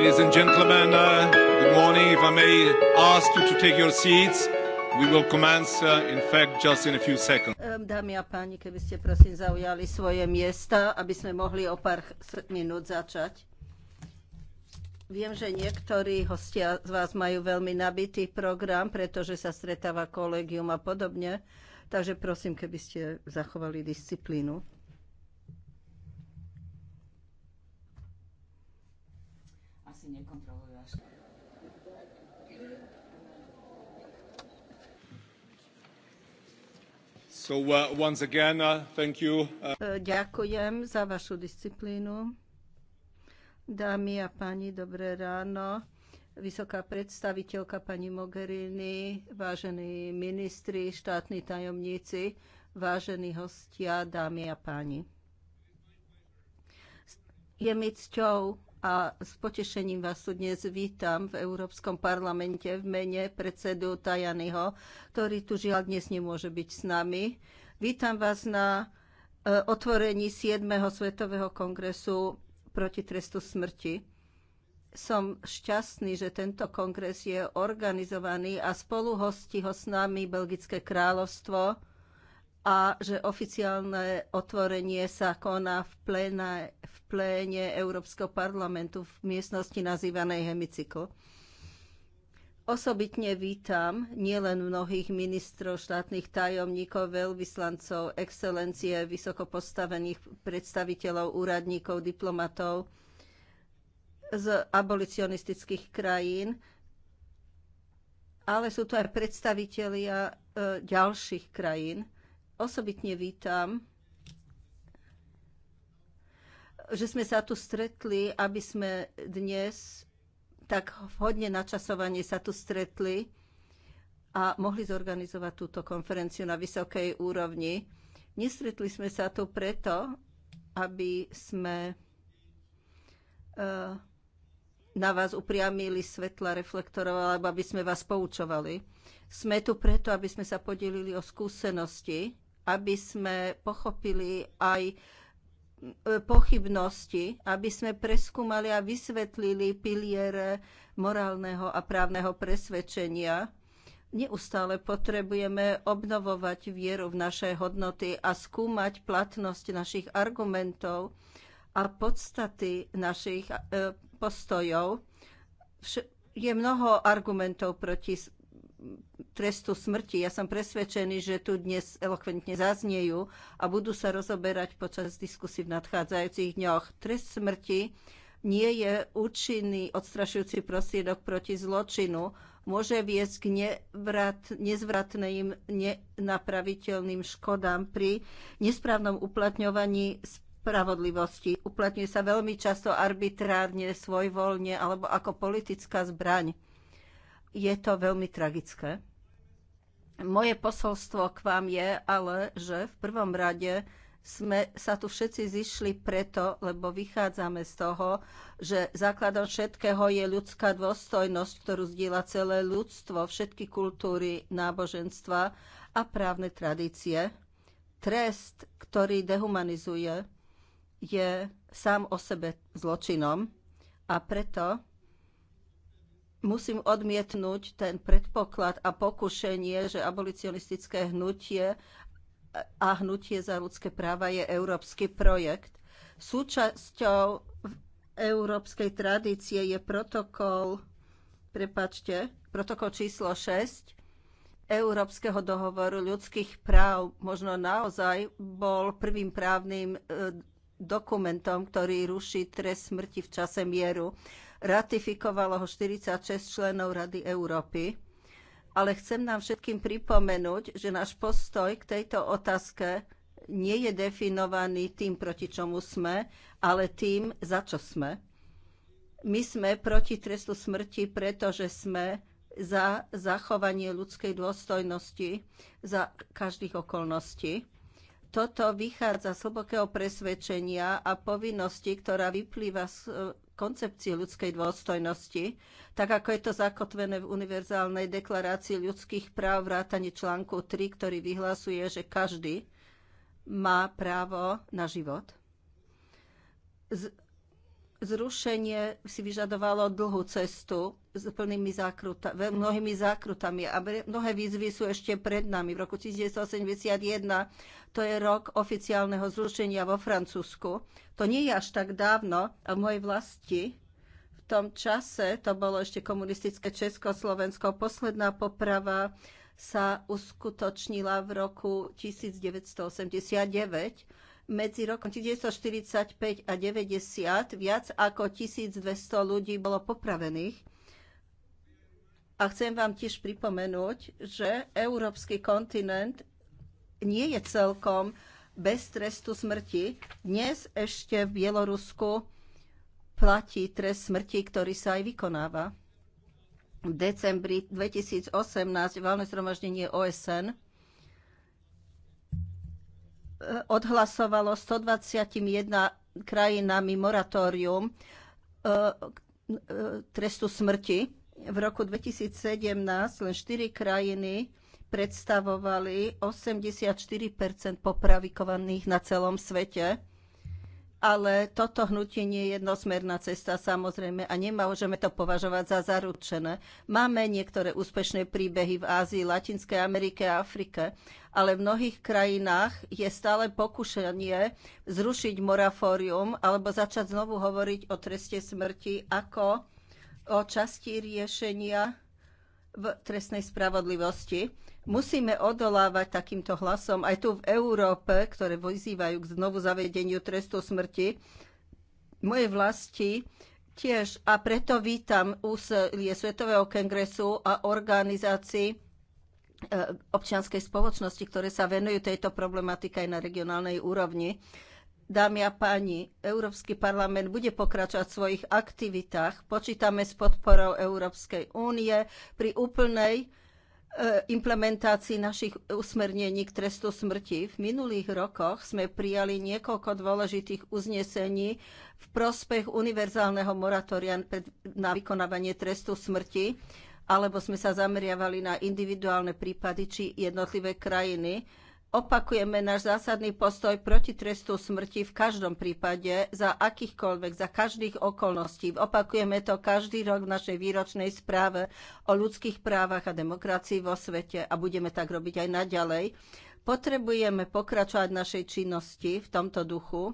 Ladies and gentlemen, uh, good morning. If I may ask you to take your seats, we will commence uh, in fact just in a few seconds. Dámy a páni, keby ste prosím zaujali svoje miesta, aby sme mohli o pár minút začať. Viem, že niektorí hostia z vás majú veľmi nabitý program, pretože sa stretáva kolegium a podobne. Takže prosím, keby ste zachovali disciplínu. si až tak. So, uh, once again, uh, thank you. Uh... E, ďakujem za vašu disciplínu. Dámy a páni, dobré ráno. Vysoká predstaviteľka pani Mogherini, vážení ministri, štátni tajomníci, vážení hostia, dámy a páni. Je mi cťou a s potešením vás tu dnes vítam v Európskom parlamente v mene predsedu Tajanyho, ktorý tu žiaľ dnes nemôže byť s nami. Vítam vás na e, otvorení 7. svetového kongresu proti trestu smrti. Som šťastný, že tento kongres je organizovaný a spoluhostí ho s nami Belgické kráľovstvo, a že oficiálne otvorenie sa koná v, pléne, v pléne Európskeho parlamentu v miestnosti nazývanej Hemicykl. Osobitne vítam nielen mnohých ministrov, štátnych tajomníkov, veľvyslancov, excelencie, vysokopostavených predstaviteľov, úradníkov, diplomatov z abolicionistických krajín, ale sú to aj predstavitelia e, ďalších krajín, osobitne vítam, že sme sa tu stretli, aby sme dnes tak vhodne načasovanie sa tu stretli a mohli zorganizovať túto konferenciu na vysokej úrovni. Nestretli sme sa tu preto, aby sme e, na vás upriamili svetla reflektorov alebo aby sme vás poučovali. Sme tu preto, aby sme sa podelili o skúsenosti aby sme pochopili aj e, pochybnosti, aby sme preskúmali a vysvetlili piliere morálneho a právneho presvedčenia. Neustále potrebujeme obnovovať vieru v naše hodnoty a skúmať platnosť našich argumentov a podstaty našich e, postojov. Je mnoho argumentov proti trestu smrti. Ja som presvedčený, že tu dnes elokventne zaznejú a budú sa rozoberať počas diskusí v nadchádzajúcich dňoch. Trest smrti nie je účinný odstrašujúci prostriedok proti zločinu. Môže viesť k nevrat, nezvratným, nenapraviteľným škodám pri nesprávnom uplatňovaní spravodlivosti. Uplatňuje sa veľmi často arbitrárne, svojvoľne alebo ako politická zbraň je to veľmi tragické. Moje posolstvo k vám je ale, že v prvom rade sme sa tu všetci zišli preto, lebo vychádzame z toho, že základom všetkého je ľudská dôstojnosť, ktorú zdieľa celé ľudstvo, všetky kultúry, náboženstva a právne tradície. Trest, ktorý dehumanizuje, je sám o sebe zločinom a preto musím odmietnúť ten predpoklad a pokušenie, že abolicionistické hnutie a hnutie za ľudské práva je európsky projekt. Súčasťou európskej tradície je protokol, prepačte, protokol číslo 6 Európskeho dohovoru ľudských práv možno naozaj bol prvým právnym eh, dokumentom, ktorý ruší trest smrti v čase mieru. Ratifikovalo ho 46 členov Rady Európy. Ale chcem nám všetkým pripomenúť, že náš postoj k tejto otázke nie je definovaný tým, proti čomu sme, ale tým, za čo sme. My sme proti trestu smrti, pretože sme za zachovanie ľudskej dôstojnosti za každých okolností. Toto vychádza z hlbokého presvedčenia a povinnosti, ktorá vyplýva z koncepcii ľudskej dôstojnosti, tak ako je to zakotvené v Univerzálnej deklarácii ľudských práv vrátane článku 3, ktorý vyhlasuje, že každý má právo na život. Z zrušenie si vyžadovalo dlhú cestu s plnými zákruta, mnohými zákrutami a mnohé výzvy sú ešte pred nami. V roku 1981, to je rok oficiálneho zrušenia vo Francúzsku. To nie je až tak dávno a v mojej vlasti v tom čase, to bolo ešte komunistické Československo, posledná poprava sa uskutočnila v roku 1989 medzi rokom 1945 a 90 viac ako 1200 ľudí bolo popravených. A chcem vám tiež pripomenúť, že európsky kontinent nie je celkom bez trestu smrti. Dnes ešte v Bielorusku platí trest smrti, ktorý sa aj vykonáva. V decembri 2018 valné zhromaždenie OSN Eh, odhlasovalo 121 krajinami moratórium eh, eh, trestu smrti. V roku 2017 len 4 krajiny predstavovali 84 popravikovaných na celom svete ale toto hnutie nie je jednosmerná cesta samozrejme a nemôžeme to považovať za zaručené. Máme niektoré úspešné príbehy v Ázii, Latinskej Amerike a Afrike, ale v mnohých krajinách je stále pokušenie zrušiť moratórium alebo začať znovu hovoriť o treste smrti ako o časti riešenia v trestnej spravodlivosti. Musíme odolávať takýmto hlasom aj tu v Európe, ktoré vyzývajú k znovu zavedeniu trestu smrti. Moje vlasti tiež a preto vítam úsilie Svetového kongresu a organizácií e, občianskej spoločnosti, ktoré sa venujú tejto problematike aj na regionálnej úrovni. Dámy a páni, Európsky parlament bude pokračovať v svojich aktivitách. Počítame s podporou Európskej únie pri úplnej Eh, implementácii našich usmernení k trestu smrti. V minulých rokoch sme prijali niekoľko dôležitých uznesení v prospech univerzálneho moratória na vykonávanie trestu smrti, alebo sme sa zameriavali na individuálne prípady či jednotlivé krajiny. Opakujeme náš zásadný postoj proti trestu smrti v každom prípade, za akýchkoľvek, za každých okolností. Opakujeme to každý rok v našej výročnej správe o ľudských právach a demokracii vo svete a budeme tak robiť aj naďalej. Potrebujeme pokračovať našej činnosti v tomto duchu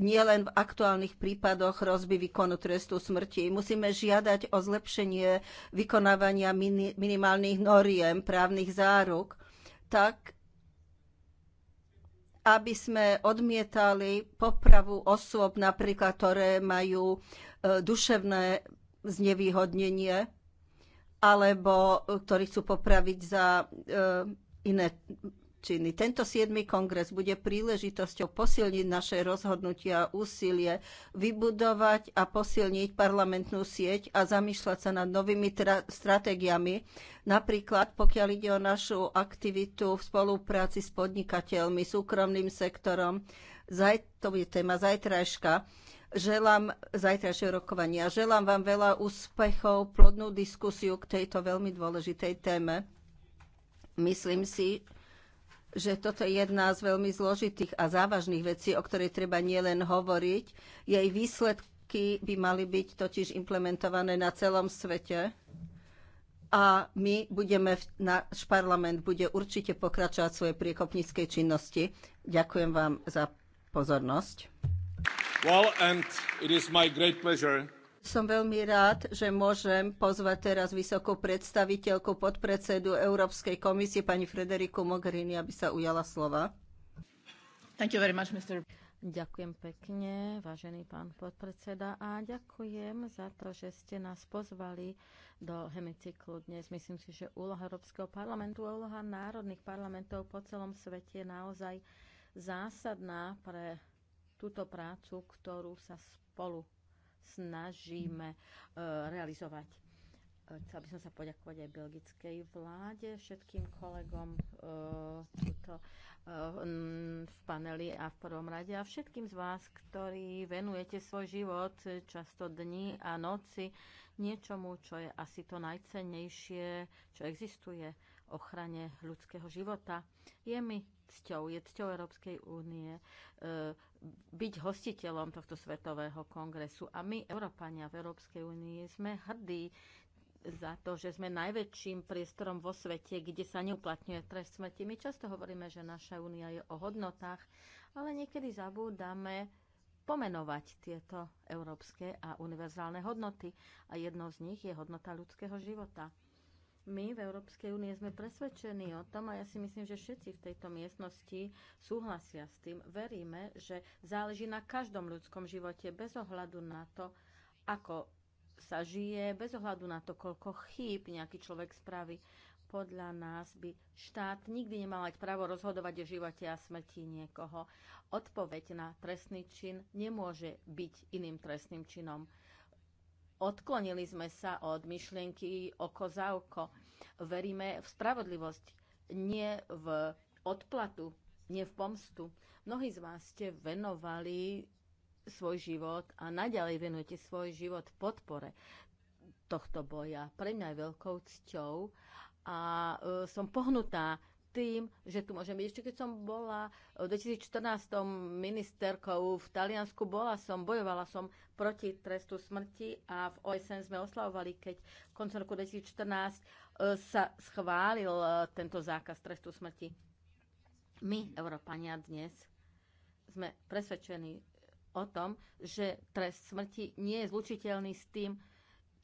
nielen v aktuálnych prípadoch rozby výkonu trestu smrti. Musíme žiadať o zlepšenie vykonávania minimálnych noriem právnych záruk, tak aby sme odmietali popravu osôb, napríklad, ktoré majú e, duševné znevýhodnenie, alebo e, ktorí chcú popraviť za e, iné činy. Tento 7. kongres bude príležitosťou posilniť naše rozhodnutia a úsilie, vybudovať a posilniť parlamentnú sieť a zamýšľať sa nad novými stratégiami, napríklad pokiaľ ide o našu aktivitu v spolupráci s podnikateľmi, súkromným sektorom. Zaj, to je téma zajtrajška. Želám zajtrajšieho rokovania. Želám vám veľa úspechov, plodnú diskusiu k tejto veľmi dôležitej téme. Myslím si, že toto je jedna z veľmi zložitých a závažných vecí, o ktorej treba nielen hovoriť. Jej výsledky by mali byť totiž implementované na celom svete a my budeme, náš parlament bude určite pokračovať svoje priekopníckej činnosti. Ďakujem vám za pozornosť. Well, and it is my great pleasure som veľmi rád, že môžem pozvať teraz vysokú predstaviteľku podpredsedu Európskej komisie pani Frederiku Mogherini, aby sa ujala slova. Thank you very much, Mr. Ďakujem pekne, vážený pán podpredseda, a ďakujem za to, že ste nás pozvali do hemicyklu dnes. Myslím si, že úloha Európskeho parlamentu a úloha národných parlamentov po celom svete je naozaj zásadná pre túto prácu, ktorú sa spolu snažíme eh, realizovať. Eh, chcela by som sa poďakovať aj belgickej vláde, všetkým kolegom eh, tuto v paneli a v prvom rade a všetkým z vás, ktorí venujete svoj život často dni a noci niečomu, čo je asi to najcennejšie, čo existuje, ochrane ľudského života. Je mi cťou, je cťou Európskej únie e, byť hostiteľom tohto svetového kongresu. A my, Európania v Európskej únii, sme hrdí za to, že sme najväčším priestorom vo svete, kde sa neuplatňuje trest smrti. My často hovoríme, že naša únia je o hodnotách, ale niekedy zabúdame pomenovať tieto európske a univerzálne hodnoty. A jednou z nich je hodnota ľudského života. My v Európskej únie sme presvedčení o tom a ja si myslím, že všetci v tejto miestnosti súhlasia s tým. Veríme, že záleží na každom ľudskom živote bez ohľadu na to, ako sa žije, bez ohľadu na to, koľko chýb nejaký človek spraví. Podľa nás by štát nikdy nemal mať právo rozhodovať o živote a smrti niekoho. Odpoveď na trestný čin nemôže byť iným trestným činom Odklonili sme sa od myšlienky oko za oko. Veríme v spravodlivosť, nie v odplatu, nie v pomstu. Mnohí z vás ste venovali svoj život a naďalej venujete svoj život podpore tohto boja. Pre mňa je veľkou cťou a e, som pohnutá tým, že tu môžem byť. Ešte keď som bola eh, v 2014 ministerkou v Taliansku, bola som, bojovala som proti trestu smrti a v OSN sme oslavovali, keď v koncu roku 2014 eh, sa schválil eh, tento zákaz trestu smrti. My, Európania, dnes sme presvedčení o tom, že trest smrti nie je zlučiteľný s tým,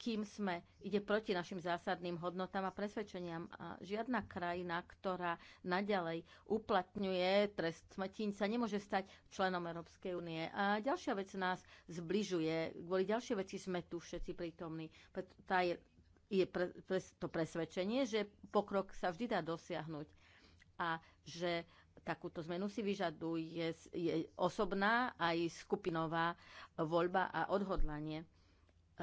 kým sme, ide proti našim zásadným hodnotám a presvedčeniam. A žiadna krajina, ktorá naďalej uplatňuje trest smrti, sa nemôže stať členom Európskej únie. A ďalšia vec nás zbližuje. Kvôli ďalšie veci sme tu všetci prítomní. Tá je, je pre, pre, to presvedčenie, že pokrok sa vždy dá dosiahnuť. A že takúto zmenu si vyžaduje je osobná aj skupinová voľba a odhodlanie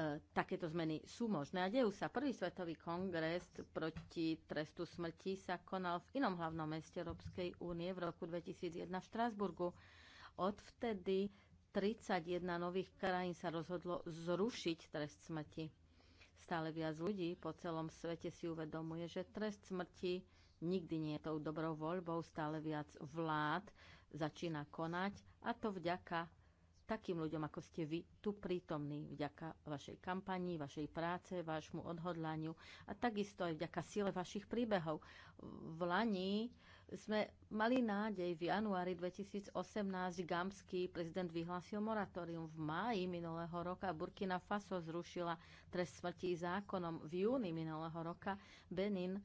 E, takéto zmeny sú možné a dejú sa. Prvý svetový kongres proti trestu smrti sa konal v inom hlavnom meste Európskej únie v roku 2001 v Štrásburgu. Odvtedy 31 nových krajín sa rozhodlo zrušiť trest smrti. Stále viac ľudí po celom svete si uvedomuje, že trest smrti nikdy nie je tou dobrou voľbou, stále viac vlád začína konať a to vďaka takým ľuďom, ako ste vy, tu prítomní vďaka vašej kampanii, vašej práce, vášmu odhodlaniu a takisto aj vďaka sile vašich príbehov. V Lani sme mali nádej, v januári 2018 gamský prezident vyhlásil moratórium. V máji minulého roka Burkina Faso zrušila trest smrti zákonom. V júni minulého roka Benin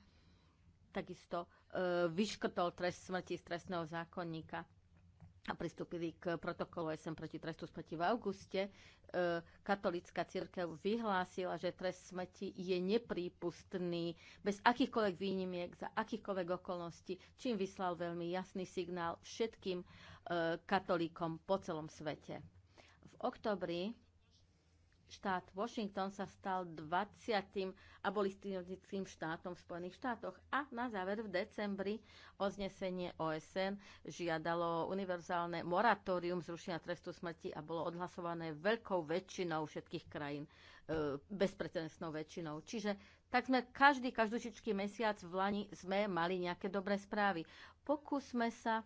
takisto e, vyškrtol trest smrti z trestného zákonníka a pristúpili k protokolu SM proti trestu smrti v auguste, e, katolická církev vyhlásila, že trest smrti je neprípustný bez akýchkoľvek výnimiek, za akýchkoľvek okolností, čím vyslal veľmi jasný signál všetkým e, katolíkom po celom svete. V oktobri štát Washington sa stal 20. abolistickým štátom v Spojených štátoch a na záver v decembri oznesenie OSN žiadalo univerzálne moratórium zrušenia trestu smrti a bolo odhlasované veľkou väčšinou všetkých krajín, e, bezprecedentnou väčšinou. Čiže tak sme každý, každúčičký mesiac v Lani sme mali nejaké dobré správy. Pokúsme sa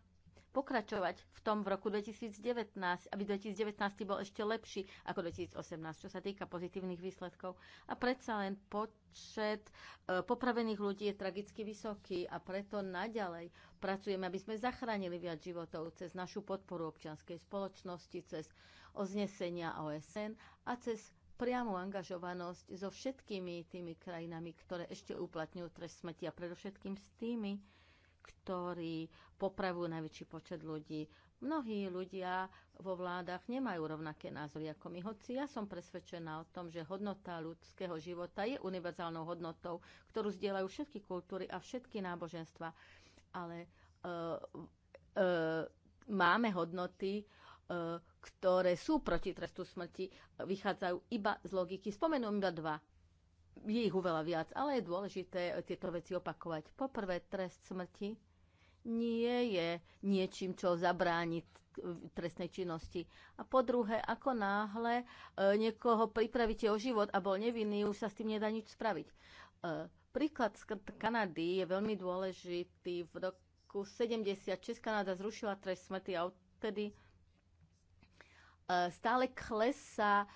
pokračovať v tom v roku 2019, aby 2019 bol ešte lepší ako 2018, čo sa týka pozitívnych výsledkov. A predsa len počet e, popravených ľudí je tragicky vysoký a preto naďalej pracujeme, aby sme zachránili viac životov cez našu podporu občianskej spoločnosti, cez oznesenia OSN a cez priamu angažovanosť so všetkými tými krajinami, ktoré ešte uplatňujú trest smrti a predovšetkým s tými, ktorí popravujú najväčší počet ľudí. Mnohí ľudia vo vládach nemajú rovnaké názory ako my, hoci ja som presvedčená o tom, že hodnota ľudského života je univerzálnou hodnotou, ktorú zdieľajú všetky kultúry a všetky náboženstva. Ale e, e, máme hodnoty, e, ktoré sú proti trestu smrti, vychádzajú iba z logiky. Spomenú iba dva je ich oveľa viac, ale je dôležité tieto veci opakovať. Poprvé, trest smrti nie je niečím, čo zabráni trestnej činnosti. A po druhé, ako náhle e, niekoho pripravíte o život a bol nevinný, už sa s tým nedá nič spraviť. E, príklad z Kanady je veľmi dôležitý. V roku 76 Kanada zrušila trest smrti a odtedy e, stále klesá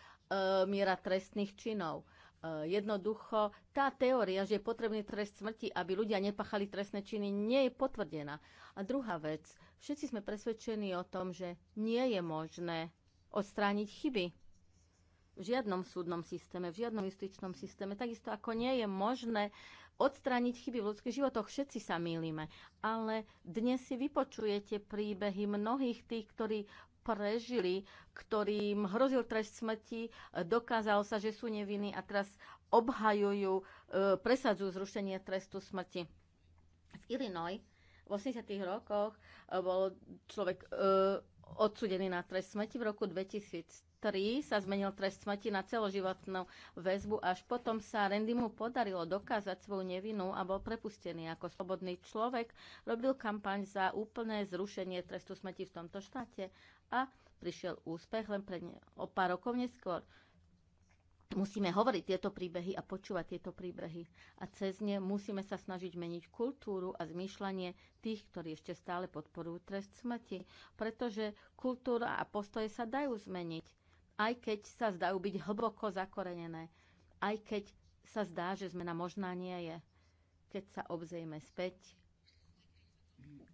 miera trestných činov. Eh, jednoducho tá teória, že je potrebný trest smrti, aby ľudia nepachali trestné činy, nie je potvrdená. A druhá vec, všetci sme presvedčení o tom, že nie je možné odstrániť chyby v žiadnom súdnom systéme, v žiadnom justičnom systéme, takisto ako nie je možné odstrániť chyby v ľudských životoch, všetci sa mýlime. Ale dnes si vypočujete príbehy mnohých tých, ktorí prežili, ktorým hrozil trest smrti, e, dokázalo sa, že sú nevinní a teraz obhajujú, e, presadzujú zrušenie trestu smrti. V Illinois v 80. rokoch e, bol človek odsudený na trest smrti. V roku 2003 sa zmenil trest smrti na celoživotnú väzbu, až potom sa Randymu podarilo dokázať svoju nevinu a bol prepustený ako slobodný človek. Robil kampaň za úplné zrušenie trestu smrti v tomto štáte a prišiel úspech len pre ne, o pár rokov neskôr. Musíme hovoriť tieto príbehy a počúvať tieto príbehy. A cez ne musíme sa snažiť meniť kultúru a zmýšľanie tých, ktorí ešte stále podporujú trest smrti. Pretože kultúra a postoje sa dajú zmeniť, aj keď sa zdajú byť hlboko zakorenené, aj keď sa zdá, že zmena možná nie je. Keď sa obzrieme späť,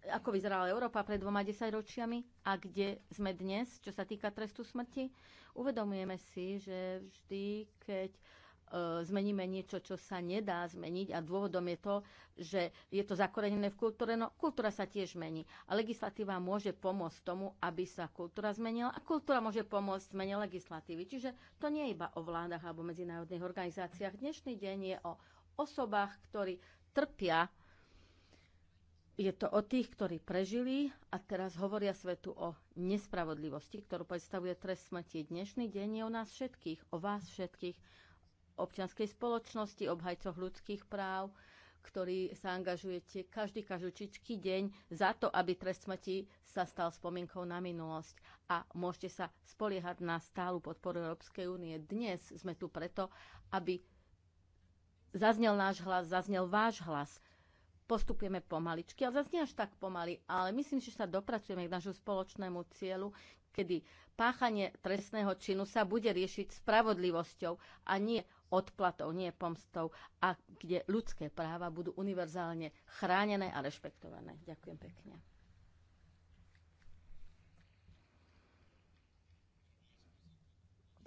ako vyzerala Európa pred dvoma desaťročiami a kde sme dnes, čo sa týka trestu smrti. Uvedomujeme si, že vždy, keď e, zmeníme niečo, čo sa nedá zmeniť a dôvodom je to, že je to zakorenené v kultúre, no kultúra sa tiež mení a legislatíva môže pomôcť tomu, aby sa kultúra zmenila a kultúra môže pomôcť zmene legislatívy. Čiže to nie je iba o vládach alebo medzinárodných organizáciách. Dnešný deň je o osobách, ktorí trpia je to o tých, ktorí prežili a teraz hovoria svetu o nespravodlivosti, ktorú predstavuje trest smrti. Dnešný deň je o nás všetkých, o vás všetkých, občianskej spoločnosti, obhajcoch ľudských práv, ktorí sa angažujete každý každúčičký deň za to, aby trest smrti sa stal spomienkou na minulosť. A môžete sa spoliehať na stálu podporu Európskej únie. Dnes sme tu preto, aby zaznel náš hlas, zaznel váš hlas postupujeme pomaličky, ale zase nie až tak pomaly, ale myslím, že sa dopracujeme k nášmu spoločnému cieľu, kedy páchanie trestného činu sa bude riešiť spravodlivosťou a nie odplatou, nie pomstou a kde ľudské práva budú univerzálne chránené a rešpektované. Ďakujem pekne.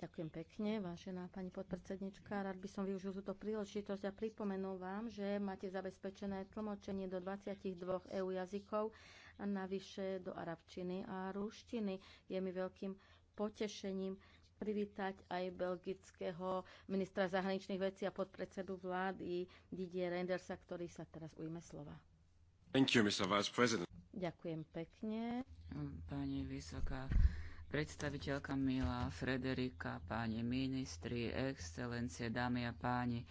Ďakujem pekne, vážená pani podpredsednička. Rád by som využil túto príležitosť a pripomenul vám, že máte zabezpečené tlmočenie do 22 EU jazykov, a navyše do arabčiny a ruštiny. Je mi veľkým potešením privítať aj belgického ministra zahraničných vecí a podpredsedu vlády Didier Rendersa, ktorý sa teraz ujme slova. Thank you, Mr. Vice President. Ďakujem pekne. Pani vysoká predstaviteľka milá Frederika, páni ministri, excelencie, dámy a páni,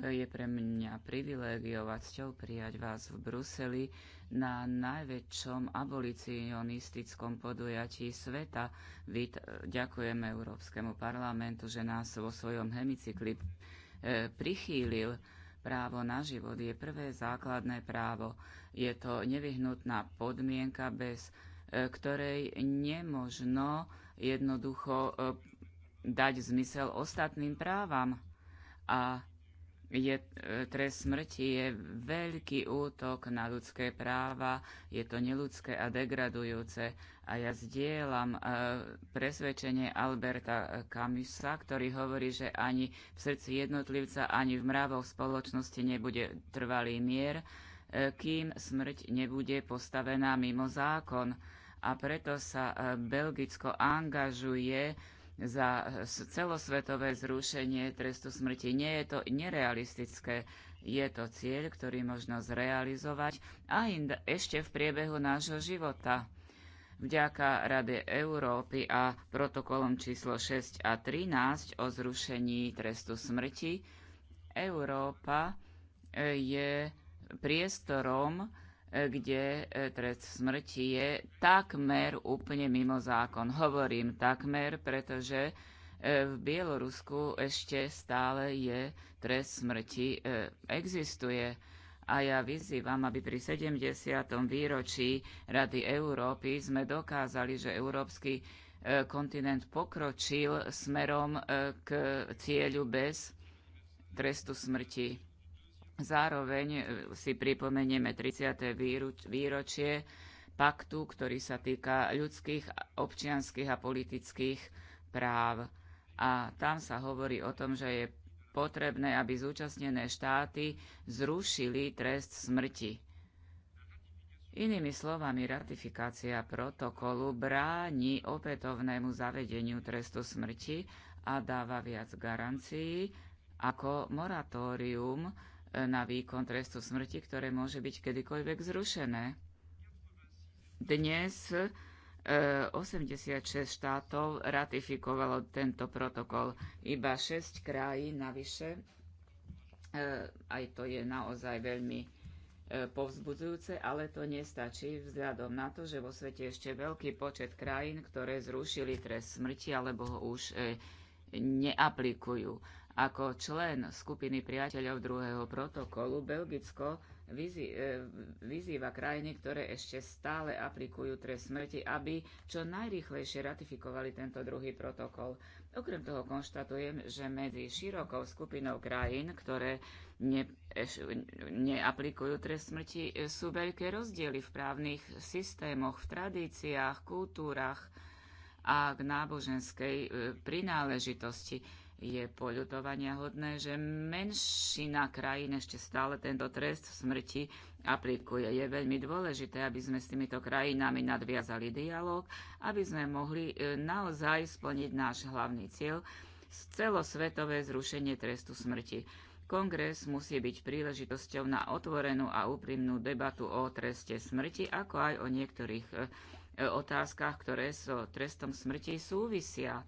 je pre mňa privilegiovať cťou prijať vás v Bruseli na najväčšom abolicionistickom podujatí sveta. Vít, ďakujem Európskemu parlamentu, že nás vo svojom hemicykli e, prichýlil. Právo na život je prvé základné právo. Je to nevyhnutná podmienka, bez ktorej nemožno jednoducho e, dať zmysel ostatným právam. A je, e, trest smrti je veľký útok na ľudské práva, je to neludské a degradujúce. A ja zdieľam e, presvedčenie Alberta Camusa, ktorý hovorí, že ani v srdci jednotlivca, ani v mravoch spoločnosti nebude trvalý mier, kým smrť nebude postavená mimo zákon a preto sa e, Belgicko angažuje za e, celosvetové zrušenie trestu smrti. Nie je to nerealistické, je to cieľ, ktorý možno zrealizovať a ešte v priebehu nášho života. Vďaka Rade Európy a protokolom číslo 6 a 13 o zrušení trestu smrti Európa e, je priestorom, kde e, trest smrti je takmer úplne mimo zákon. Hovorím takmer, pretože e, v Bielorusku ešte stále je trest smrti, e, existuje. A ja vyzývam, aby pri 70. výročí Rady Európy sme dokázali, že európsky kontinent pokročil smerom k cieľu bez trestu smrti. Zároveň e, si pripomenieme 30. výročie paktu, ktorý sa týka ľudských, občianských a politických práv. A tam sa hovorí o tom, že je potrebné, aby zúčastnené štáty zrušili trest smrti. Inými slovami, ratifikácia protokolu bráni opätovnému zavedeniu trestu smrti a dáva viac garancií ako moratórium na výkon trestu smrti, ktoré môže byť kedykoľvek zrušené. Dnes 86 e, štátov ratifikovalo tento protokol. Iba 6 krajín navyše. E, aj to je naozaj veľmi e, povzbudzujúce, ale to nestačí vzhľadom na to, že vo svete ešte veľký počet krajín, ktoré zrušili trest smrti alebo ho už neaplikujú. Ako člen skupiny priateľov druhého protokolu Belgicko e, vyzýva krajiny, ktoré ešte stále aplikujú trest smrti, aby čo najrýchlejšie ratifikovali tento druhý protokol. Okrem toho konštatujem, že medzi širokou skupinou krajín, ktoré ne, eš, neaplikujú trest smrti, sú veľké rozdiely v právnych systémoch, v tradíciách, kultúrach a k náboženskej e, prináležitosti. Je poľutovania hodné, že menšina krajín ešte stále tento trest smrti aplikuje. Je veľmi dôležité, aby sme s týmito krajinami nadviazali dialog, aby sme mohli e, naozaj splniť náš hlavný cieľ, celosvetové zrušenie trestu smrti. Kongres musí byť príležitosťou na otvorenú a úprimnú debatu o treste smrti, ako aj o niektorých e, e, otázkach, ktoré so trestom smrti súvisia.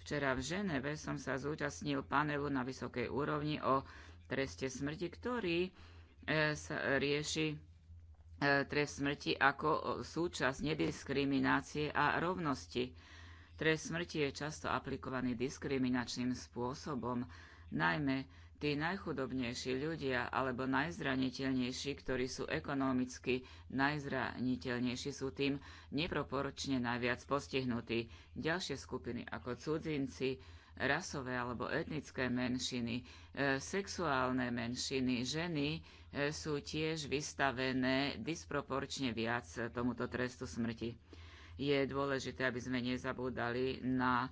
Včera v Ženeve som sa zúčastnil panelu na vysokej úrovni o treste smrti, ktorý e, sa rieši e, trest smrti ako súčasť nediskriminácie a rovnosti. Trest smrti je často aplikovaný diskriminačným spôsobom, najmä Tí najchudobnejší ľudia alebo najzraniteľnejší, ktorí sú ekonomicky najzraniteľnejší, sú tým neproporčne najviac postihnutí. Ďalšie skupiny ako cudzinci, rasové alebo etnické menšiny, e, sexuálne menšiny, ženy e, sú tiež vystavené disproporčne viac tomuto trestu smrti. Je dôležité, aby sme nezabúdali na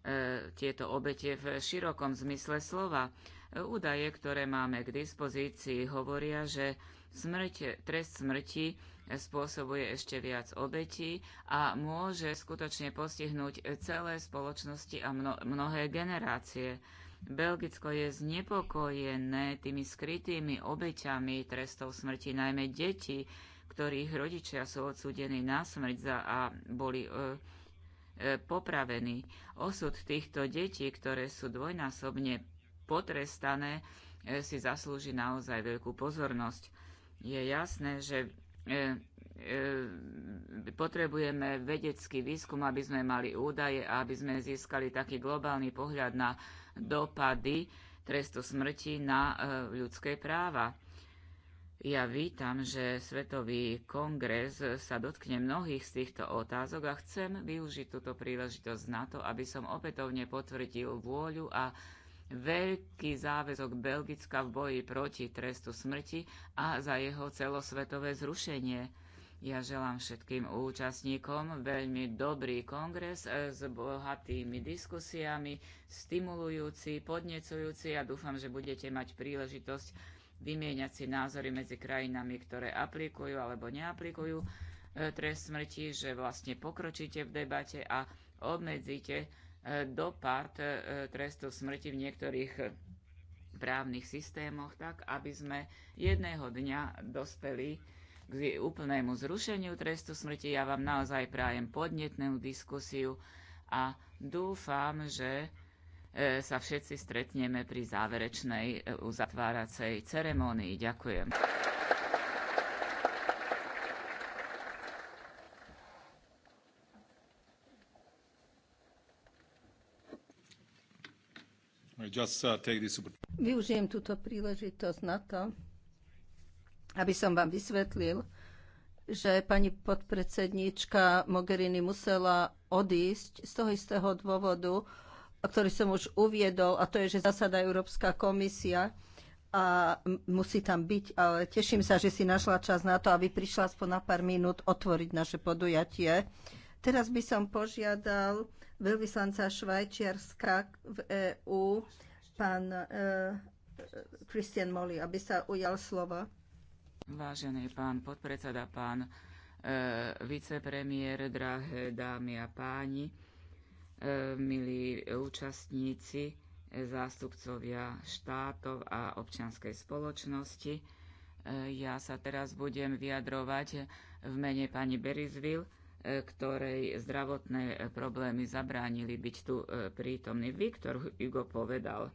e, tieto obete v širokom zmysle slova Údaje, ktoré máme k dispozícii, hovoria, že smrť, trest smrti spôsobuje ešte viac obetí a môže skutočne postihnúť celé spoločnosti a mno, mnohé generácie. Belgicko je znepokojené tými skrytými obeťami trestov smrti, najmä deti, ktorých rodičia sú odsúdení na smrť za, a boli e, e, popravení. Osud týchto detí, ktoré sú dvojnásobne potrestané, e, si zaslúži naozaj veľkú pozornosť. Je jasné, že e, e, potrebujeme vedecký výskum, aby sme mali údaje a aby sme získali taký globálny pohľad na dopady trestu smrti na ľudské práva. Ja vítam, že Svetový kongres sa dotkne mnohých z týchto otázok a chcem využiť túto príležitosť na to, aby som opätovne potvrdil vôľu a veľký záväzok Belgicka v boji proti trestu smrti a za jeho celosvetové zrušenie. Ja želám všetkým účastníkom veľmi dobrý kongres s bohatými diskusiami, stimulujúci, podnecujúci a dúfam, že budete mať príležitosť vymieňať si názory medzi krajinami, ktoré aplikujú alebo neaplikujú eh, trest smrti, že vlastne pokročíte v debate a obmedzíte dopad e, trestu smrti v niektorých právnych systémoch, tak aby sme jedného dňa dospeli k úplnému zrušeniu trestu smrti. Ja vám naozaj prajem podnetnú diskusiu a dúfam, že e, sa všetci stretneme pri záverečnej e, uzatváracej ceremonii. Ďakujem. Uh, Využijem túto príležitosť na to, aby som vám vysvetlil, že pani podpredsedníčka Mogherini musela odísť z toho istého dôvodu, ktorý som už uviedol, a to je, že zasada Európska komisia a musí tam byť. Ale teším sa, že si našla čas na to, aby prišla aspoň na pár minút otvoriť naše podujatie. Teraz by som požiadal veľvyslanca Švajčiarska v EÚ, pán e, Christian Molly, aby sa ujal slova. Vážený pán podpredseda, pán e, vicepremiér, drahé dámy a páni, e, milí účastníci, zástupcovia štátov a občianskej spoločnosti, e, ja sa teraz budem vyjadrovať v mene pani Berisville ktorej zdravotné problémy zabránili byť tu e, prítomný. Viktor Hugo povedal, e,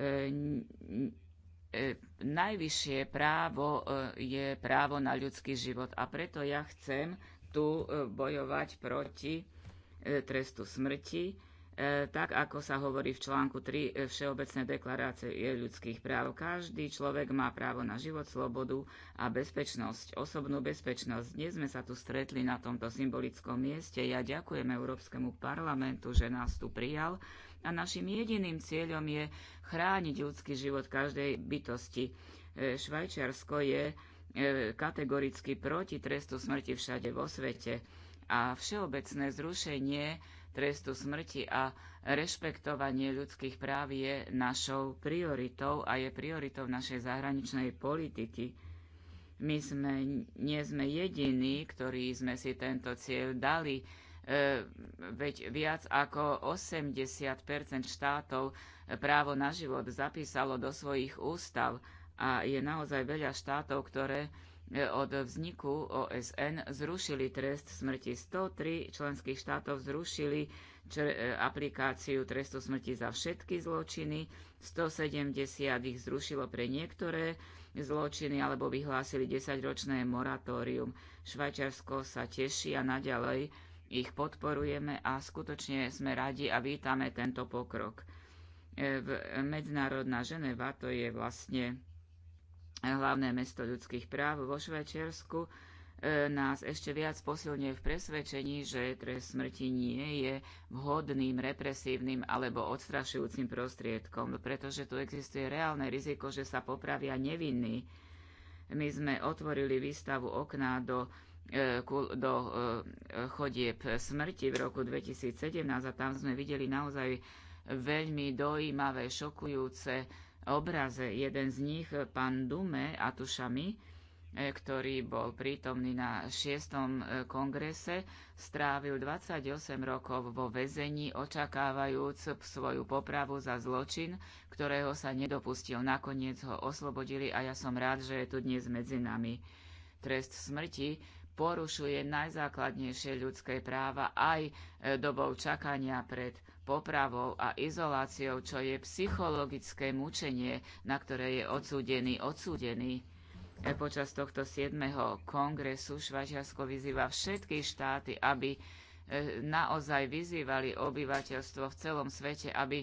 e, najvyššie právo je právo na ľudský život a preto ja chcem tu bojovať proti trestu smrti E, tak ako sa hovorí v článku 3 e, Všeobecnej deklarácie ľudských práv. Každý človek má právo na život, slobodu a bezpečnosť, osobnú bezpečnosť. Dnes sme sa tu stretli na tomto symbolickom mieste. Ja ďakujem Európskemu parlamentu, že nás tu prijal a našim jediným cieľom je chrániť ľudský život každej bytosti. E, Švajčiarsko je kategoricky proti trestu smrti všade vo svete a všeobecné zrušenie trestu smrti a rešpektovanie ľudských práv je našou prioritou a je prioritou našej zahraničnej politiky. My sme, nie sme jediní, ktorí sme si tento cieľ dali, e, veď viac ako 80 štátov právo na život zapísalo do svojich ústav a je naozaj veľa štátov, ktoré od vzniku OSN zrušili trest smrti. 103 členských štátov zrušili e, aplikáciu trestu smrti za všetky zločiny, 170 ich zrušilo pre niektoré zločiny alebo vyhlásili 10-ročné moratórium. Švajčiarsko sa teší a naďalej ich podporujeme a skutočne sme radi a vítame tento pokrok. E, v medzinárodná Ženeva to je vlastne hlavné mesto ľudských práv vo Švajčiarsku, e, nás ešte viac posilňuje v presvedčení, že trest smrti nie je vhodným, represívnym alebo odstrašujúcim prostriedkom, pretože tu existuje reálne riziko, že sa popravia nevinní. My sme otvorili výstavu okná do, e, do e, chodieb smrti v roku 2017 a tam sme videli naozaj veľmi dojímavé, šokujúce obraze. Jeden z nich, pán Dume Atušami, eh, ktorý bol prítomný na 6. Eh, kongrese, strávil 28 rokov vo väzení, očakávajúc svoju popravu za zločin, ktorého sa nedopustil. Nakoniec ho oslobodili a ja som rád, že je tu dnes medzi nami. Trest smrti porušuje najzákladnejšie ľudské práva aj eh, dobou čakania pred popravou a izoláciou, čo je psychologické mučenie, na ktoré je odsúdený odsúdený. E, počas tohto 7. kongresu Švajčiarsko vyzýva všetky štáty, aby e, naozaj vyzývali obyvateľstvo v celom svete, aby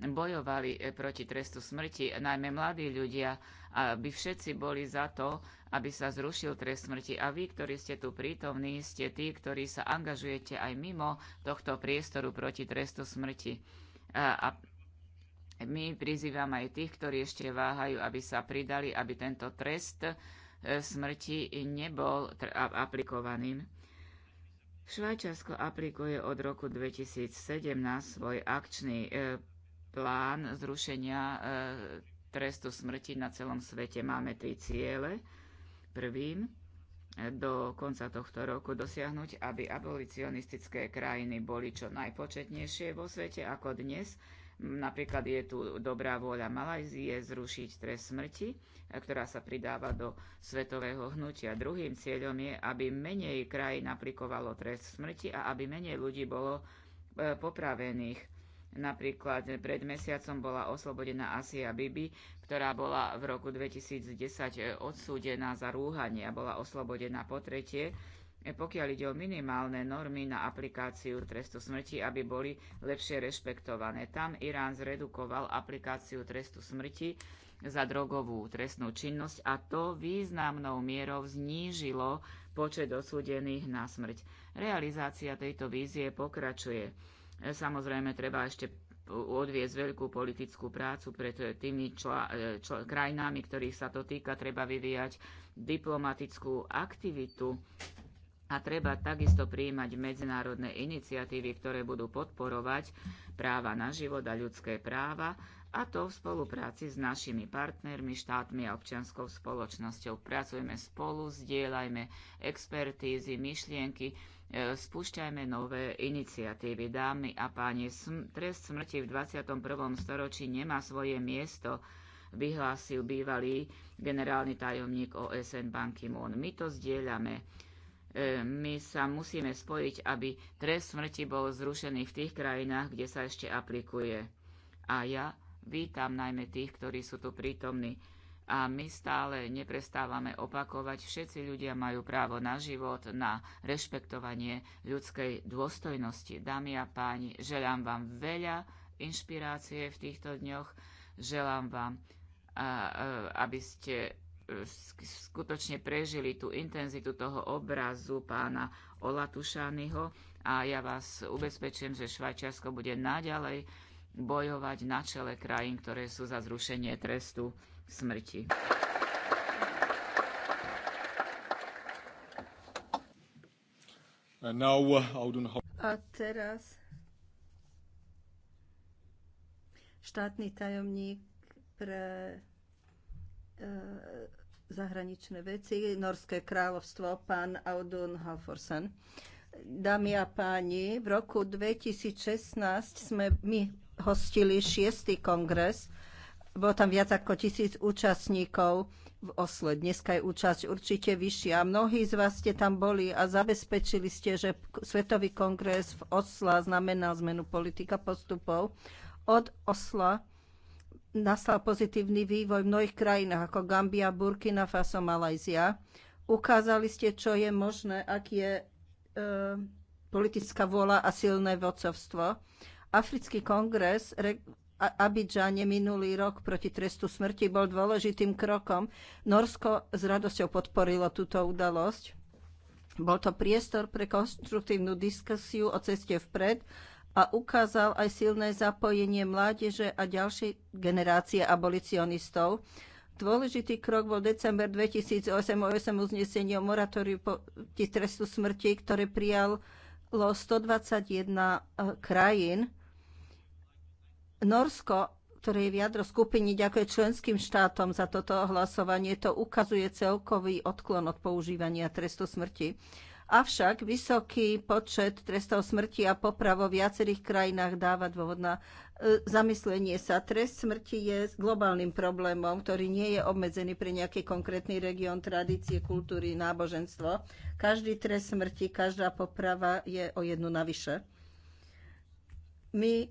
bojovali e, proti trestu smrti, najmä mladí ľudia, aby všetci boli za to, aby sa zrušil trest smrti. A vy, ktorí ste tu prítomní, ste tí, ktorí sa angažujete aj mimo tohto priestoru proti trestu smrti. A, a my prizývam aj tých, ktorí ešte váhajú, aby sa pridali, aby tento trest e, smrti nebol aplikovaný. Švajčiarsko aplikuje od roku 2017 svoj akčný e, plán zrušenia e, trestu smrti na celom svete. Máme tri ciele. Prvým, e, do konca tohto roku dosiahnuť, aby abolicionistické krajiny boli čo najpočetnejšie vo svete ako dnes. Napríklad je tu dobrá vôľa Malajzie zrušiť trest smrti, e, ktorá sa pridáva do svetového hnutia. Druhým cieľom je, aby menej krajín aplikovalo trest smrti a aby menej ľudí bolo popravených. Napríklad pred mesiacom bola oslobodená Asia Bibi, ktorá bola v roku 2010 eh, odsúdená za rúhanie a bola oslobodená po tretie, eh, pokiaľ ide o minimálne normy na aplikáciu trestu smrti, aby boli lepšie rešpektované. Tam Irán zredukoval aplikáciu trestu smrti za drogovú trestnú činnosť a to významnou mierou znížilo počet odsúdených na smrť. Realizácia tejto vízie pokračuje. Samozrejme, treba ešte odviesť veľkú politickú prácu, pred tými čla, e, čl, krajinami, ktorých sa to týka, treba vyvíjať diplomatickú aktivitu a treba takisto prijímať medzinárodné iniciatívy, ktoré budú podporovať práva na život a ľudské práva, a to v spolupráci s našimi partnermi, štátmi a občianskou spoločnosťou. Pracujeme spolu, zdieľajme expertízy, myšlienky, spúšťajme nové iniciatívy. Dámy a páni, trest smrti v 21. storočí nemá svoje miesto, vyhlásil bývalý generálny tajomník OSN Ban Ki-moon. My to zdieľame. E, my sa musíme spojiť, aby trest smrti bol zrušený v tých krajinách, kde sa ešte aplikuje. A ja vítam najmä tých, ktorí sú tu prítomní. A my stále neprestávame opakovať, všetci ľudia majú právo na život, na rešpektovanie ľudskej dôstojnosti. Dámy a páni, želám vám veľa inšpirácie v týchto dňoch, želám vám, aby ste e, skutočne prežili tú intenzitu toho obrazu pána Olatušányho a ja vás ubezpečujem, že Švajčiarsko bude naďalej bojovať na čele krajín, ktoré sú za zrušenie trestu smrti. Uh, a teraz štátny tajomník pre e, zahraničné veci, Norské kráľovstvo, pán Audun Halforsen. Dámy a páni, v roku 2016 sme my hostili šiestý kongres bolo tam viac ako tisíc účastníkov v Osle. Dneska je účasť určite vyššia. Mnohí z vás ste tam boli a zabezpečili ste, že Svetový kongres v Osla znamenal zmenu politika postupov. Od Osla nastal pozitívny vývoj v mnohých krajinách ako Gambia, Burkina Faso, Malajzia. Ukázali ste, čo je možné, ak je e, politická vôľa a silné vodcovstvo. Africký kongres Abidžane minulý rok proti trestu smrti bol dôležitým krokom. Norsko s radosťou podporilo túto udalosť. Bol to priestor pre konstruktívnu diskusiu o ceste vpred a ukázal aj silné zapojenie mládeže a ďalšej generácie abolicionistov. Dôležitý krok bol december 2008 o uznesení o moratóriu proti trestu smrti, ktoré prijalo 121 eh, krajín Norsko, ktoré je v jadro skupiny, ďakuje členským štátom za toto hlasovanie. To ukazuje celkový odklon od používania trestu smrti. Avšak vysoký počet trestov smrti a poprav vo viacerých krajinách dáva dôvod na e, zamyslenie sa. Trest smrti je globálnym problémom, ktorý nie je obmedzený pre nejaký konkrétny región tradície, kultúry, náboženstvo. Každý trest smrti, každá poprava je o jednu navyše. My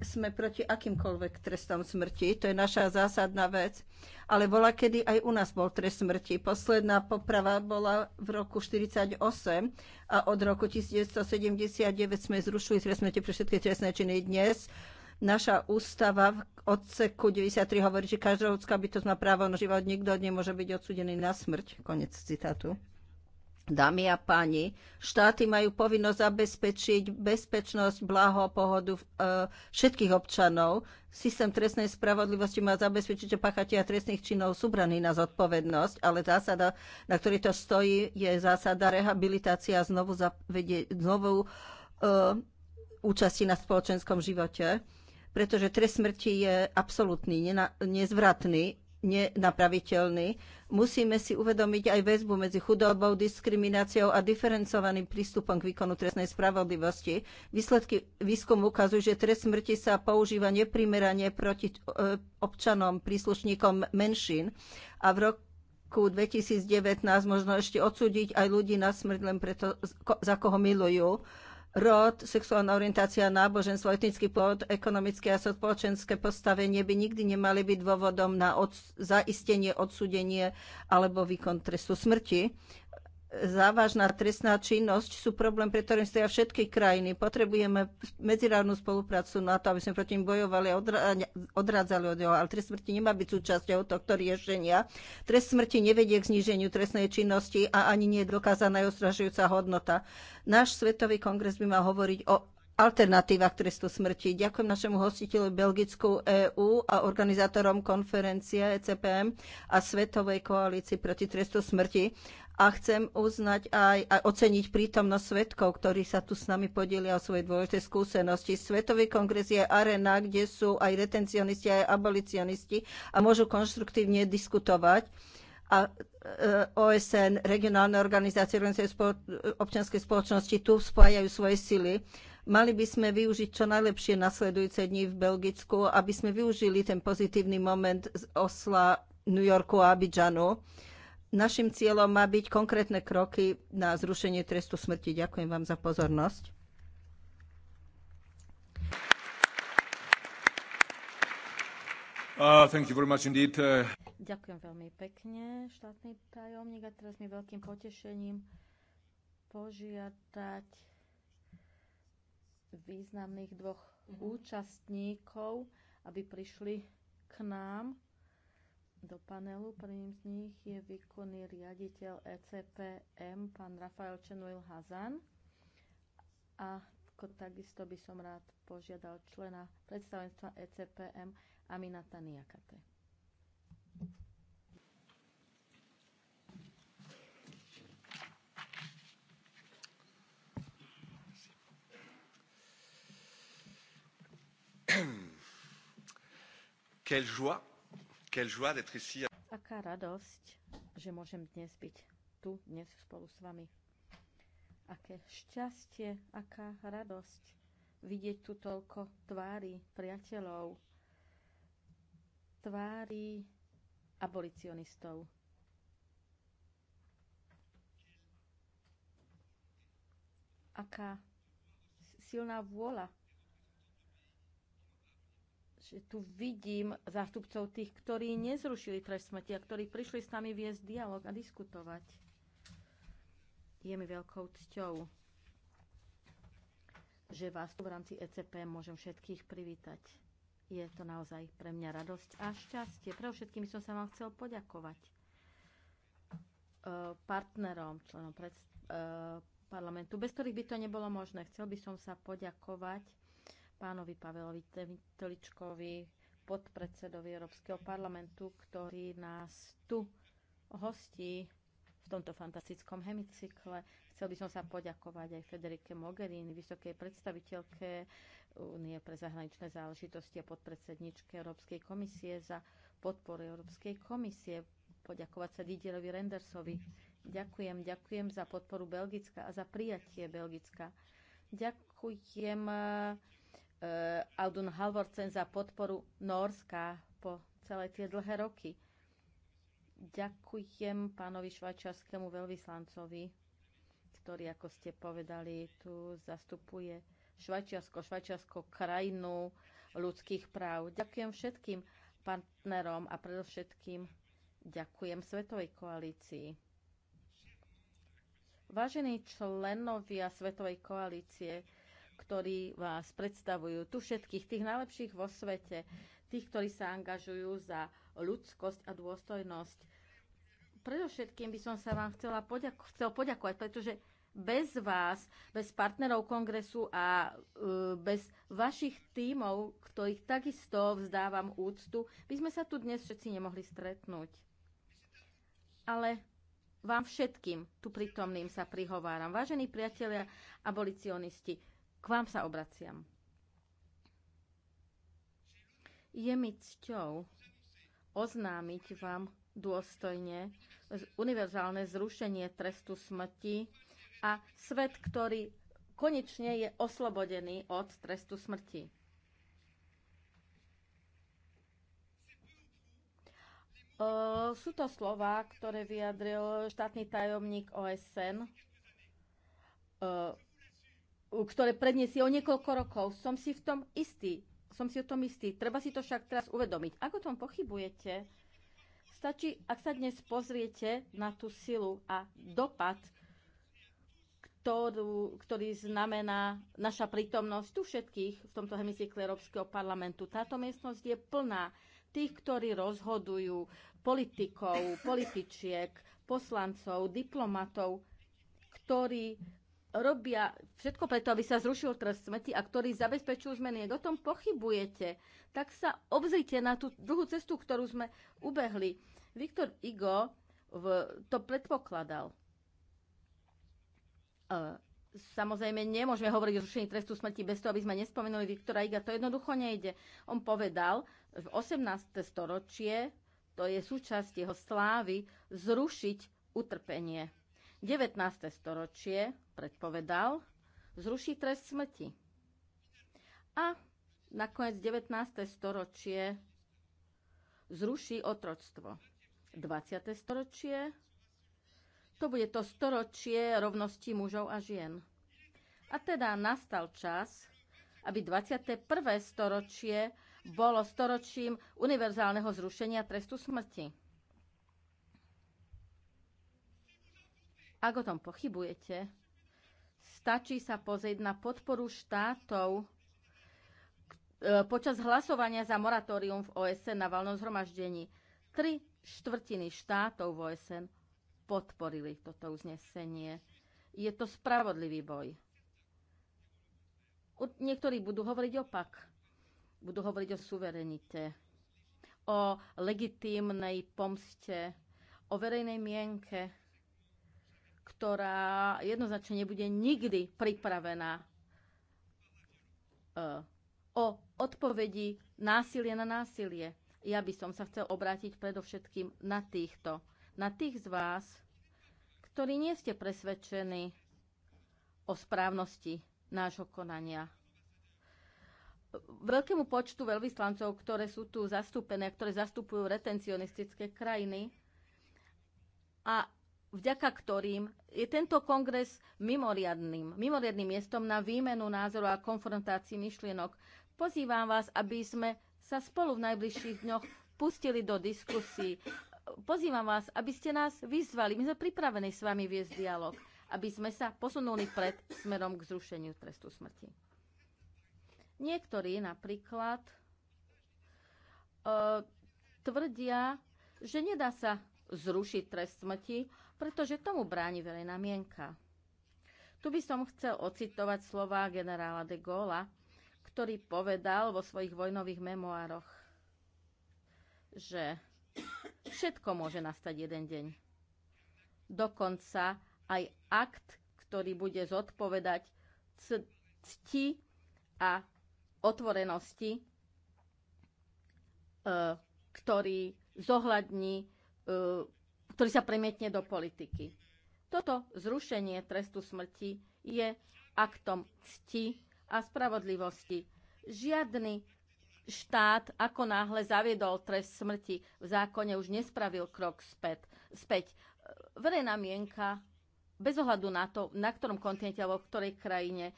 sme proti akýmkoľvek trestom smrti, to je naša zásadná vec, ale bola kedy aj u nás bol trest smrti. Posledná poprava bola v roku 1948 a od roku 1979 sme zrušili trest smrti pre všetky trestné činy dnes. Naša ústava v odseku 93 hovorí, že každá ľudská bytosť má právo na život, nikto nemôže byť odsudený na smrť. Konec citátu. Dámy a páni, štáty majú povinnosť zabezpečiť bezpečnosť, blaho, pohodu e, všetkých občanov. Systém trestnej spravodlivosti má zabezpečiť, že pachatia trestných činov sú braní na zodpovednosť, ale zásada, na ktorej to stojí, je zásada rehabilitácia a znovu, zavedie, znovu e, účasti na spoločenskom živote, pretože trest smrti je absolútny, nezvratný nenapraviteľný. Musíme si uvedomiť aj väzbu medzi chudobou, diskrimináciou a diferencovaným prístupom k výkonu trestnej spravodlivosti. Výsledky výskumu ukazujú, že trest smrti sa používa neprimerane proti e, občanom, príslušníkom menšín a v roku 2019 možno ešte odsúdiť aj ľudí na smrť len preto, za koho milujú rod, sexuálna orientácia, náboženstvo, etnický pôvod, ekonomické a spoločenské postavenie by nikdy nemali byť dôvodom na od, zaistenie, odsudenie alebo výkon trestu smrti závažná trestná činnosť sú problém, pre ktorým stoja všetky krajiny. Potrebujeme medzinárodnú spoluprácu na to, aby sme proti nim bojovali a odrádzali od jeho. Ale trest smrti nemá byť súčasťou tohto riešenia. Trest smrti nevedie k zníženiu trestnej činnosti a ani nie je dokázaná ostražujúca hodnota. Náš svetový kongres by mal hovoriť o alternatívach trestu smrti. Ďakujem našemu hostiteľu Belgickú EÚ a organizátorom konferencie ECPM a Svetovej koalícii proti trestu smrti a chcem uznať aj a oceniť prítomnosť svetkov, ktorí sa tu s nami podelia o svoje dôležité skúsenosti. Svetový kongres je arena, kde sú aj retencionisti, aj abolicionisti a môžu konštruktívne diskutovať a e, OSN, regionálne organizácie, organizácie občianskej spoločnosti tu spájajú svoje sily. Mali by sme využiť čo najlepšie nasledujúce dni v Belgicku, aby sme využili ten pozitívny moment z Osla, New Yorku a Abidžanu Našim cieľom má byť konkrétne kroky na zrušenie trestu smrti. Ďakujem vám za pozornosť. Uh, uh. Ďakujem veľmi pekne, štátny tajomník. A teraz mi veľkým potešením požiadať významných dvoch mhm. účastníkov, aby prišli k nám do panelu. Prvým z nich je výkonný riaditeľ ECPM, pán Rafael Čenuil Hazan. A takisto by som rád požiadal člena predstavenstva ECPM Aminata Niakate. Quelle joie Aká radosť, že môžem dnes byť tu, dnes spolu s vami. Aké šťastie, aká radosť vidieť tu toľko tvári priateľov, tvári abolicionistov. Aká silná vôľa tu vidím zástupcov tých, ktorí nezrušili trest smrti a ktorí prišli s nami viesť dialog a diskutovať. Je mi veľkou cťou, že vás tu v rámci ECP môžem všetkých privítať. Je to naozaj pre mňa radosť a šťastie. Pre všetkým som sa vám chcel poďakovať e, partnerom, členom pred, e, parlamentu, bez ktorých by to nebolo možné. Chcel by som sa poďakovať pánovi Pavelovi Teličkovi, podpredsedovi Európskeho parlamentu, ktorý nás tu hostí v tomto fantastickom hemicykle. Chcel by som sa poďakovať aj Federike Mogherini, vysokej predstaviteľke Únie pre zahraničné záležitosti a podpredsedničke Európskej komisie za podporu Európskej komisie. Poďakovať sa Didierovi Rendersovi. Ďakujem, ďakujem za podporu Belgicka a za prijatie Belgická. Ďakujem eh, Eh, Audun Halvorsen za podporu Norska po celé tie dlhé roky. Ďakujem pánovi švajčiarskému veľvyslancovi, ktorý, ako ste povedali, tu zastupuje Švajčiarsko, Švajčiarsko krajinu ľudských práv. Ďakujem všetkým partnerom a predovšetkým ďakujem Svetovej koalícii. Vážení členovia Svetovej koalície, ktorí vás predstavujú, tu všetkých, tých najlepších vo svete, tých, ktorí sa angažujú za ľudskosť a dôstojnosť. Predovšetkým by som sa vám chcela poďako- chcel poďakovať, pretože bez vás, bez partnerov kongresu a uh, bez vašich tímov, ktorých takisto vzdávam úctu, by sme sa tu dnes všetci nemohli stretnúť. Ale vám všetkým tu prítomným sa prihováram. Vážení priatelia abolicionisti, k vám sa obraciam. Je mi cťou oznámiť vám dôstojne univerzálne zrušenie trestu smrti a svet, ktorý konečne je oslobodený od trestu smrti. sú to slova, ktoré vyjadril štátny tajomník OSN ktoré predniesie o niekoľko rokov. Som si v tom istý. Som si o tom istý. Treba si to však teraz uvedomiť. Ako tom pochybujete? Stačí, ak sa dnes pozriete na tú silu a dopad, ktorú, ktorý znamená naša prítomnosť tu všetkých v tomto hemicykle Európskeho parlamentu. Táto miestnosť je plná tých, ktorí rozhodujú, politikov, političiek, poslancov, diplomatov, ktorí robia všetko preto, aby sa zrušil trest smrti a ktorý zabezpečujú zmeny. Ak o tom pochybujete, tak sa obzrite na tú druhú cestu, ktorú sme ubehli. Viktor Igo v, to predpokladal. Uh, samozrejme nemôžeme hovoriť o zrušení trestu smrti bez toho, aby sme nespomenuli Viktora Iga. To jednoducho nejde. On povedal, v 18. storočie, to je súčasť jeho slávy, zrušiť utrpenie. 19. storočie predpovedal zruší trest smrti. A nakoniec 19. storočie zruší otroctvo. 20. storočie to bude to storočie rovnosti mužov a žien. A teda nastal čas, aby 21. storočie bolo storočím univerzálneho zrušenia trestu smrti. Ak o tom pochybujete, stačí sa pozrieť na podporu štátov e, počas hlasovania za moratórium v OSN na valnom zhromaždení. Tri štvrtiny štátov v OSN podporili toto uznesenie. Je to spravodlivý boj. Niektorí budú hovoriť opak. Budú hovoriť o suverenite, o legitímnej pomste, o verejnej mienke, ktorá jednoznačne nebude nikdy pripravená e, o odpovedi násilie na násilie. Ja by som sa chcel obrátiť predovšetkým na týchto. Na tých z vás, ktorí nie ste presvedčení o správnosti nášho konania veľkému počtu veľvyslancov, ktoré sú tu zastúpené, ktoré zastupujú retencionistické krajiny. A vďaka ktorým je tento kongres mimoriadným, mimoriadným miestom na výmenu názorov a konfrontácii myšlienok. Pozývam vás, aby sme sa spolu v najbližších dňoch pustili do diskusí. Pozývam vás, aby ste nás vyzvali. My sme pripravení s vami viesť dialog, aby sme sa posunuli pred smerom k zrušeniu trestu smrti. Niektorí napríklad e, tvrdia, že nedá sa zrušiť trest smrti, pretože tomu bráni verejná mienka. Tu by som chcel ocitovať slova generála de Gaulle, ktorý povedal vo svojich vojnových memoároch, že všetko môže nastať jeden deň. Dokonca aj akt, ktorý bude zodpovedať cti a otvorenosti, e, ktorý zohľadní e, ktorý sa premietne do politiky. Toto zrušenie trestu smrti je aktom cti a spravodlivosti. Žiadny štát, ako náhle zaviedol trest smrti, v zákone už nespravil krok späť. späť. Verejná mienka, bez ohľadu na to, na ktorom kontinente alebo v ktorej krajine,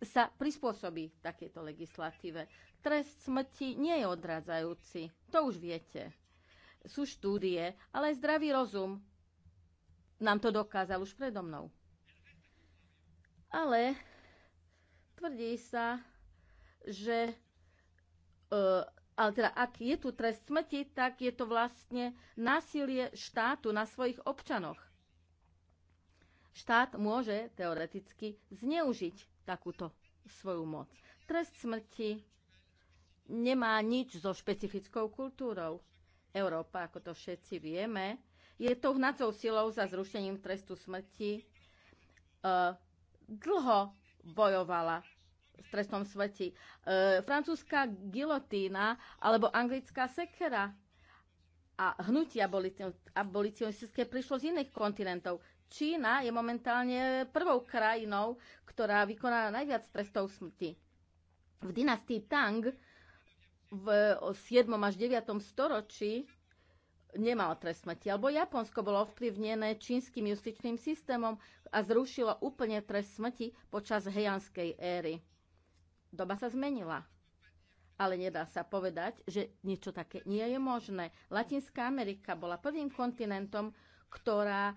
sa prispôsobí takéto legislatíve. Trest smrti nie je odradzajúci, to už viete sú štúdie, ale aj zdravý rozum nám to dokázal už predo mnou. Ale tvrdí sa, že e, ale teda ak je tu trest smrti, tak je to vlastne násilie štátu na svojich občanoch. Štát môže teoreticky zneužiť takúto svoju moc. Trest smrti nemá nič so špecifickou kultúrou. Európa, ako to všetci vieme, je tou hnacou silou za zrušením trestu smrti. E, dlho bojovala v trestom smrti. E, francúzska gilotína alebo anglická sekera a hnutia abolicionistické prišlo z iných kontinentov. Čína je momentálne prvou krajinou, ktorá vykoná najviac trestov smrti. V dynastii Tang v 7. až 9. storočí nemal trest smrti. Alebo Japonsko bolo ovplyvnené čínskym justičným systémom a zrušilo úplne trest smrti počas hejanskej éry. Doba sa zmenila. Ale nedá sa povedať, že niečo také nie je možné. Latinská Amerika bola prvým kontinentom, ktorá e,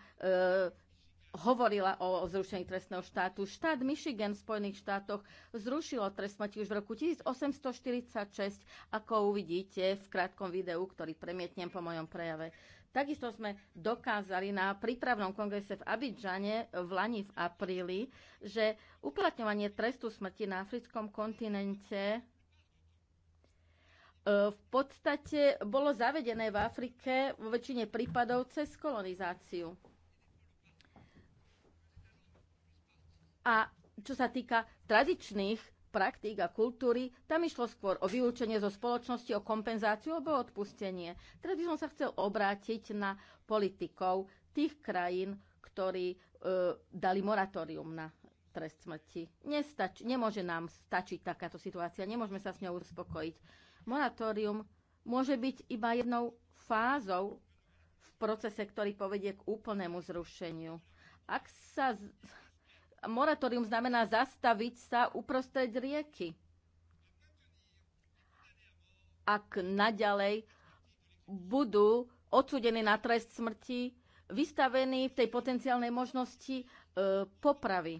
hovorila o zrušení trestného štátu. Štát Michigan v Spojených štátoch zrušilo trest smrti už v roku 1846, ako uvidíte v krátkom videu, ktorý premietnem po mojom prejave. Takisto sme dokázali na prípravnom kongrese v Abidžane v Lani v apríli, že uplatňovanie trestu smrti na africkom kontinente e, v podstate bolo zavedené v Afrike vo väčšine prípadov cez kolonizáciu. A čo sa týka tradičných praktík a kultúry, tam išlo skôr o vylúčenie zo spoločnosti, o kompenzáciu alebo odpustenie. Teraz by som sa chcel obrátiť na politikov tých krajín, ktorí e, dali moratórium na trest smrti. Nestač, nemôže nám stačiť takáto situácia, nemôžeme sa s ňou uspokojiť. Moratórium môže byť iba jednou fázou v procese, ktorý povedie k úplnému zrušeniu. Ak sa Moratórium znamená zastaviť sa uprostred rieky. Ak naďalej budú odsudení na trest smrti, vystavení v tej potenciálnej možnosti e, popravy.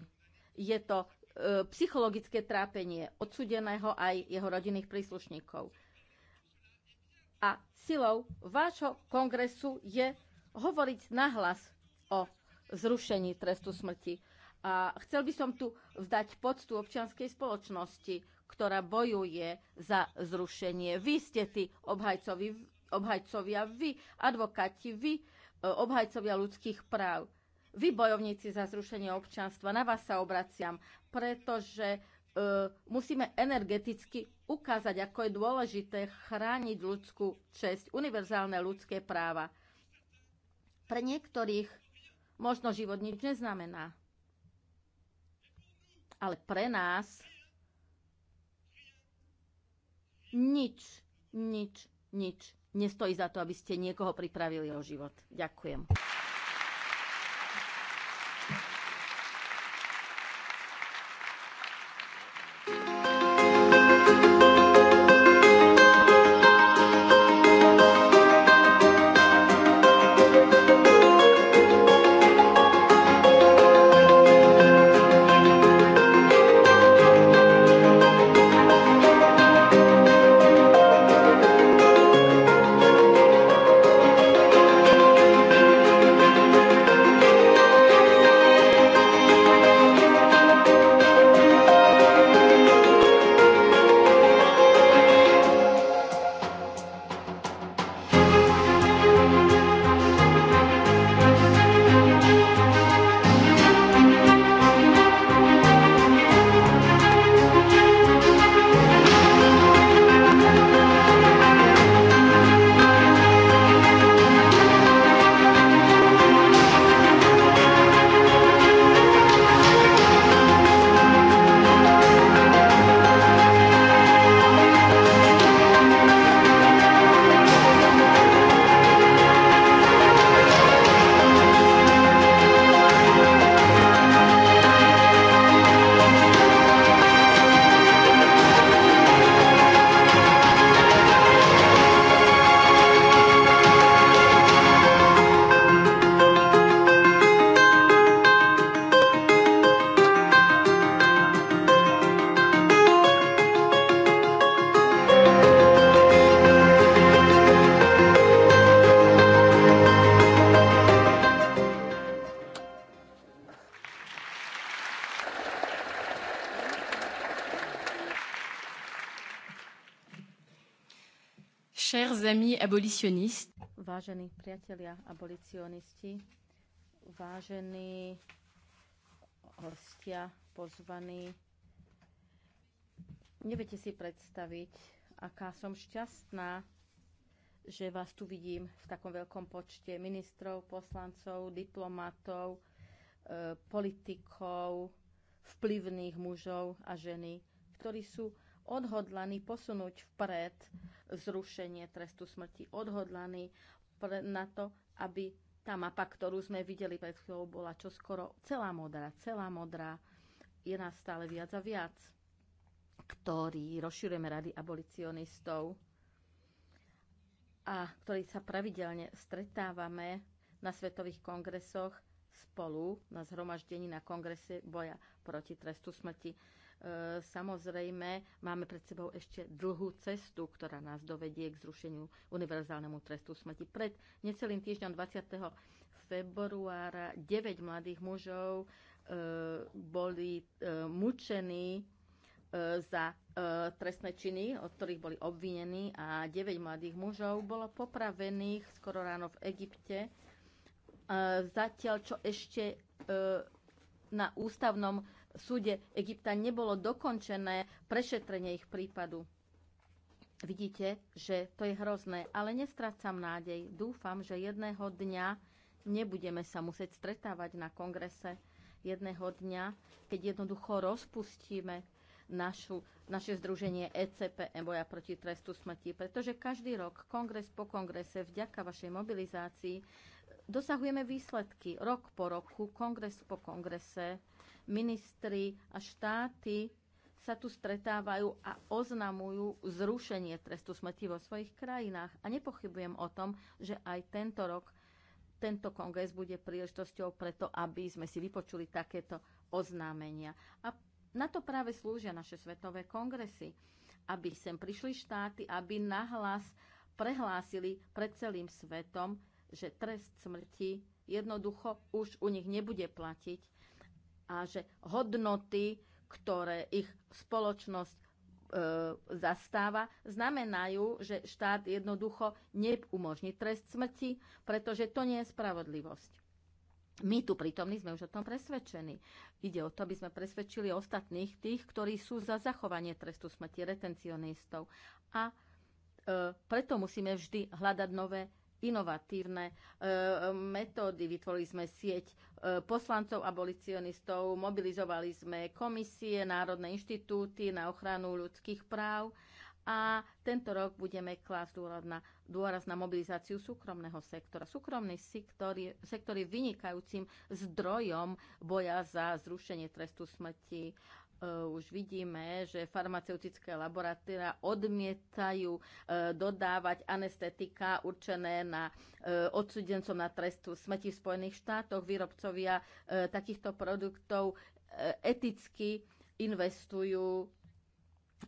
Je to e, psychologické trápenie odsudeného aj jeho rodinných príslušníkov. A silou vášho kongresu je hovoriť nahlas o zrušení trestu smrti. A chcel by som tu vzdať poctu občianskej spoločnosti, ktorá bojuje za zrušenie. Vy ste tí obhajcovi, obhajcovia, vy, advokáti, vy, e, obhajcovia ľudských práv. Vy, bojovníci za zrušenie občanstva, na vás sa obraciam, pretože e, musíme energeticky ukázať, ako je dôležité chrániť ľudskú česť, univerzálne ľudské práva. Pre niektorých možno život nič neznamená. Ale pre nás nič, nič, nič nestojí za to, aby ste niekoho pripravili o život. Ďakujem. abolitionniste. Vážení priatelia abolicionisti, vážení hostia, pozvaní, neviete si predstaviť, aká som šťastná, že vás tu vidím v takom veľkom počte ministrov, poslancov, diplomatov, e, politikov, vplyvných mužov a ženy, ktorí sú odhodlaní posunúť vpred zrušenie trestu smrti, odhodlaní na to, aby tá mapa, ktorú sme videli pred chvíľou, bola čoskoro celá modrá, celá modrá. Je nás stále viac a viac, ktorí rozširujeme rady abolicionistov a ktorí sa pravidelne stretávame na svetových kongresoch spolu na zhromaždení na kongrese boja proti trestu smrti E, samozrejme, máme pred sebou ešte dlhú cestu, ktorá nás dovedie k zrušeniu univerzálnemu trestu smrti. Pred necelým týždňom 20. februára 9 mladých mužov e, boli e, mučení za trestné činy, od ktorých boli obvinení a 9 mladých mužov bolo popravených skoro ráno v Egypte. Zatiaľ, čo ešte na ústavnom súde Egypta nebolo dokončené prešetrenie ich prípadu. Vidíte, že to je hrozné, ale nestrácam nádej. Dúfam, že jedného dňa nebudeme sa musieť stretávať na kongrese. Jedného dňa, keď jednoducho rozpustíme našu, naše združenie ECP boja proti trestu smrti, pretože každý rok, kongres po kongrese, vďaka vašej mobilizácii, dosahujeme výsledky rok po roku, kongres po kongrese ministri a štáty sa tu stretávajú a oznamujú zrušenie trestu smrti vo svojich krajinách. A nepochybujem o tom, že aj tento rok tento kongres bude príležitosťou preto, aby sme si vypočuli takéto oznámenia. A na to práve slúžia naše svetové kongresy, aby sem prišli štáty, aby nahlas prehlásili pred celým svetom, že trest smrti jednoducho už u nich nebude platiť a že hodnoty, ktoré ich spoločnosť e, zastáva, znamenajú, že štát jednoducho neumožní trest smrti, pretože to nie je spravodlivosť. My tu prítomní sme už o tom presvedčení. Ide o to, aby sme presvedčili ostatných tých, ktorí sú za zachovanie trestu smrti retencionistov. A e, preto musíme vždy hľadať nové inovatívne e, metódy. Vytvorili sme sieť e, poslancov abolicionistov, mobilizovali sme komisie, národné inštitúty na ochranu ľudských práv a tento rok budeme klásť dôraz na, dôraz na mobilizáciu súkromného sektora. Súkromný sektor je, sektor je vynikajúcim zdrojom boja za zrušenie trestu smrti. Eh, už vidíme, že farmaceutické laboratória odmietajú eh, dodávať anestetika určené na eh, odsudencom na trestu smrti v Spojených štátoch. Výrobcovia takýchto produktov eticky investujú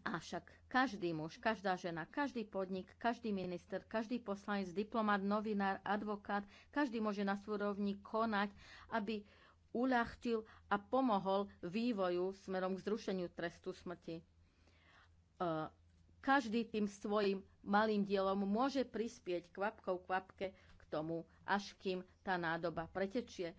a však každý muž, každá žena, každý podnik, každý minister, každý poslanec, diplomat, novinár, advokát, každý môže na svoj rovni konať, aby uľahčil a pomohol vývoju smerom k zrušeniu trestu smrti. E, každý tým svojim malým dielom môže prispieť kvapkou kvapke k tomu, až kým tá nádoba pretečie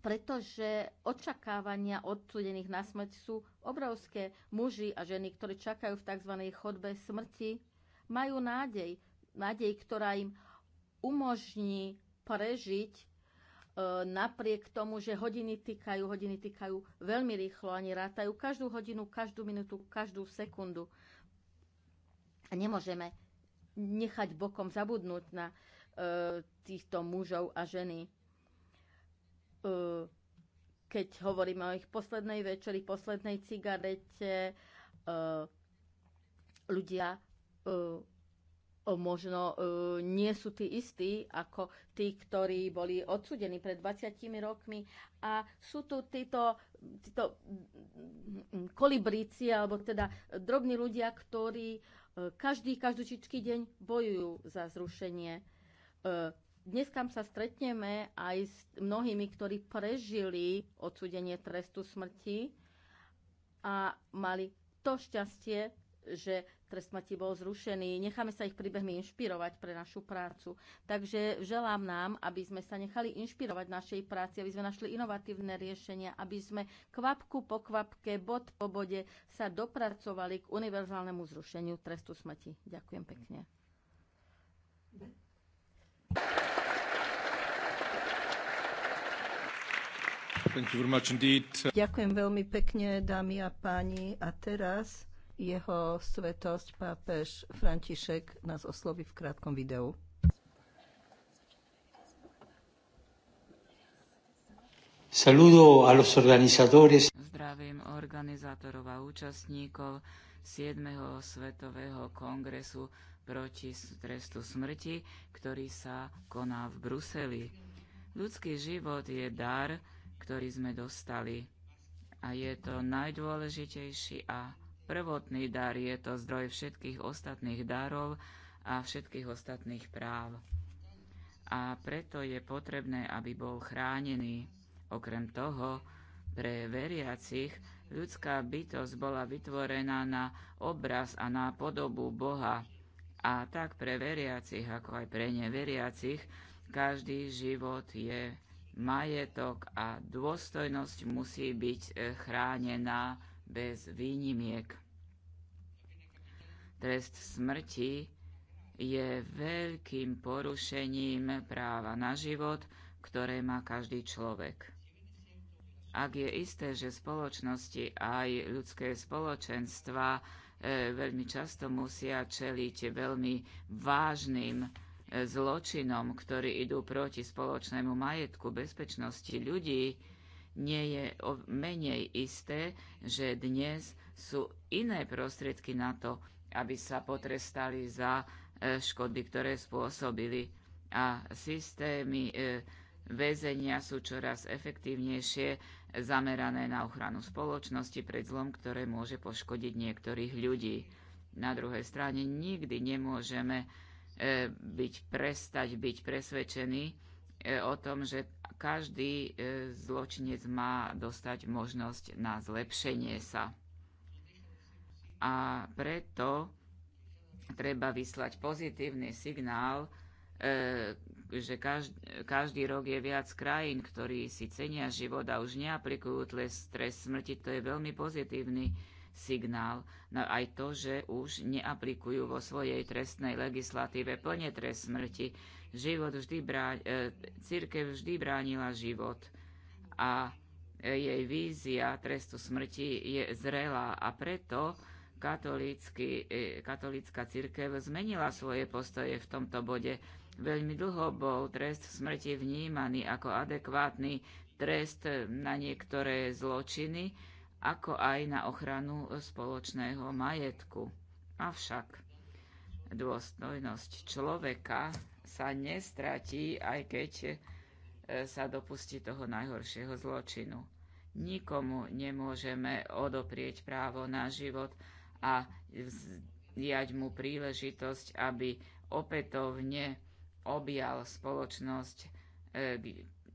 pretože očakávania odsudených na smrť sú obrovské. Muži a ženy, ktorí čakajú v tzv. chodbe smrti, majú nádej, nádej, ktorá im umožní prežiť E, napriek tomu, že hodiny týkajú, hodiny týkajú veľmi rýchlo, ani rátajú každú hodinu, každú minútu, každú sekundu. A nemôžeme nechať bokom zabudnúť na e, týchto mužov a ženy. E, keď hovoríme o ich poslednej večeri, poslednej cigarete, ľudia možno e, nie sú tí istí ako tí, ktorí boli odsudení pred 20 rokmi a sú tu títo, títo kolibríci alebo teda drobní ľudia, ktorí e, každý, každúčičký deň bojujú za zrušenie e, dnes kam sa stretneme aj s mnohými, ktorí prežili odsudenie trestu smrti a mali to šťastie, že trest smrti bol zrušený. Necháme sa ich príbehmi inšpirovať pre našu prácu. Takže želám nám, aby sme sa nechali inšpirovať našej práci, aby sme našli inovatívne riešenia, aby sme kvapku po kvapke, bod po bode sa dopracovali k univerzálnemu zrušeniu trestu smrti. Ďakujem pekne. Ďakujem veľmi pekne, dámy a páni. A teraz jeho svetosť pápež František nás osloví v krátkom videu. Saludo a los organizadores. Zdravím organizátorov a účastníkov 7. svetového kongresu proti trestu smrti, ktorý sa koná v Bruseli. Ľudský život je dar, ktorý sme dostali. A je to najdôležitejší a prvotný dar, je to zdroj všetkých ostatných darov a všetkých ostatných práv. A preto je potrebné, aby bol chránený. Okrem toho, pre veriacich ľudská bytosť bola vytvorená na obraz a na podobu Boha. A tak pre veriacich, ako aj pre neveriacich, každý život je majetok a dôstojnosť musí byť eh, chránená bez výnimiek. Trest smrti je veľkým porušením práva na život, ktoré má každý človek. Ak je isté, že spoločnosti aj ľudské spoločenstva e, veľmi často musia čeliť veľmi vážnym e, zločinom, ktorí idú proti spoločnému majetku bezpečnosti ľudí, nie je menej isté, že dnes sú iné prostriedky na to, aby sa potrestali za e, škody, ktoré spôsobili. A systémy e, väzenia sú čoraz efektívnejšie zamerané na ochranu spoločnosti pred zlom, ktoré môže poškodiť niektorých ľudí. Na druhej strane nikdy nemôžeme e, byť, prestať byť presvedčení o tom, že každý e, zločinec má dostať možnosť na zlepšenie sa. A preto treba vyslať pozitívny signál, e, že každý, rok je viac krajín, ktorí si cenia život a už neaplikujú trest smrti. To je veľmi pozitívny signál, no aj to, že už neaplikujú vo svojej trestnej legislatíve plne trest smrti. Život vždy bráň, e, církev vždy bránila život a e, jej vízia trestu smrti je zrelá a preto katolícka e, církev zmenila svoje postoje v tomto bode. Veľmi dlho bol trest smrti vnímaný ako adekvátny trest na niektoré zločiny, ako aj na ochranu e, spoločného majetku. Avšak dôstojnosť človeka sa nestratí, aj keď e, sa dopustí toho najhoršieho zločinu. Nikomu nemôžeme odoprieť právo na život a diať mu príležitosť, aby opätovne objal spoločnosť, e,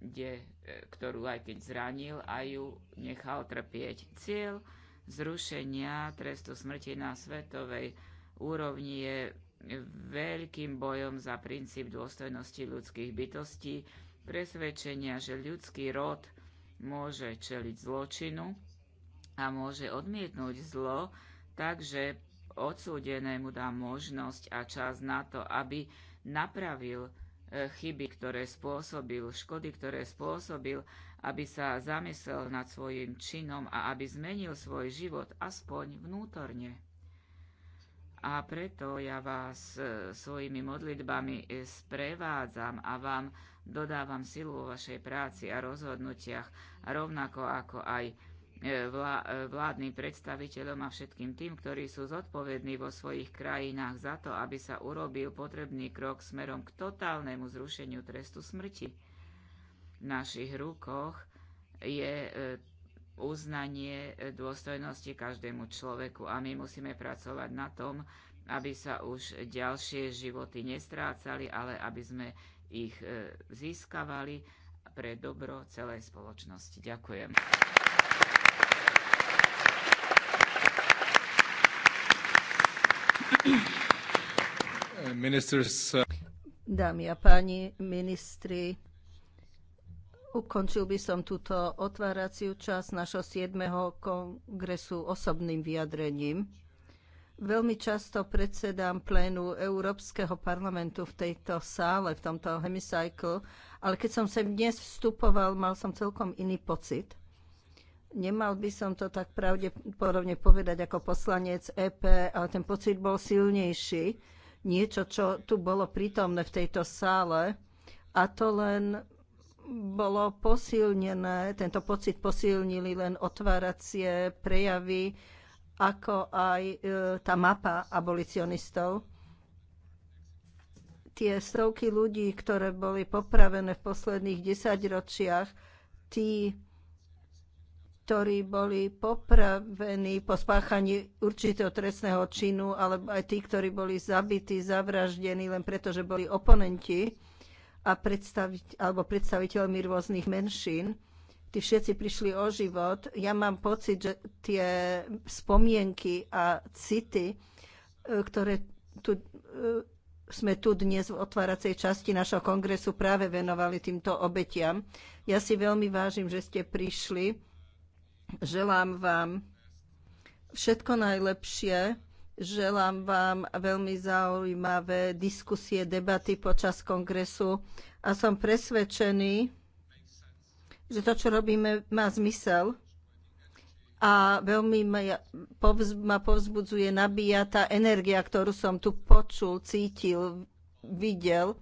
E, ktorú aj keď zranil, a ju nechal trpieť. Cieľ zrušenia trestu smrti na svetovej úrovni je veľkým bojom za princíp dôstojnosti ľudských bytostí, presvedčenia, že ľudský rod môže čeliť zločinu a môže odmietnúť zlo, takže odsúdenému dá možnosť a čas na to, aby napravil E, chyby, ktoré spôsobil, škody, ktoré spôsobil, aby sa zamyslel nad svojim činom a aby zmenil svoj život aspoň vnútorne. A preto ja vás e, svojimi modlitbami e, sprevádzam a vám dodávam silu vo vašej práci a rozhodnutiach, rovnako ako aj E, e, vládnym predstaviteľom a všetkým tým, ktorí sú zodpovední vo svojich krajinách za to, aby sa urobil potrebný krok smerom k totálnemu zrušeniu trestu smrti. V našich rukoch je e, uznanie dôstojnosti každému človeku a my musíme pracovať na tom, aby sa už ďalšie životy nestrácali, ale aby sme ich získavali pre dobro celej spoločnosti. Ďakujem. Uh, Dámy a páni ministri, ukončil by som túto otváraciu časť našho 7. kongresu osobným vyjadrením. Veľmi často predsedám plénu Európskeho parlamentu v tejto sále, v tomto hemicycle, ale keď som sem dnes vstupoval, mal som celkom iný pocit. Nemal by som to tak pravdepodobne povedať ako poslanec EP, ale ten pocit bol silnejší. Niečo, čo tu bolo prítomné v tejto sále a to len bolo posilnené, tento pocit posilnili len otváracie prejavy, ako aj e, tá mapa abolicionistov. Tie stovky ľudí, ktoré boli popravené v posledných desaťročiach, tí ktorí boli popravení po spáchaní určitého trestného činu, alebo aj tí, ktorí boli zabití, zavraždení len preto, že boli oponenti a predstaviť, alebo predstaviteľmi rôznych menšín. Tí všetci prišli o život. Ja mám pocit, že tie spomienky a city, e, ktoré tu, e, sme tu dnes v otváracej časti našho kongresu práve venovali týmto obetiam. Ja si veľmi vážim, že ste prišli Želám vám všetko najlepšie. Želám vám veľmi zaujímavé diskusie, debaty počas kongresu a som presvedčený, že to, čo robíme, má zmysel a veľmi ma, povzbudzuje, nabíja tá energia, ktorú som tu počul, cítil, videl.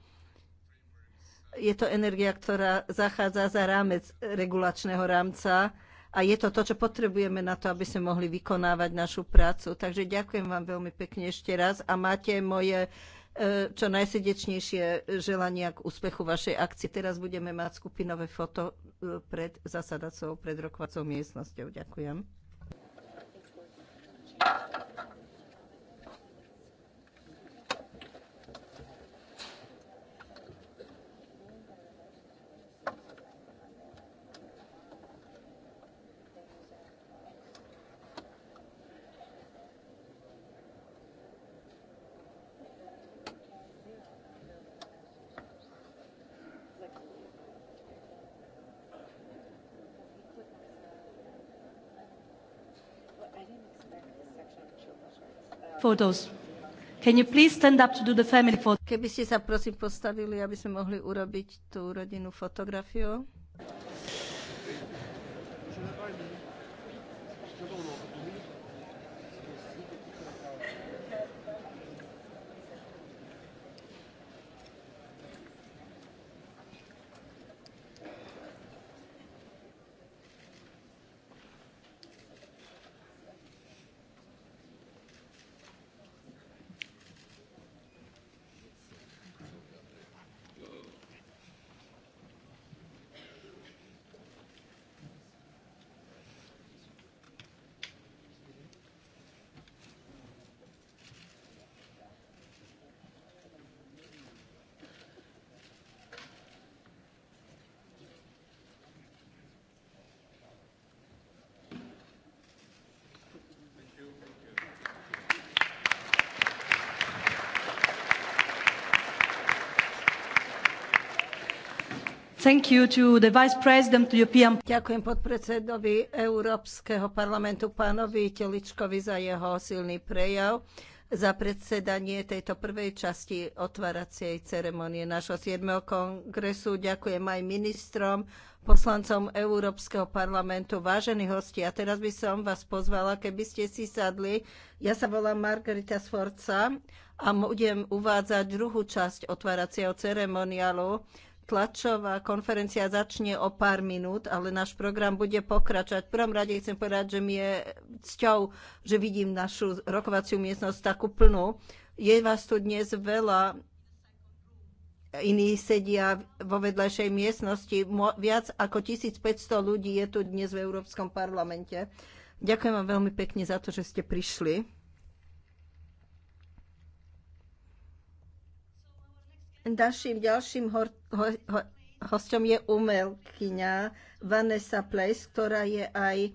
Je to energia, ktorá zachádza za rámec regulačného rámca a je to to, čo potrebujeme na to, aby sme mohli vykonávať našu prácu. Takže ďakujem vám veľmi pekne ešte raz a máte moje e, čo najsrdečnejšie želania k úspechu vašej akcie. Teraz budeme mať skupinové foto e, pred zasadacou, pred rokovacou miestnosťou. Ďakujem. photos. Can you please stand up to do the family photo? Keby ste sa prosím postavili, aby sme mohli urobiť tú rodinnú fotografiu. Ďakujem podpredsedovi Európskeho parlamentu pánovi Teličkovi za jeho silný prejav za predsedanie tejto prvej časti otváracej ceremonie nášho 7. kongresu. Ďakujem aj ministrom, poslancom Európskeho parlamentu, vážení hosti. A teraz by som vás pozvala, keby ste si sadli. Ja sa volám Margarita Sforca a budem uvádzať druhú časť otváracieho ceremoniálu Tlačová konferencia začne o pár minút, ale náš program bude pokračovať. V prvom rade chcem povedať, že mi je cťou, že vidím našu rokovaciu miestnosť takú plnú. Je vás tu dnes veľa, iní sedia vo vedľajšej miestnosti. Viac ako 1500 ľudí je tu dnes v Európskom parlamente. Ďakujem vám veľmi pekne za to, že ste prišli. Našim ďalším ho- ho, ho, hostom je umelkyňa Vanessa Place, ktorá je aj e,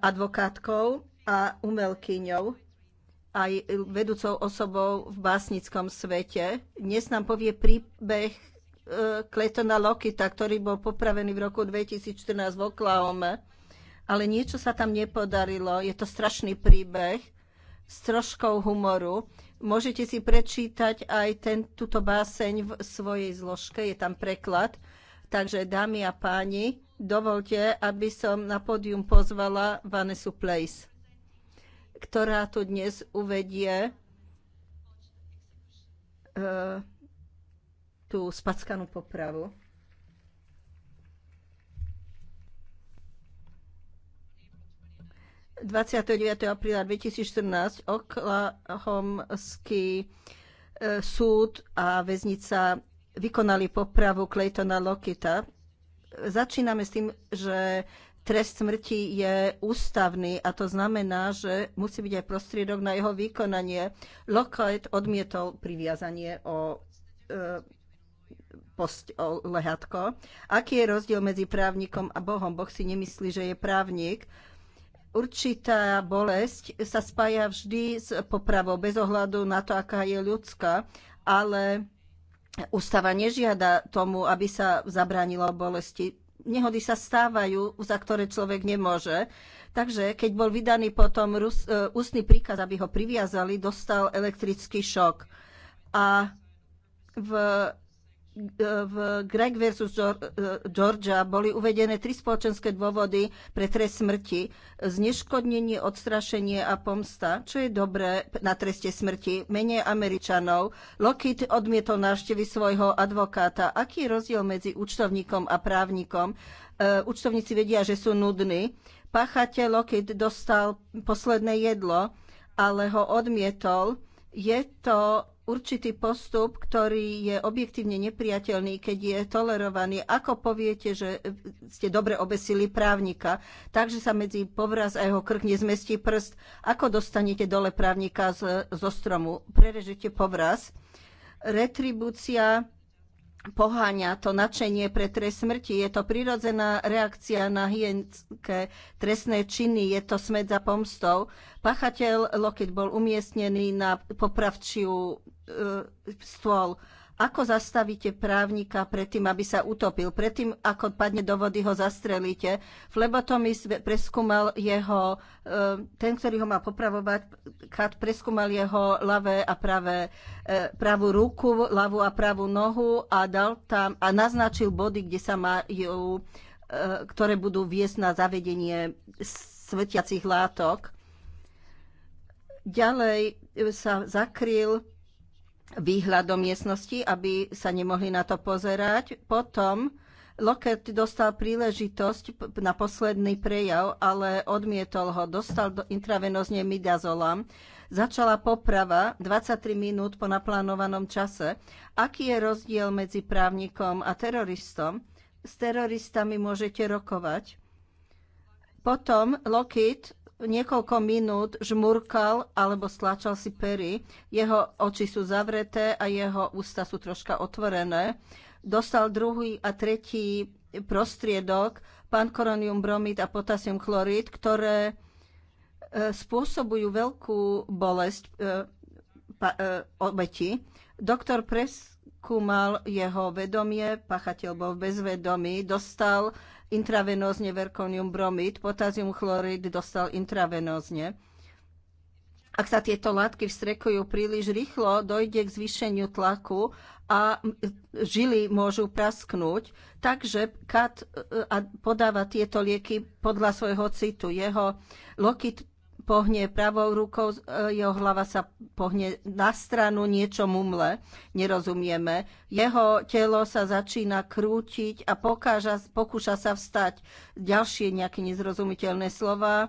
advokátkou a umelkyňou, aj vedúcou osobou v básnickom svete. Dnes nám povie príbeh e, Cletona Lokita, ktorý bol popravený v roku 2014 v Oklahome. Ale niečo sa tam nepodarilo. Je to strašný príbeh s troškou humoru Môžete si prečítať aj ten, túto báseň v svojej zložke, je tam preklad. Takže, dámy a páni, dovolte, aby som na pódium pozvala Vanessa Place, ktorá tu dnes uvedie uh, tú spackanú popravu. 29. apríla 2014 Oklahomský e, súd a väznica vykonali popravu Claytona Lockita. Začíname s tým, že trest smrti je ústavný a to znamená, že musí byť aj prostriedok na jeho vykonanie. Lockheed odmietol priviazanie o, e, post, o lehatko. Aký je rozdiel medzi právnikom a Bohom? Boh si nemyslí, že je právnik. E, určitá bolesť sa spája vždy s popravou, bez ohľadu na to, aká je ľudská, ale ústava nežiada tomu, aby sa zabránilo bolesti. Nehody sa stávajú, za ktoré človek nemôže. Takže keď bol vydaný potom rus, e, ústny príkaz, aby ho priviazali, dostal elektrický šok. A v v Greg vs. Eh, Georgia boli uvedené tri spoločenské dôvody pre trest smrti. Zneškodnenie, odstrašenie a pomsta, čo je dobré na treste smrti, menej Američanov. Lockheed odmietol návštevy svojho advokáta. Aký je rozdiel medzi účtovníkom a právnikom? Eh, účtovníci vedia, že sú nudní. Páchateľ Lockheed dostal posledné jedlo, ale ho odmietol. Je to určitý postup, ktorý je objektívne nepriateľný, keď je tolerovaný. Ako poviete, že ste dobre obesili právnika, takže sa medzi povraz a jeho krk nezmestí prst? Ako dostanete dole právnika z, zo stromu? Prerežete povraz? Retribúcia poháňa to nadšenie pre trest smrti. Je to prirodzená reakcia na hyenské trestné činy, je to smet za pomstou. Pachateľ, keď bol umiestnený na popravčiu E, stôl. Ako zastavíte právnika predtým, aby sa utopil? Predtým, ako padne do vody, ho zastrelíte. Flebotomist preskúmal jeho, e, ten, ktorý ho má popravovať, kat preskúmal jeho ľavé a pravé, e, pravú ruku, ľavú a pravú nohu a dal tam a naznačil body, kde sa majú, ktoré budú viesť na zavedenie svetiacich látok. Ďalej sa zakryl výhľad do miestnosti, aby sa nemohli na to pozerať. Potom Loket dostal príležitosť na posledný prejav, ale odmietol ho. Dostal do intravenozne midazolam. Začala poprava 23 minút po naplánovanom čase. Aký je rozdiel medzi právnikom a teroristom? S teroristami môžete rokovať. Potom Lockheed niekoľko minút žmurkal alebo stlačal si pery. Jeho oči sú zavreté a jeho ústa sú troška otvorené. Dostal druhý a tretí prostriedok, pankoronium bromid a potasium chlorid, ktoré e, spôsobujú veľkú bolesť e, e, obeti. Doktor Pres skúmal jeho vedomie, pachateľ bol bezvedomý, dostal intravenózne verkonium bromid, potázium chlorid dostal intravenózne. Ak sa tieto látky vstrekujú príliš rýchlo, dojde k zvýšeniu tlaku a žily môžu prasknúť. Takže Kat e, podáva tieto lieky podľa svojho citu. Jeho Lokit pohne pravou rukou, e, jeho hlava sa pohne na stranu, niečo mumle, nerozumieme. Jeho telo sa začína krútiť a pokáža, pokúša sa vstať. Ďalšie nejaké nezrozumiteľné slova. E,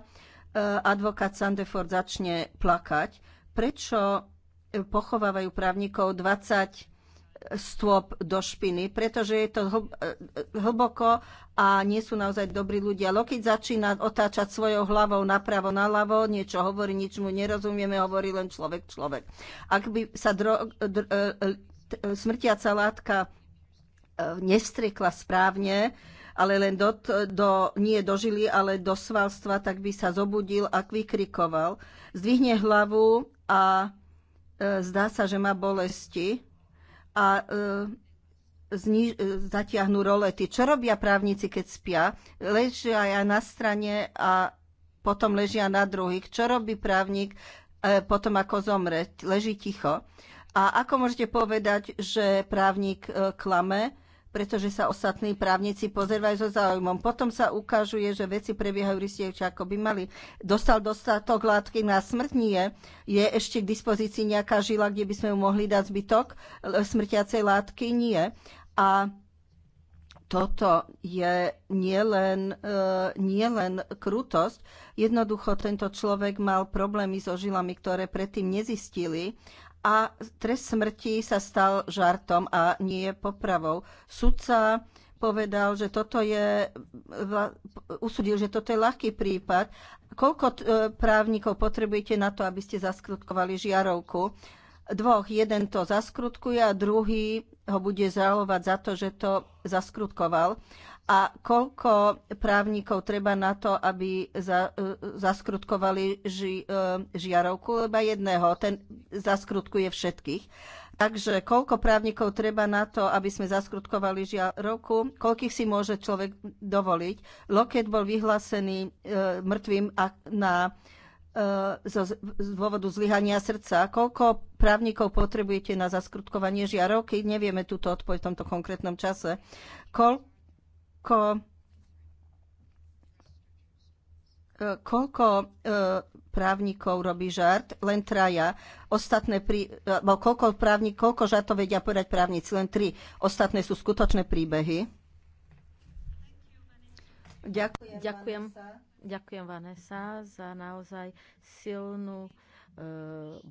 advokát Sandeford začne plakať. Prečo e, pochovávajú právnikov 20 stôp do špiny, pretože je to eh, hlboko a nie sú naozaj dobrí ľudia. Keď začína otáčať svojou hlavou napravo, nalavo, niečo hovorí, nič mu nerozumieme, hovorí len človek, človek. Ak by sa dro- dr- eh, eh, smrtiaca látka nestriekla správne, ale len do, do, nie do žily, ale do svalstva, tak by sa zobudil a vykrikoval. Zdvihne hlavu a e, zdá sa, že má bolesti a e, e, zatiahnu rolety. Čo robia právnici, keď spia? Ležia aj na strane a potom ležia na druhých. Čo robí právnik e, potom, ako zomre? Leží ticho. A ako môžete povedať, že právnik e, klame? pretože sa ostatní právnici pozerajú so záujmom. Potom sa ukážuje, že veci prebiehajú rýchlejšie, ako by mali. Dostal dostatok látky na smrť? Nie. Je ešte k dispozícii nejaká žila, kde by sme mu mohli dať zbytok smrťacej látky? Nie. A toto je nielen, uh, nielen krutosť. Jednoducho tento človek mal problémy so žilami, ktoré predtým nezistili a trest smrti sa stal žartom a nie popravou. Sudca povedal, že toto je, usudil, že toto je ľahký prípad. Koľko e, právnikov potrebujete na to, aby ste zaskrutkovali žiarovku? Dvoch. Jeden to zaskrutkuje a druhý ho bude žalovať za to, že to zaskrutkoval a koľko právnikov treba na to, aby za, e, zaskrutkovali ži, e, žiarovku, lebo jedného, ten zaskrutkuje všetkých. Takže koľko právnikov treba na to, aby sme zaskrutkovali žiarovku, koľkých si môže človek dovoliť. Loket bol vyhlásený e, mŕtvým a na e, zo, z dôvodu zlyhania srdca. Koľko právnikov potrebujete na zaskrutkovanie žiarovky? Nevieme túto odpoveď v tomto konkrétnom čase. Koľ, koľko e, koľko e, právnikov robí žart, len traja. Ostatné pri, e, alebo koľko, právnik, koľko žartov vedia povedať právnici, len tri. Ostatné sú skutočné príbehy. Ďakujem, Ďakujem, Vanessa. Ďakujem Vanessa za naozaj silnú e,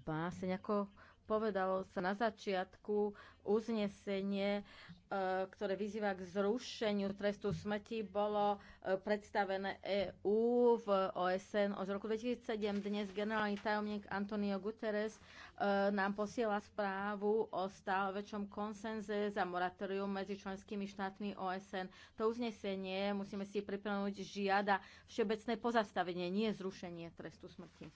báseň. Ako povedalo sa na začiatku, uznesenie Eh, ktoré vyzýva k zrušeniu trestu smrti, bolo eh, predstavené EÚ v OSN od roku 2007. Dnes generálny tajomník Antonio Guterres eh, nám posiela správu o stále väčšom konsenze za moratórium medzi členskými štátmi OSN. To uznesenie, musíme si pripomenúť, žiada všeobecné pozastavenie, nie zrušenie trestu smrti.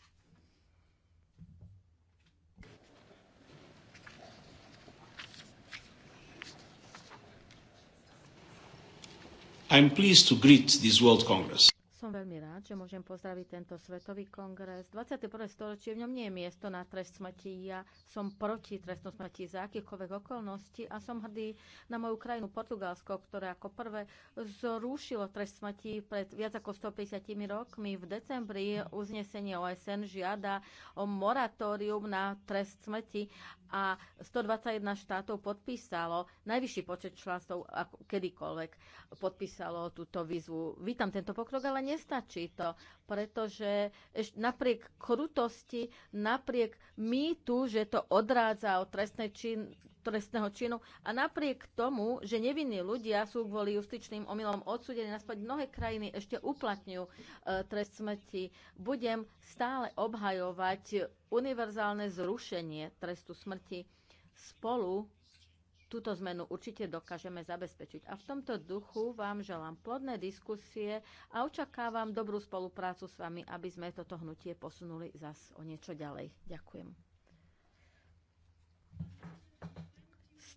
i am pleased to greet this world congress. Som veľmi rád, že môžem pozdraviť tento svetový kongres. 21. storočie v ňom nie je miesto na trest smrti. Ja som proti trestu smrti za akýchkoľvek okolností a som hrdý na moju krajinu Portugalsko, ktoré ako prvé zrušilo trest smrti pred viac ako 150 rokmi. V decembri uznesenie OSN žiada o moratórium na trest smrti a 121 štátov podpísalo, najvyšší počet členstv kedykoľvek podpísalo túto výzvu. Vítam tento pokrok, ale nestačí to, pretože napriek krutosti, napriek mýtu, že to odrádza od trestnej čin, trestného činu a napriek tomu, že nevinní ľudia sú kvôli justičným omylom odsudení naspäť, mnohé krajiny ešte uplatňujú e, trest smrti. Budem stále obhajovať univerzálne zrušenie trestu smrti spolu túto zmenu určite dokážeme zabezpečiť. A v tomto duchu vám želám plodné diskusie a očakávam dobrú spoluprácu s vami, aby sme toto hnutie posunuli zas o niečo ďalej. Ďakujem.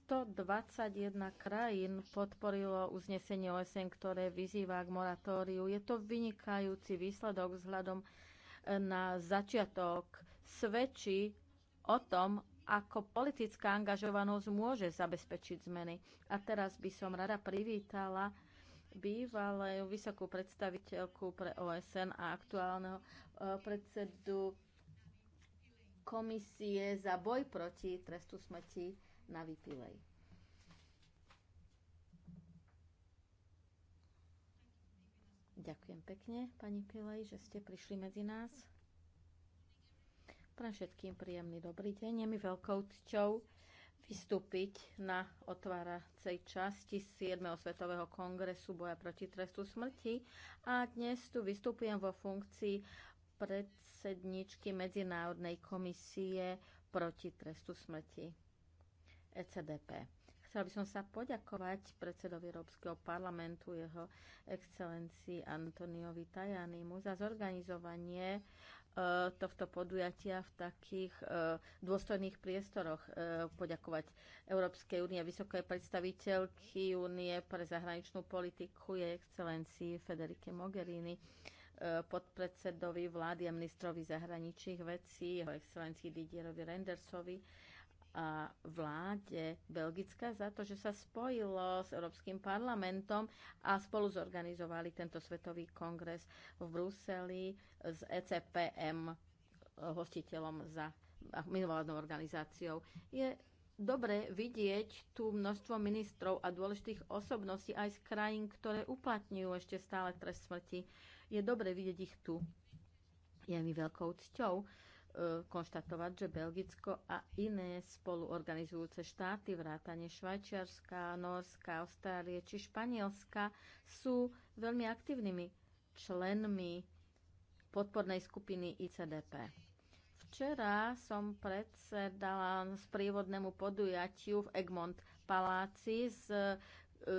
121 krajín podporilo uznesenie OSN, ktoré vyzýva k moratóriu. Je to vynikajúci výsledok vzhľadom na začiatok. Svedčí o tom, ako politická angažovanosť môže zabezpečiť zmeny. A teraz by som rada privítala bývalú vysokú predstaviteľku pre OSN a aktuálneho e, predsedu komisie za boj proti trestu smrti na Vypilej. Ďakujem pekne, pani Pilej, že ste prišli medzi nás. Pre všetkým príjemný dobrý deň. Je mi veľkou cťou vystúpiť na otváracej časti 7. svetového kongresu boja proti trestu smrti a dnes tu vystupujem vo funkcii predsedničky Medzinárodnej komisie proti trestu smrti ECDP. Chcela by som sa poďakovať predsedovi Európskeho parlamentu, jeho excelencii Antoniovi Tajanimu za zorganizovanie Eh, tohto podujatia v takých eh, dôstojných priestoroch eh, poďakovať Európskej únie, vysokej predstaviteľky únie pre zahraničnú politiku, jej excelencii Federike Mogherini, podpredsedovi vlády a ministrovi zahraničných vecí, jeho excelencii Didierovi Rendersovi, a vláde Belgická za to, že sa spojilo s Európskym parlamentom a spolu zorganizovali tento svetový kongres v Bruseli s ECPM, e, hostiteľom za mimovládnou organizáciou. Je dobre vidieť tu množstvo ministrov a dôležitých osobností aj z krajín, ktoré uplatňujú ešte stále trest smrti. Je dobre vidieť ich tu. Je mi veľkou cťou, E, konštatovať, že Belgicko a iné spoluorganizujúce štáty, vrátane Švajčiarska, Norska, Austrálie či Španielska, sú veľmi aktívnymi členmi podpornej skupiny ICDP. Včera som predsedala sprievodnému podujatiu v Egmont Paláci s e,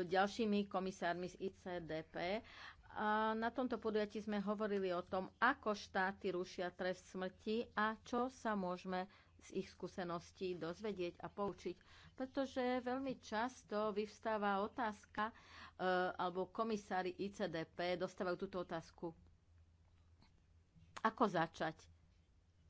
ďalšími komisármi z ICDP a na tomto podujatí sme hovorili o tom, ako štáty rušia trest smrti a čo sa môžeme z ich skúseností dozvedieť a poučiť. Pretože veľmi často vyvstáva otázka, e, alebo komisári ICDP dostávajú túto otázku. Ako začať?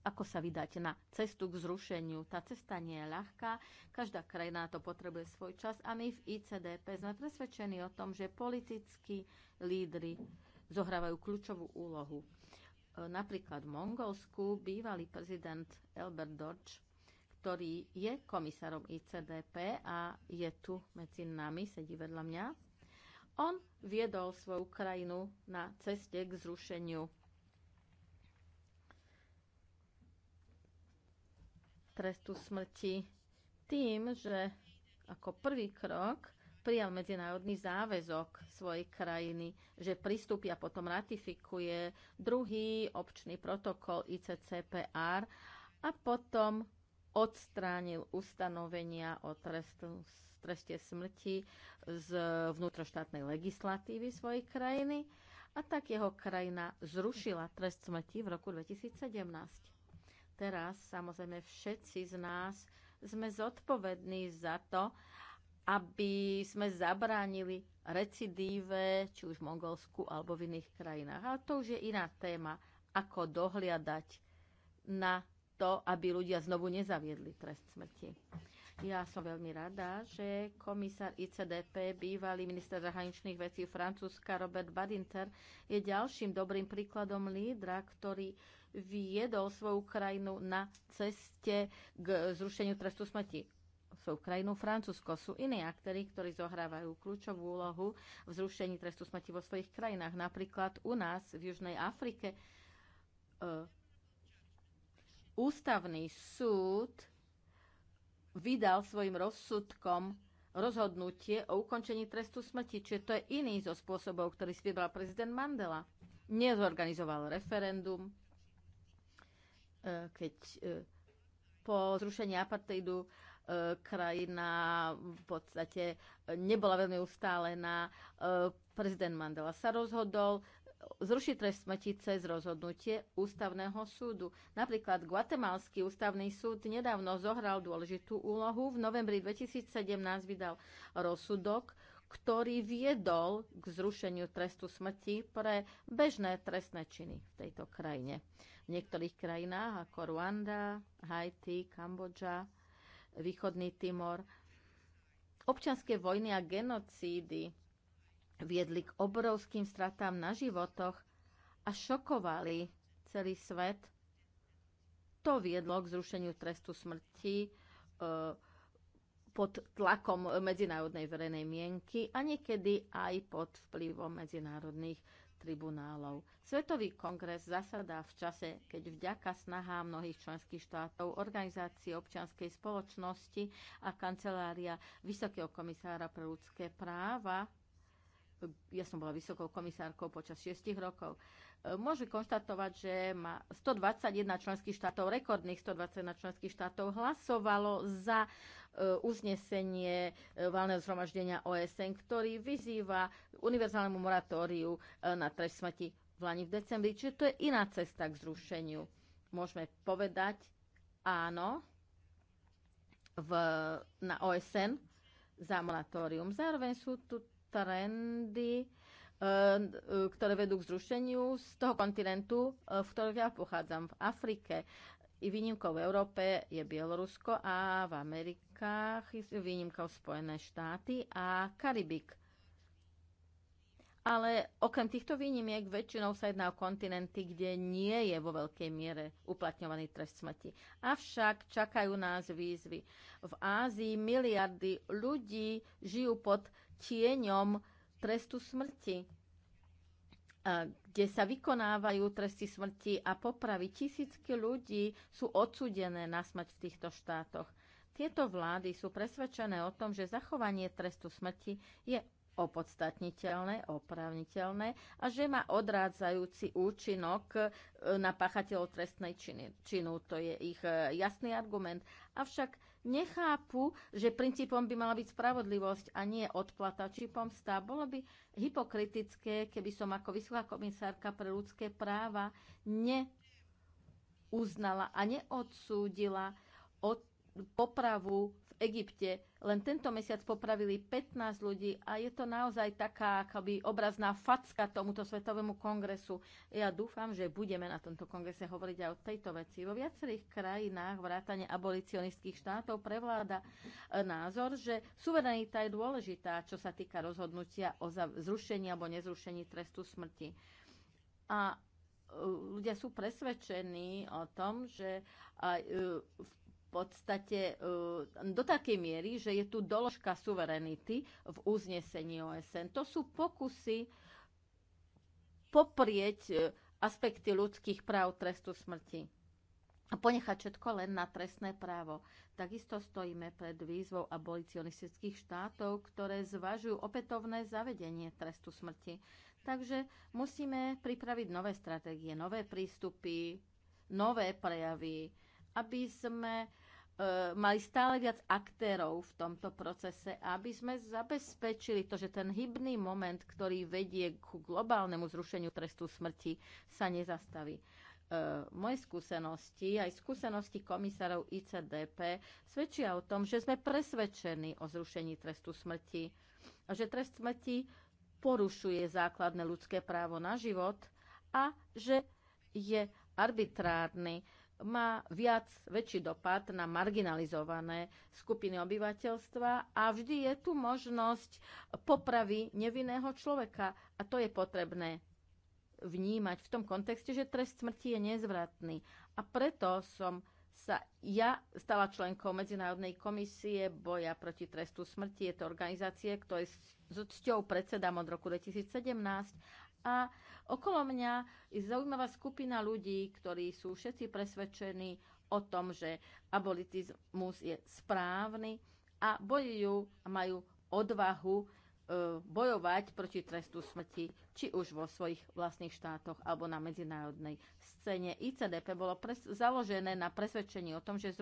ako sa vydať na cestu k zrušeniu. Tá cesta nie je ľahká, každá krajina to potrebuje svoj čas a my v ICDP sme presvedčení o tom, že politickí lídry zohrávajú kľúčovú úlohu. E, napríklad v Mongolsku bývalý prezident Elbert Dorč, ktorý je komisárom ICDP a je tu medzi nami, sedí vedľa mňa, on viedol svoju krajinu na ceste k zrušeniu trestu smrti tým, že ako prvý krok prijal medzinárodný záväzok svojej krajiny, že pristúpia a potom ratifikuje druhý občný protokol ICCPR a potom odstránil ustanovenia o trestu, treste smrti z vnútroštátnej legislatívy svojej krajiny a tak jeho krajina zrušila trest smrti v roku 2017 teraz samozrejme všetci z nás sme zodpovední za to, aby sme zabránili recidíve, či už v Mongolsku alebo v iných krajinách. Ale to už je iná téma, ako dohliadať na to, aby ľudia znovu nezaviedli trest smrti. Ja som veľmi rada, že komisár ICDP, bývalý minister zahraničných vecí Francúzska Robert Badinter, je ďalším dobrým príkladom lídra, ktorý viedol svoju krajinu na ceste k zrušeniu trestu smrti svoju krajinu Francúzsko. Sú iní aktéry, ktorí zohrávajú kľúčovú úlohu v zrušení trestu smrti vo svojich krajinách. Napríklad u nás v Južnej Afrike e, ústavný súd vydal svojim rozsudkom rozhodnutie o ukončení trestu smrti, čiže to je iný zo spôsobov, ktorý si vybral prezident Mandela. Nezorganizoval referendum, keď e, po zrušení apartheidu e, krajina v podstate e, nebola veľmi ustálená. Prezident Mandela sa rozhodol zrušiť trest smrti cez rozhodnutie ústavného súdu. Napríklad Guatemalský ústavný súd nedávno zohral dôležitú úlohu. V novembri 2017 vydal rozsudok, ktorý viedol k zrušeniu trestu smrti pre bežné trestné činy v tejto krajine v niektorých krajinách ako Ruanda, Haiti, Kambodža, Východný Timor. Občanské vojny a genocídy viedli k obrovským stratám na životoch a šokovali celý svet. To viedlo k zrušeniu trestu smrti e, pod tlakom medzinárodnej verejnej mienky a niekedy aj pod vplyvom medzinárodných tribunálov. Svetový kongres zasadá v čase, keď vďaka snahám mnohých členských štátov, organizácií občianskej spoločnosti a kancelária Vysokého komisára pre ľudské práva ja som bola vysokou komisárkou počas 6 rokov, môže konštatovať, že má 121 členských štátov, rekordných 121 členských štátov hlasovalo za e, uznesenie e, valného zhromaždenia OSN, ktorý vyzýva univerzálnemu moratóriu e, na trest smrti v Lani v decembri. Čiže to je iná cesta k zrušeniu. Môžeme povedať áno v, na OSN za moratórium. Zároveň sú tu trendy, Eh, ktoré vedú k zrušeniu z toho kontinentu, eh, v ktorom ja pochádzam, v Afrike. I výnimkou v Európe je Bielorusko a v Amerikách výnimkou Spojené štáty a Karibik. Ale okrem týchto výnimiek väčšinou sa jedná o kontinenty, kde nie je vo veľkej miere uplatňovaný trest smrti. Avšak čakajú nás výzvy. V Ázii miliardy ľudí žijú pod tieňom trestu smrti. E, kde sa vykonávajú tresty smrti a popravy. Tisícky ľudí sú odsudené na smrť v týchto štátoch. Tieto vlády sú presvedčené o tom, že zachovanie trestu smrti je opodstatniteľné, opravniteľné a že má odrádzajúci účinok e, na pachateľov trestnej činu. To je ich e, jasný argument. Avšak nechápu, že princípom by mala byť spravodlivosť a nie odplata či pomsta. Bolo by hypokritické, keby som ako vysoká komisárka pre ľudské práva neuznala a neodsúdila od popravu Egypte. Len tento mesiac popravili 15 ľudí a je to naozaj taká akoby obrazná facka tomuto svetovému kongresu. Ja dúfam, že budeme na tomto kongrese hovoriť aj o tejto veci. Vo viacerých krajinách vrátane abolicionistických štátov prevláda e, názor, že suverenita je dôležitá, čo sa týka rozhodnutia o zrušení alebo nezrušení trestu smrti. A e, ľudia sú presvedčení o tom, že e, v podstate e, do takej miery, že je tu doložka suverenity v uznesení OSN. To sú pokusy poprieť e, aspekty ľudských práv trestu smrti a ponechať všetko len na trestné právo. Takisto stojíme pred výzvou abolicionistických štátov, ktoré zvažujú opätovné zavedenie trestu smrti. Takže musíme pripraviť nové stratégie, nové prístupy, nové prejavy, aby sme E, mali stále viac aktérov v tomto procese, aby sme zabezpečili to, že ten hybný moment, ktorý vedie ku globálnemu zrušeniu trestu smrti, sa nezastaví. E, moje skúsenosti, aj skúsenosti komisárov ICDP, svedčia o tom, že sme presvedčení o zrušení trestu smrti a že trest smrti porušuje základné ľudské právo na život a že je arbitrárny má viac, väčší dopad na marginalizované skupiny obyvateľstva a vždy je tu možnosť popravy nevinného človeka a to je potrebné vnímať v tom kontexte, že trest smrti je nezvratný. A preto som sa ja stala členkou Medzinárodnej komisie boja proti trestu smrti. Je to organizácie, ktoré s cťou predsedám od roku 2017 a okolo mňa je zaujímavá skupina ľudí, ktorí sú všetci presvedčení o tom, že abolitizmus je správny a bojujú a majú odvahu e, bojovať proti trestu smrti, či už vo svojich vlastných štátoch alebo na medzinárodnej scéne. ICDP bolo založené na presvedčení o tom, že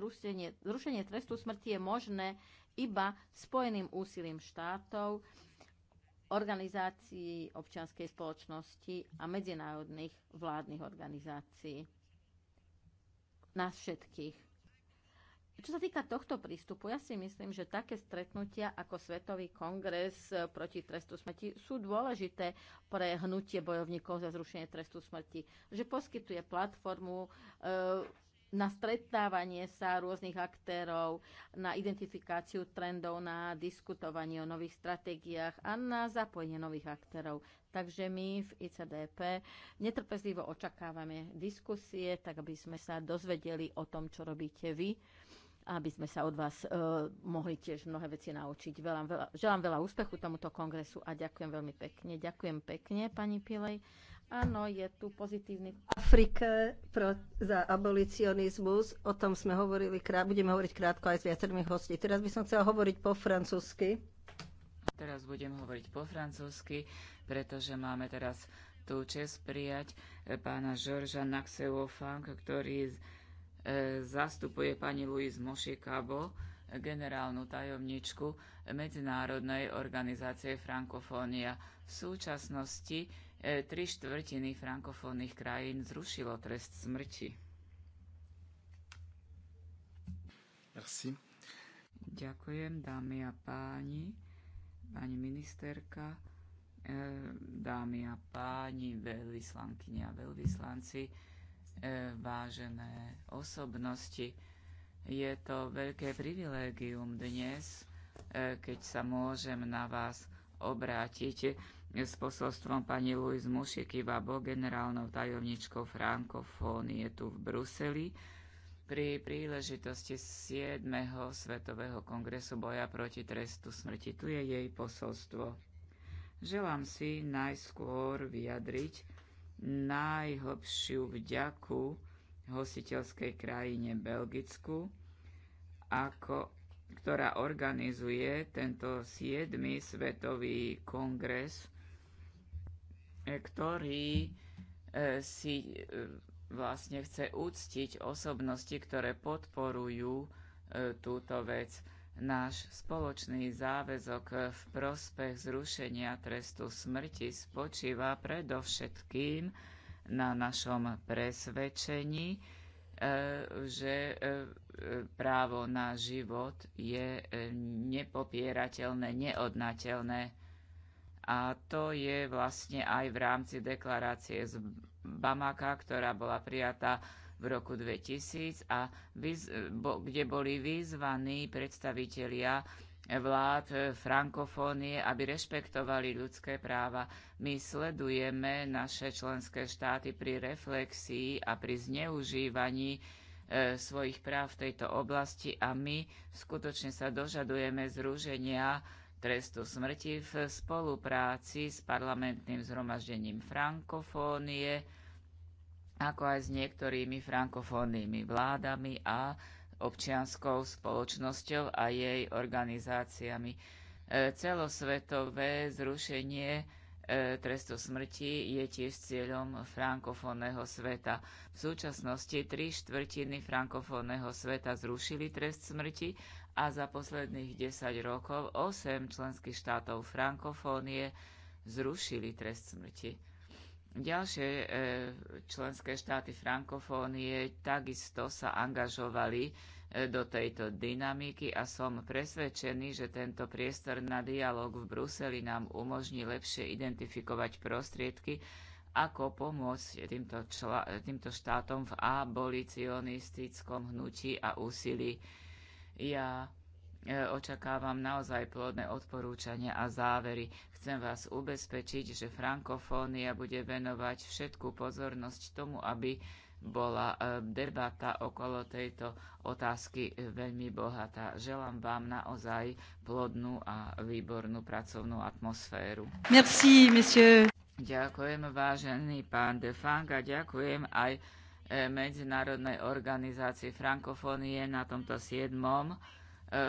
zrušenie trestu smrti je možné iba spojeným úsilím štátov, organizácií občianskej spoločnosti a medzinárodných vládnych organizácií. Nás všetkých. Čo sa týka tohto prístupu, ja si myslím, že také stretnutia ako Svetový kongres proti trestu smrti sú dôležité pre hnutie bojovníkov za zrušenie trestu smrti, že poskytuje platformu e, na stretávanie sa rôznych aktérov, na identifikáciu trendov, na diskutovanie o nových stratégiách a na zapojenie nových aktérov. Takže my v ICDP netrpezlivo očakávame diskusie, tak aby sme sa dozvedeli o tom, čo robíte vy aby sme sa od vás uh, mohli tiež mnohé veci naučiť. Veľa, veľa, želám veľa úspechu tomuto kongresu a ďakujem veľmi pekne. Ďakujem pekne, pani Pilej. Áno, je tu pozitívny. V Afrike pro, za abolicionizmus, o tom sme hovorili, krát, budeme hovoriť krátko aj s viacerými hostí. Teraz by som chcela hovoriť po francúzsky. Teraz budem hovoriť po francúzsky, pretože máme teraz tú čest prijať eh, pána Žorža Naxeofang, ktorý eh, zastupuje pani Louise Mošikabo, eh, generálnu tajomničku Medzinárodnej organizácie Frankofónia. V súčasnosti E, tri štvrtiny frankofónnych krajín zrušilo trest smrti. Merci. Ďakujem, dámy a páni, pani ministerka, e, dámy a páni, veľvyslankyni a veľvyslanci, e, vážené osobnosti. Je to veľké privilégium dnes, keď sa môžem na vás obrátiť s posolstvom pani Louise Mušikivabo, generálnou tajomničkou Frankofónie tu v Bruseli, pri príležitosti 7. Svetového kongresu boja proti trestu smrti. Tu je jej posolstvo. Želám si najskôr vyjadriť najhlbšiu vďaku hostiteľskej krajine Belgicku, ako, ktorá organizuje tento 7. svetový kongres ktorý e, si e, vlastne chce úctiť osobnosti, ktoré podporujú e, túto vec. Náš spoločný záväzok v prospech zrušenia trestu smrti spočíva predovšetkým na našom presvedčení, že právo na život je nepopierateľné, neodnateľné. A to je vlastne aj v rámci deklarácie z Bamaka, ktorá bola prijatá v roku 2000 a vyz, bo, kde boli vyzvaní predstavitelia vlád frankofónie, aby rešpektovali ľudské práva. My sledujeme naše členské štáty pri reflexii a pri zneužívaní e, svojich práv v tejto oblasti a my skutočne sa dožadujeme zruženia trestu smrti v spolupráci s parlamentným zhromaždením frankofónie, ako aj s niektorými frankofónnymi vládami a občianskou spoločnosťou a jej organizáciami. E, celosvetové zrušenie e, trestu smrti je tiež cieľom frankofónneho sveta. V súčasnosti tri štvrtiny frankofónneho sveta zrušili trest smrti a za posledných 10 rokov 8 členských štátov frankofónie zrušili trest smrti. Ďalšie e, členské štáty frankofónie takisto sa angažovali e, do tejto dynamiky a som presvedčený, že tento priestor na dialog v Bruseli nám umožní lepšie identifikovať prostriedky, ako pomôcť týmto, čla, týmto štátom v abolicionistickom hnutí a úsilí ja e, očakávam naozaj plodné odporúčania a závery. Chcem vás ubezpečiť, že frankofónia bude venovať všetku pozornosť tomu, aby bola e, debata okolo tejto otázky veľmi bohatá. Želám vám naozaj plodnú a výbornú pracovnú atmosféru. Merci, monsieur. Ďakujem, vážený pán Defang, a ďakujem aj E, medzinárodnej organizácie frankofónie na tomto 7. E, e,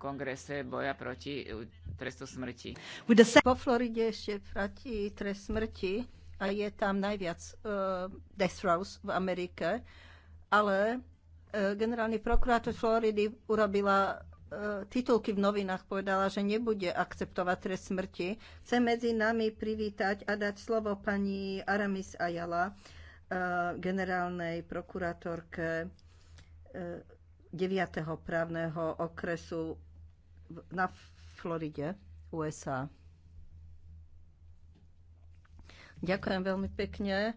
kongrese boja proti trestu smrti. Po Floride ešte proti trest smrti a je tam najviac uh, death rows v Amerike, ale uh, generálny prokurátor Floridy urobila titulky v novinách povedala, že nebude akceptovať trest smrti. Chcem medzi nami privítať a dať slovo pani Aramis Ayala, generálnej prokurátorke 9. E, právneho okresu na Floride, USA. Ďakujem veľmi pekne.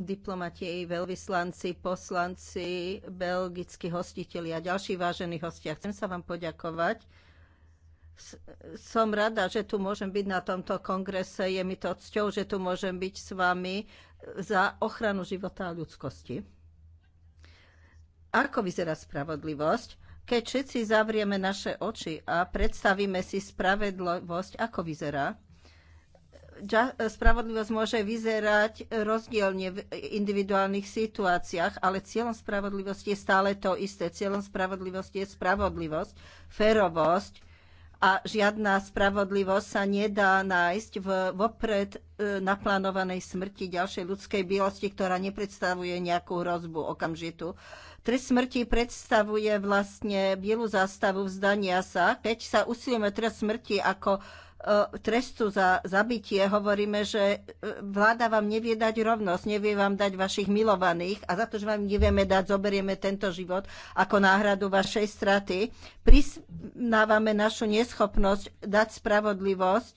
Diplomati, veľvyslanci, poslanci, belgickí hostiteľi a ďalší vážení hostia. Chcem sa vám poďakovať som rada, že tu môžem byť na tomto kongrese. Je mi to cťou, že tu môžem byť s vami za ochranu života a ľudskosti. Ako vyzerá spravodlivosť? Keď všetci zavrieme naše oči a predstavíme si spravedlivosť, ako vyzerá? Spravodlivosť môže vyzerať rozdielne v individuálnych situáciách, ale cieľom spravodlivosti je stále to isté. Cieľom spravodlivosti je spravodlivosť, férovosť, a žiadna spravodlivosť sa nedá nájsť v vopred e, naplánovanej smrti ďalšej ľudskej bylosti, ktorá nepredstavuje nejakú hrozbu okamžitú. Trest smrti predstavuje vlastne bielu zástavu vzdania sa. Keď sa usilujeme trest smrti ako E, trestu za zabitie hovoríme, že e, vláda vám nevie dať rovnosť, nevie vám dať vašich milovaných a za to, že vám nevieme dať, zoberieme tento život ako náhradu vašej straty. Priznávame našu neschopnosť dať spravodlivosť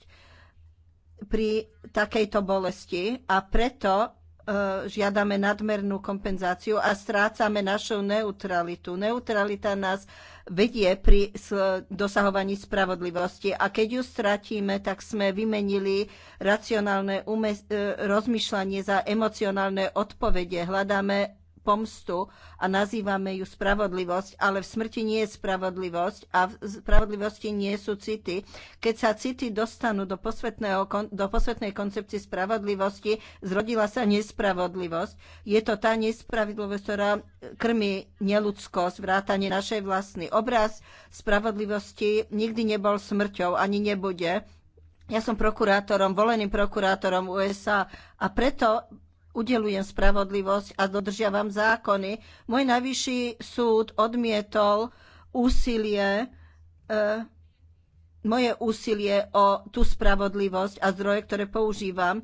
pri takejto bolesti a preto E, žiadame nadmernú kompenzáciu a strácame našu neutralitu. Neutralita nás vedie pri dosahovaní spravodlivosti a keď ju stratíme, tak sme vymenili racionálne e, rozmýšľanie za emocionálne odpovede. Hľadáme pomstu a nazývame ju spravodlivosť, ale v smrti nie je spravodlivosť a v spravodlivosti nie sú city. Keď sa city dostanú do, do posvetnej koncepcie spravodlivosti, zrodila sa nespravodlivosť. Je to tá nespravodlivosť, ktorá krmi neludskosť, vrátanie našej vlastný. Obraz spravodlivosti nikdy nebol smrťou, ani nebude. Ja som prokurátorom, voleným prokurátorom USA a preto udelujem spravodlivosť a dodržiavam zákony. Môj najvyšší súd odmietol úsilie, e, moje úsilie o tú spravodlivosť a zdroje, ktoré používam.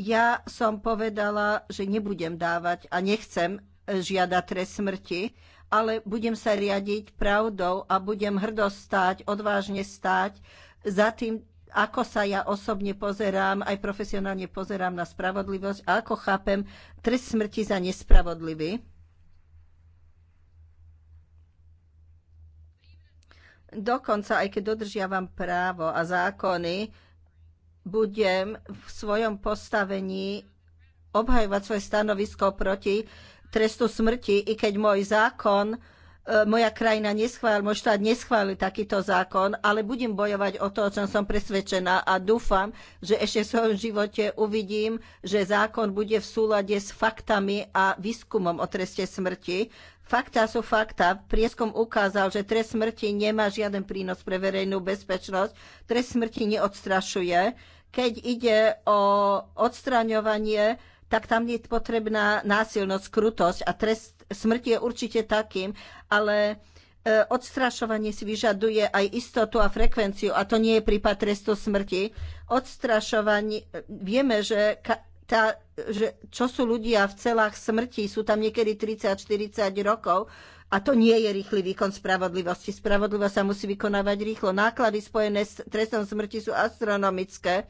Ja som povedala, že nebudem dávať a nechcem žiadať trest smrti, ale budem sa riadiť pravdou a budem hrdo stáť, odvážne stáť za tým, ako sa ja osobne pozerám, aj profesionálne pozerám na spravodlivosť a ako chápem trest smrti za nespravodlivý. Dokonca, aj keď dodržiavam právo a zákony, budem v svojom postavení obhajovať svoje stanovisko proti trestu smrti, i keď môj zákon E, moja krajina neschválil, môj štát neschválil takýto zákon, ale budem bojovať o to, o čom som presvedčená a dúfam, že ešte v svojom živote uvidím, že zákon bude v súlade s faktami a výskumom o treste smrti. Fakta sú fakta. Prieskum ukázal, že trest smrti nemá žiaden prínos pre verejnú bezpečnosť. Trest smrti neodstrašuje. Keď ide o odstraňovanie tak tam je potrebná násilnosť, krutosť a trest smrti je určite takým, ale e, odstrašovanie si vyžaduje aj istotu a frekvenciu a to nie je prípad trestu smrti. Odstrašovanie, e, vieme, že, tá, že čo sú ľudia v celách smrti, sú tam niekedy 30-40 rokov a to nie je rýchly výkon spravodlivosti. Spravodlivosť sa musí vykonávať rýchlo. Náklady spojené s trestom smrti sú astronomické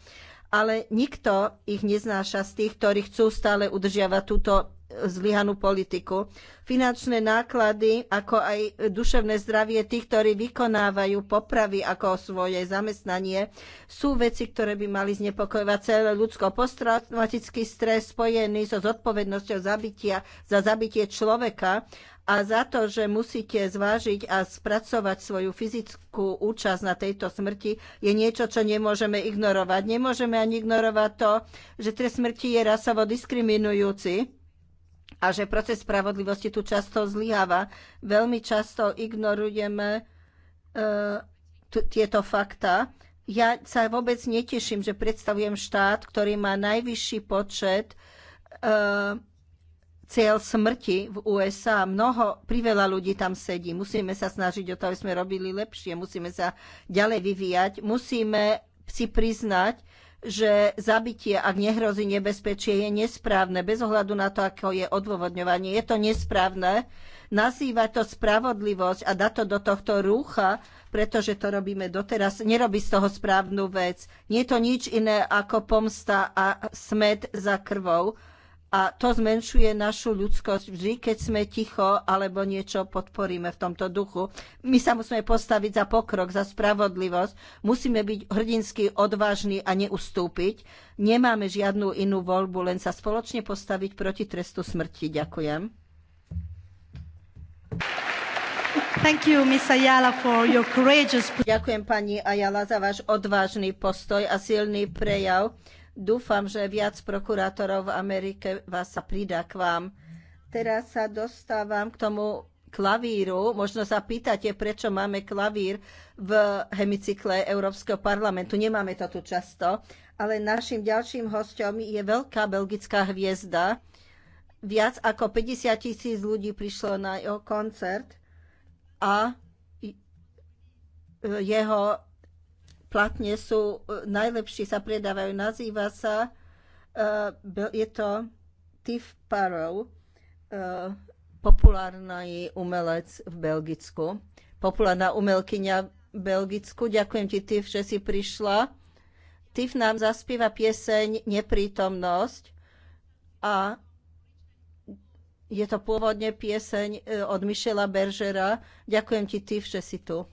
ale nikto ich neznáša z tých, ktorí chcú stále udržiavať túto e, zlyhanú politiku. Finančné náklady, ako aj duševné zdravie tých, ktorí vykonávajú popravy ako svoje zamestnanie, sú veci, ktoré by mali znepokojovať celé ľudsko. Posttraumatický stres spojený so zodpovednosťou zabitia, za zabitie človeka a za to, že musíte zvážiť a spracovať svoju fyzickú účasť na tejto smrti, je niečo, čo nemôžeme ignorovať. Nemôžeme ani ignorovať to, že trest smrti je rasovo diskriminujúci a že proces spravodlivosti tu často zlyháva. Veľmi často ignorujeme eh, tieto fakta. Ja sa vôbec neteším, že predstavujem štát, ktorý má najvyšší počet uh, cieľ smrti v USA. Mnoho, priveľa ľudí tam sedí. Musíme sa snažiť o to, aby sme robili lepšie. Musíme sa ďalej vyvíjať. Musíme si priznať, že zabitie, ak nehrozí nebezpečie, je nesprávne, bez ohľadu na to, ako je odôvodňovanie. Je to nesprávne nazývať to spravodlivosť a dať to do tohto rúcha, pretože to robíme doteraz, nerobí z toho správnu vec. Nie je to nič iné ako pomsta a smet za krvou. A to zmenšuje našu ľudskosť vždy, keď sme ticho alebo niečo podporíme v tomto duchu. My sa musíme postaviť za pokrok, za spravodlivosť. Musíme byť hrdinsky odvážni a neustúpiť. Nemáme žiadnu inú voľbu, len sa spoločne postaviť proti trestu smrti. Ďakujem. Thank you, Miss Ayala, for your courageous... Ďakujem pani Ayala za váš odvážny postoj a silný prejav Dúfam, že viac prokurátorov v Amerike vás sa pridá k vám. Teraz sa dostávam k tomu klavíru. Možno sa pýtate, prečo máme klavír v hemicykle Európskeho parlamentu. Nemáme to tu často, ale našim ďalším hostom je veľká belgická hviezda. Viac ako 50 tisíc ľudí prišlo na jeho koncert a jeho platne sú e, najlepší, sa predávajú. Nazýva sa, e, je to Tiff Parrow, e, populárny umelec v Belgicku, populárna umelkyňa v Belgicku. Ďakujem ti, Tiff, že si prišla. Tiff nám zaspíva pieseň Neprítomnosť a je to pôvodne pieseň od Michela Beržera. Ďakujem ti, Tiff, že si tu.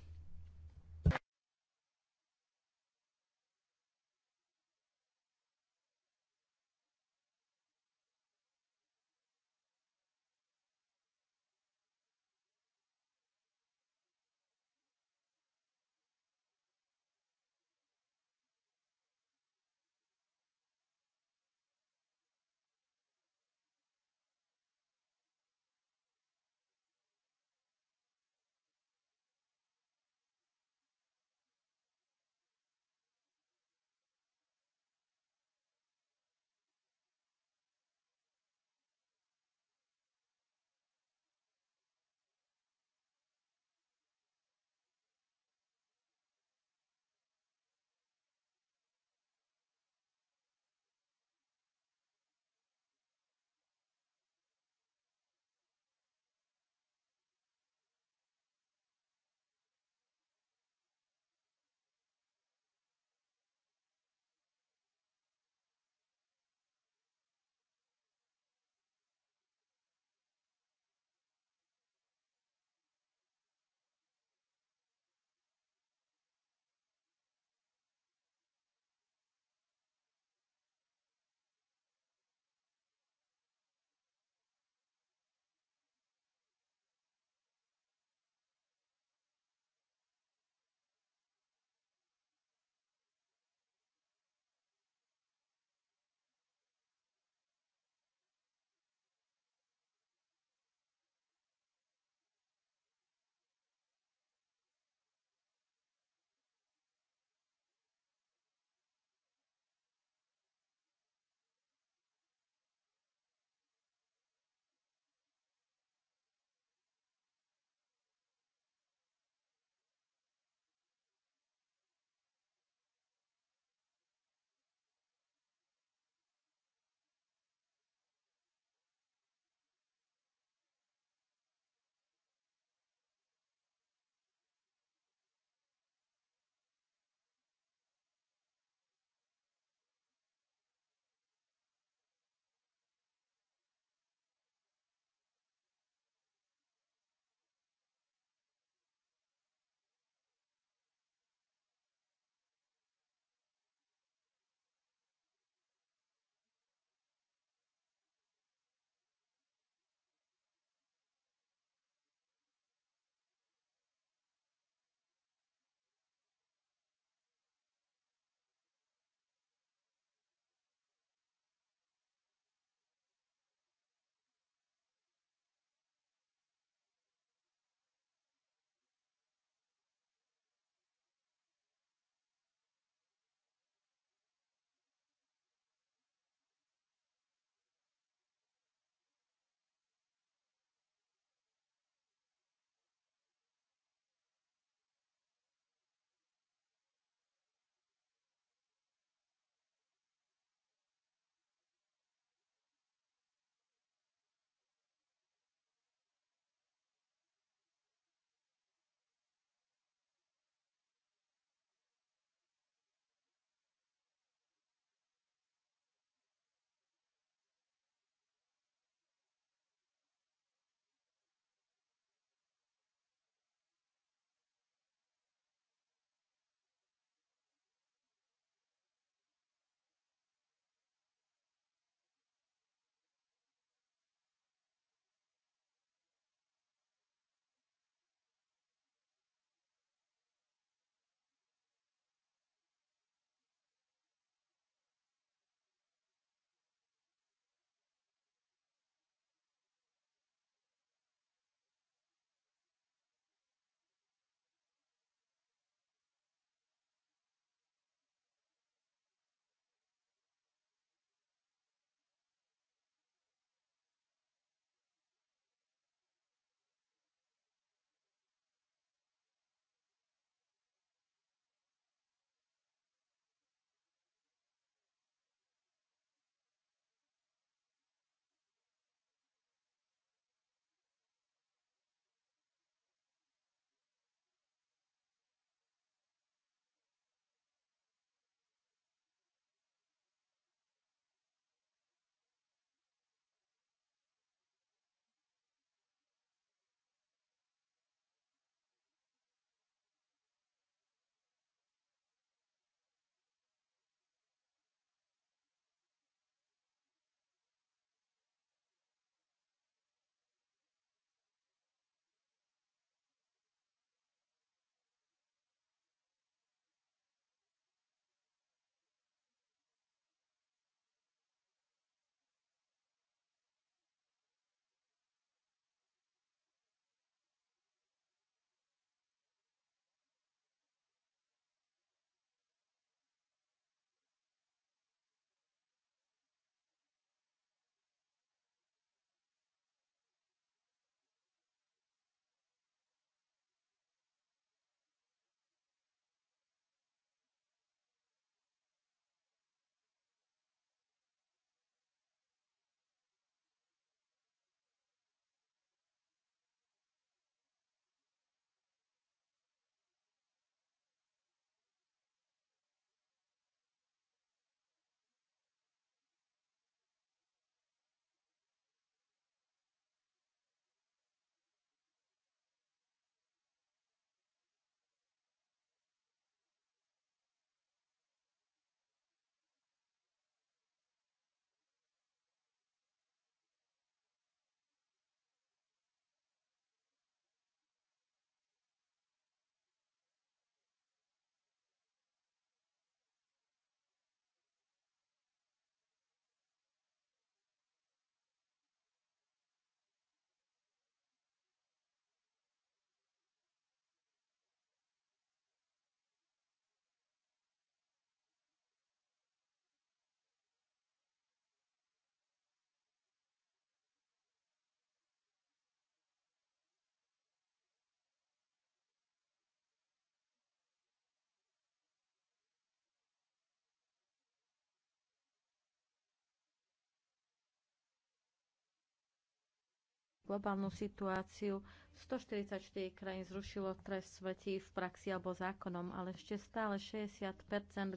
globálnu situáciu. 144 krajín zrušilo trest smrti v praxi alebo zákonom, ale ešte stále 60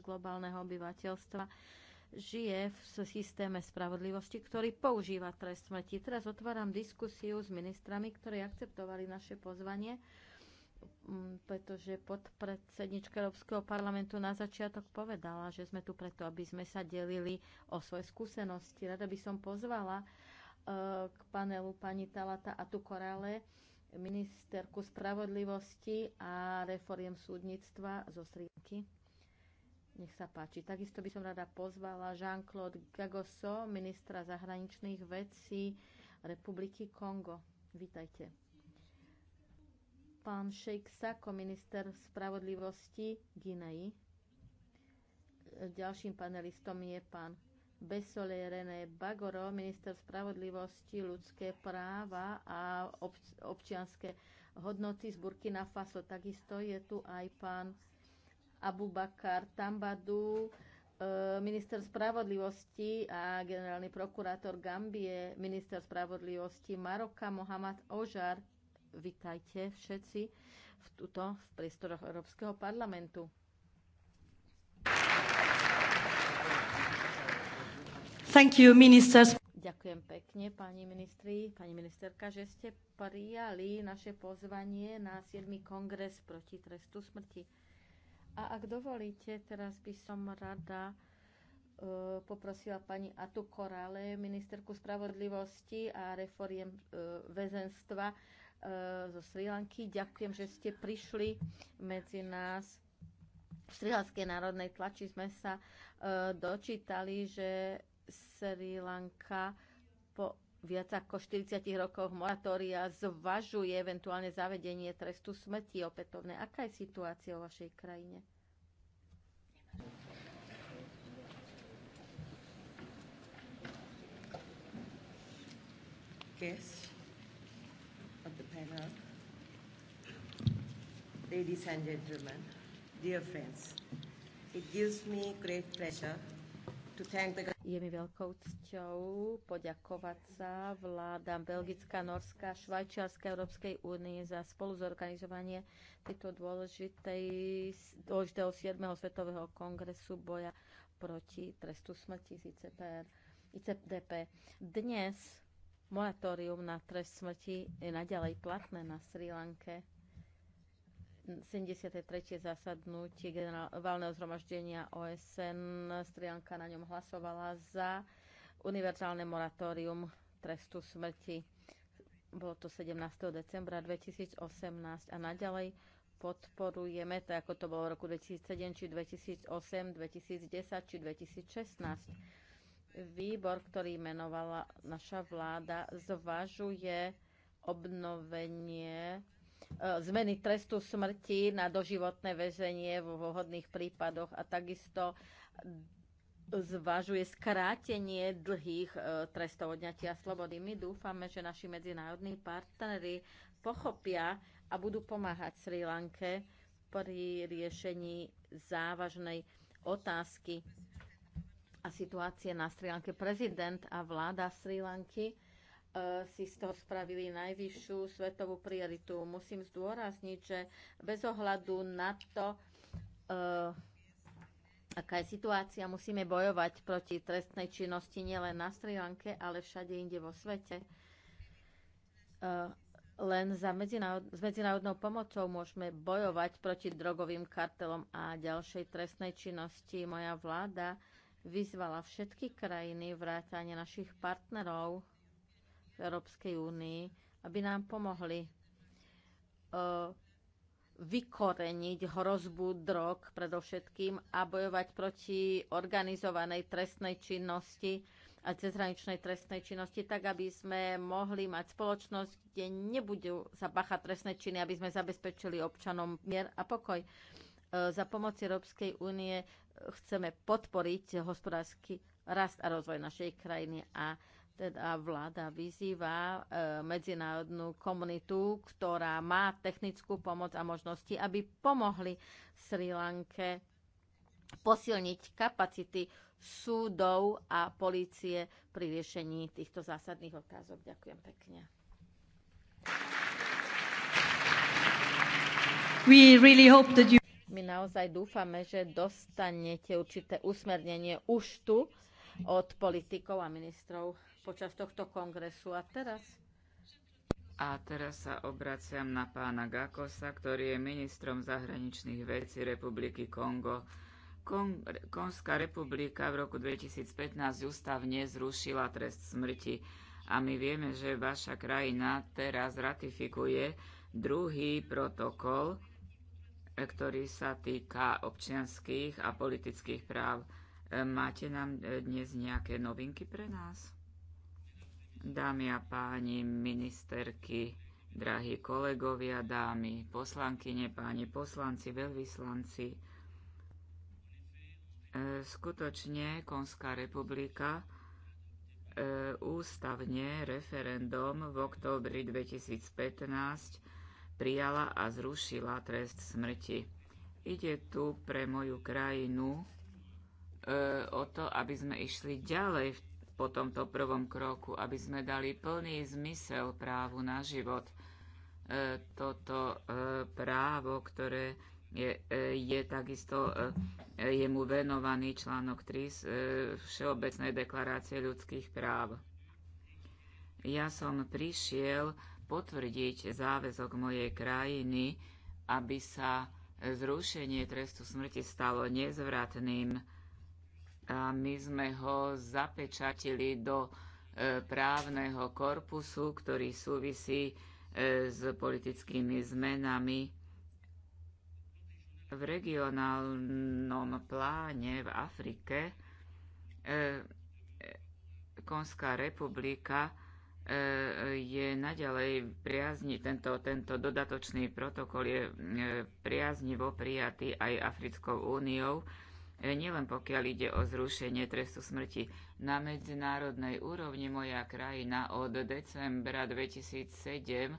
globálneho obyvateľstva žije v systéme spravodlivosti, ktorý používa trest smrti. Teraz otváram diskusiu s ministrami, ktorí akceptovali naše pozvanie mm, pretože podpredsednička Európskeho parlamentu na začiatok povedala, že sme tu preto, aby sme sa delili o svoje skúsenosti. Rada by som pozvala E, k panelu pani Talata a Korále, ministerku spravodlivosti a reforiem súdnictva zo Sri Lanky. Nech sa páči. Takisto by som rada pozvala Jean-Claude Gagoso, ministra zahraničných vecí Republiky Kongo. Vítajte. Pán Sheikh Sako, minister spravodlivosti Guinei. Ďalším panelistom je pán Besole René Bagoro, minister spravodlivosti, ľudské práva a obč- občianské hodnoty z Burkina Faso. Takisto je tu aj pán Abu Bakar Tambadu, e, minister spravodlivosti a generálny prokurátor Gambie, minister spravodlivosti Maroka Mohamed Ožar. Vitajte všetci v, tuto, v priestoroch Európskeho parlamentu. Thank you, ministers. Ďakujem pekne, pani ministri, pani ministerka, že ste prijali naše pozvanie na 7. kongres proti trestu smrti. A ak dovolíte, teraz by som rada e, poprosila pani Atu Korale, ministerku spravodlivosti a reforiem e, väzenstva e, zo Sri Lanky. Ďakujem, že ste prišli medzi nás. V Sri Lanskej národnej tlači sme sa dočítali, že Sri Lanka po viac ako 40 rokoch moratória zvažuje eventuálne zavedenie trestu smrti opätovné. Aká je situácia vo vašej krajine? Guests of the panel, ladies and gentlemen, dear friends, it gives me great pleasure to thank the je mi veľkou cťou poďakovať sa vládam Belgická, Norská, Švajčiarska, Európskej únie za spoluzorganizovanie tejto dôležitej, dôležitého 7. svetového kongresu boja proti trestu smrti z ICPR, ICDP. Dnes moratórium na trest smrti je naďalej platné na Sri Lanke 73. zasadnutie generálneho zhromaždenia OSN. Strianka na ňom hlasovala za univerzálne moratórium trestu smrti. Bolo to 17. decembra 2018 a naďalej podporujeme, tak ako to bolo v roku 2007, či 2008, 2010, či 2016. Výbor, ktorý menovala naša vláda, zvažuje obnovenie Eh, zmeny trestu smrti na doživotné väzenie vo vhodných prípadoch a takisto zvažuje skrátenie dlhých eh, trestov odňatia slobody. My dúfame, že naši medzinárodní partnery pochopia a budú pomáhať Sri Lanke pri riešení závažnej otázky a situácie na Sri Lanke. Prezident a vláda Sri Lanky Eh, si z toho spravili najvyššiu svetovú prioritu. Musím zdôrazniť, že bez ohľadu na to, eh, aká je situácia, musíme bojovať proti trestnej činnosti nielen na Sri Lanke, ale všade inde vo svete. Eh, len za medzinárod- s medzinárodnou pomocou môžeme bojovať proti drogovým kartelom a ďalšej trestnej činnosti. Moja vláda vyzvala všetky krajiny vrátane našich partnerov Európskej únii, aby nám pomohli e, vykoreniť hrozbu drog predovšetkým a bojovať proti organizovanej trestnej činnosti a cezhraničnej trestnej činnosti, tak aby sme mohli mať spoločnosť, kde nebudú sa bachať trestné činy, aby sme zabezpečili občanom mier a pokoj. E, za pomoci Európskej únie chceme podporiť hospodársky rast a rozvoj našej krajiny a teda vláda vyzýva e, medzinárodnú komunitu, ktorá má technickú pomoc a možnosti, aby pomohli Sri Lanke posilniť kapacity súdov a polície pri riešení týchto zásadných otázok. Ďakujem pekne. We really hope that you... My naozaj dúfame, že dostanete určité usmernenie už tu od politikov a ministrov počas tohto kongresu. A teraz? A teraz sa obraciam na pána Gakosa, ktorý je ministrom zahraničných vecí Republiky Kongo. Kon- Konská republika v roku 2015 ústavne zrušila trest smrti a my vieme, že vaša krajina teraz ratifikuje druhý protokol, e, ktorý sa týka občianských a politických práv. E, máte nám e, dnes nejaké novinky pre nás? Dámy a páni ministerky, drahí kolegovia, dámy poslankyne, páni poslanci, veľvyslanci, e, skutočne Konská republika e, ústavne referendum v októbri 2015 prijala a zrušila trest smrti. Ide tu pre moju krajinu e, o to, aby sme išli ďalej v po tomto prvom kroku, aby sme dali plný zmysel právu na život. E, toto e, právo, ktoré je, e, je takisto je mu venovaný článok 3 z Všeobecnej deklarácie ľudských práv. Ja som prišiel potvrdiť záväzok mojej krajiny, aby sa zrušenie trestu smrti stalo nezvratným a my sme ho zapečatili do e, právneho korpusu, ktorý súvisí e, s politickými zmenami v regionálnom pláne v Afrike. E, Konská republika je naďalej priazni, tento, tento dodatočný protokol je priaznivo prijatý aj Africkou úniou E, nielen pokiaľ ide o zrušenie trestu smrti. Na medzinárodnej úrovni moja krajina od decembra 2007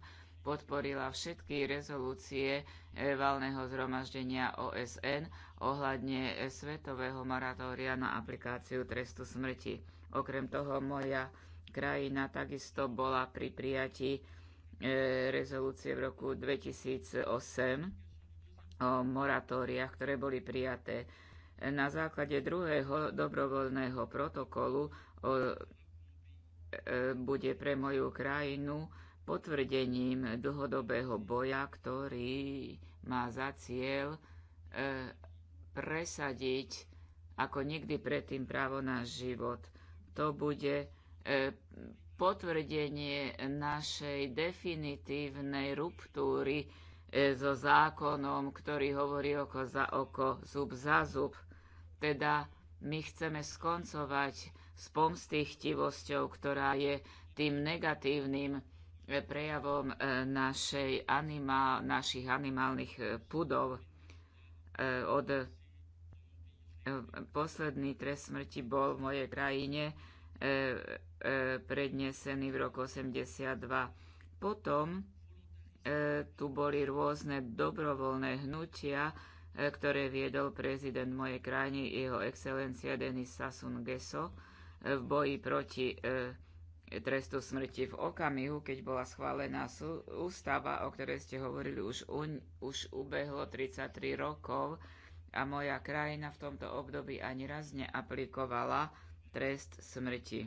podporila všetky rezolúcie e, valného zhromaždenia OSN ohľadne e, svetového moratória na aplikáciu trestu smrti. Okrem toho moja krajina takisto bola pri prijatí rezolúcie v roku 2008 o moratóriách, ktoré boli prijaté na základe druhého dobrovoľného protokolu o, e, bude pre moju krajinu potvrdením dlhodobého boja, ktorý má za cieľ e, presadiť ako nikdy predtým právo na život. To bude e, potvrdenie našej definitívnej ruptúry E, so zákonom, ktorý hovorí oko za oko, zub za zub. Teda my chceme skoncovať s pomstichtivosťou, ktorá je tým negatívnym e, prejavom e, našej anima, našich animálnych pudov. Od posledný trest smrti bol v mojej krajine prednesený v roku 82. Potom E, tu boli rôzne dobrovoľné hnutia, e, ktoré viedol prezident mojej krajiny, jeho excelencia Denis Sasun Geso, e, v boji proti trestu smrti v okamihu, keď bola schválená ústava, o ktorej ste hovorili, už, un, už ubehlo 33 rokov a moja krajina v tomto období ani raz neaplikovala trest smrti.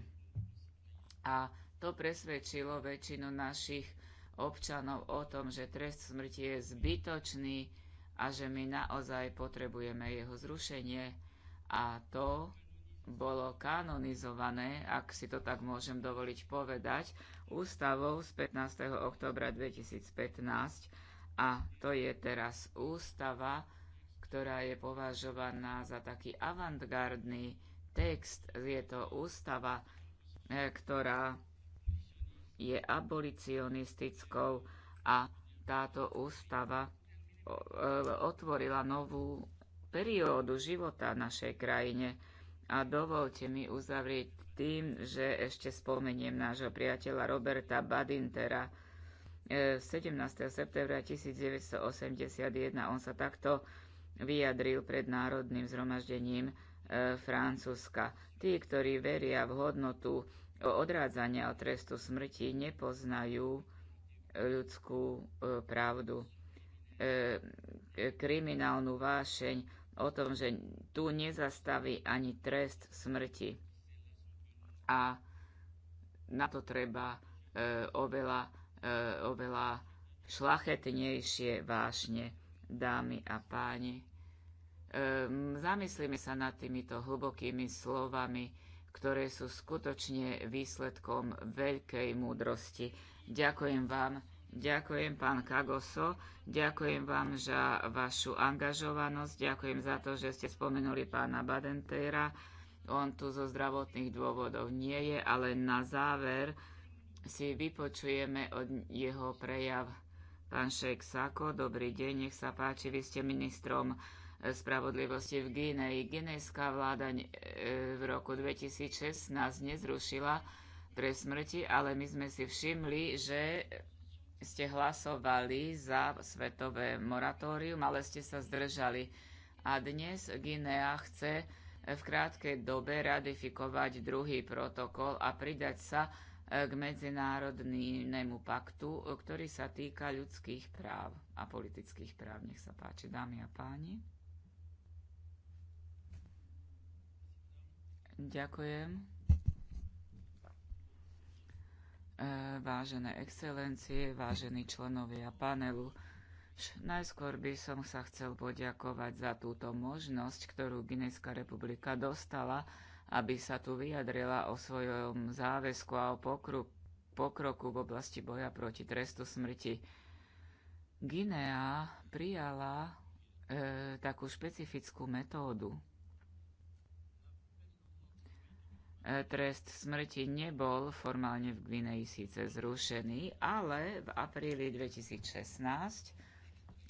A to presvedčilo väčšinu našich občanov o tom, že trest smrti je zbytočný a že my naozaj potrebujeme jeho zrušenie. A to bolo kanonizované, ak si to tak môžem dovoliť povedať, ústavou z 15. oktobra 2015 a to je teraz ústava, ktorá je považovaná za taký avantgardný text. Je to ústava, e, ktorá je abolicionistickou a táto ústava e, otvorila novú periódu života našej krajine. A dovolte mi uzavrieť tým, že ešte spomeniem nášho priateľa Roberta Badintera. 17. E, septembra 1981 on sa takto vyjadril pred Národným zhromaždením e, Francúzska. Tí, ktorí veria v hodnotu odrádzania od trestu smrti nepoznajú e, ľudskú e, pravdu, e, kriminálnu vášeň o tom, že tu nezastaví ani trest smrti. A na to treba oveľa, oveľa šlachetnejšie vášne, dámy a páni. Zamyslíme sa nad týmito hlbokými slovami, ktoré sú skutočne výsledkom veľkej múdrosti. Ďakujem vám, ďakujem pán Kagoso, ďakujem vám za vašu angažovanosť, ďakujem za to, že ste spomenuli pána Badentera. On tu zo zdravotných dôvodov nie je, ale na záver si vypočujeme od jeho prejav. Pán Šejk Sako, dobrý deň, nech sa páči, vy ste ministrom spravodlivosti v Gineji. Ginejská vláda e, v roku 2006 nás nezrušila pre smrti, ale my sme si všimli, že ste hlasovali za svetové moratórium, ale ste sa zdržali. A dnes Guinea chce v krátkej dobe ratifikovať druhý protokol a pridať sa e, k medzinárodnému paktu, e, ktorý sa týka ľudských práv a politických práv. Nech sa páči, dámy a páni. Ďakujem. E, vážené excelencie, vážení členovia panelu, najskôr by som sa chcel poďakovať za túto možnosť, ktorú Guinejská republika dostala, aby sa tu vyjadrila o svojom záväzku a o pokru, pokroku v oblasti boja proti trestu smrti. Guinea prijala e, takú špecifickú metódu E, trest smrti nebol formálne v Gvineji síce zrušený, ale v apríli 2016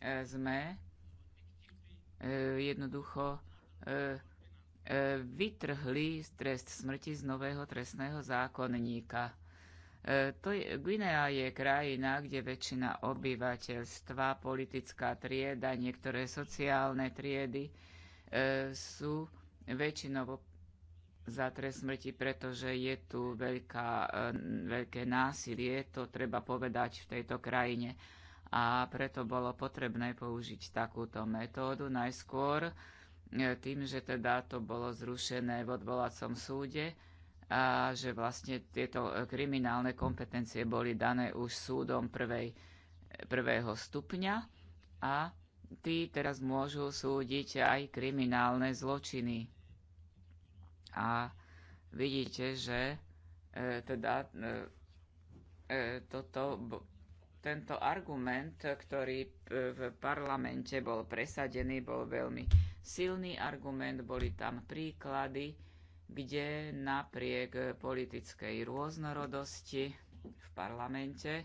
e, sme e, jednoducho vytrhli trest smrti z nového trestného zákonníka. To je, Guinea je krajina, kde väčšina obyvateľstva, politická trieda, niektoré sociálne triedy e, sú väčšinovo za trest smrti, pretože je tu veľká, e, veľké násilie, to treba povedať v tejto krajine. A preto bolo potrebné použiť takúto metódu najskôr e, tým, že teda to bolo zrušené v odvolacom súde a že vlastne tieto e, kriminálne kompetencie boli dané už súdom prvej, prvého stupňa a tí teraz môžu súdiť aj kriminálne zločiny a vidíte, že e, teda e, e toto, tento argument, ktorý e, v parlamente bol presadený, bol veľmi silný argument, boli tam príklady, kde napriek politickej rôznorodosti v parlamente e,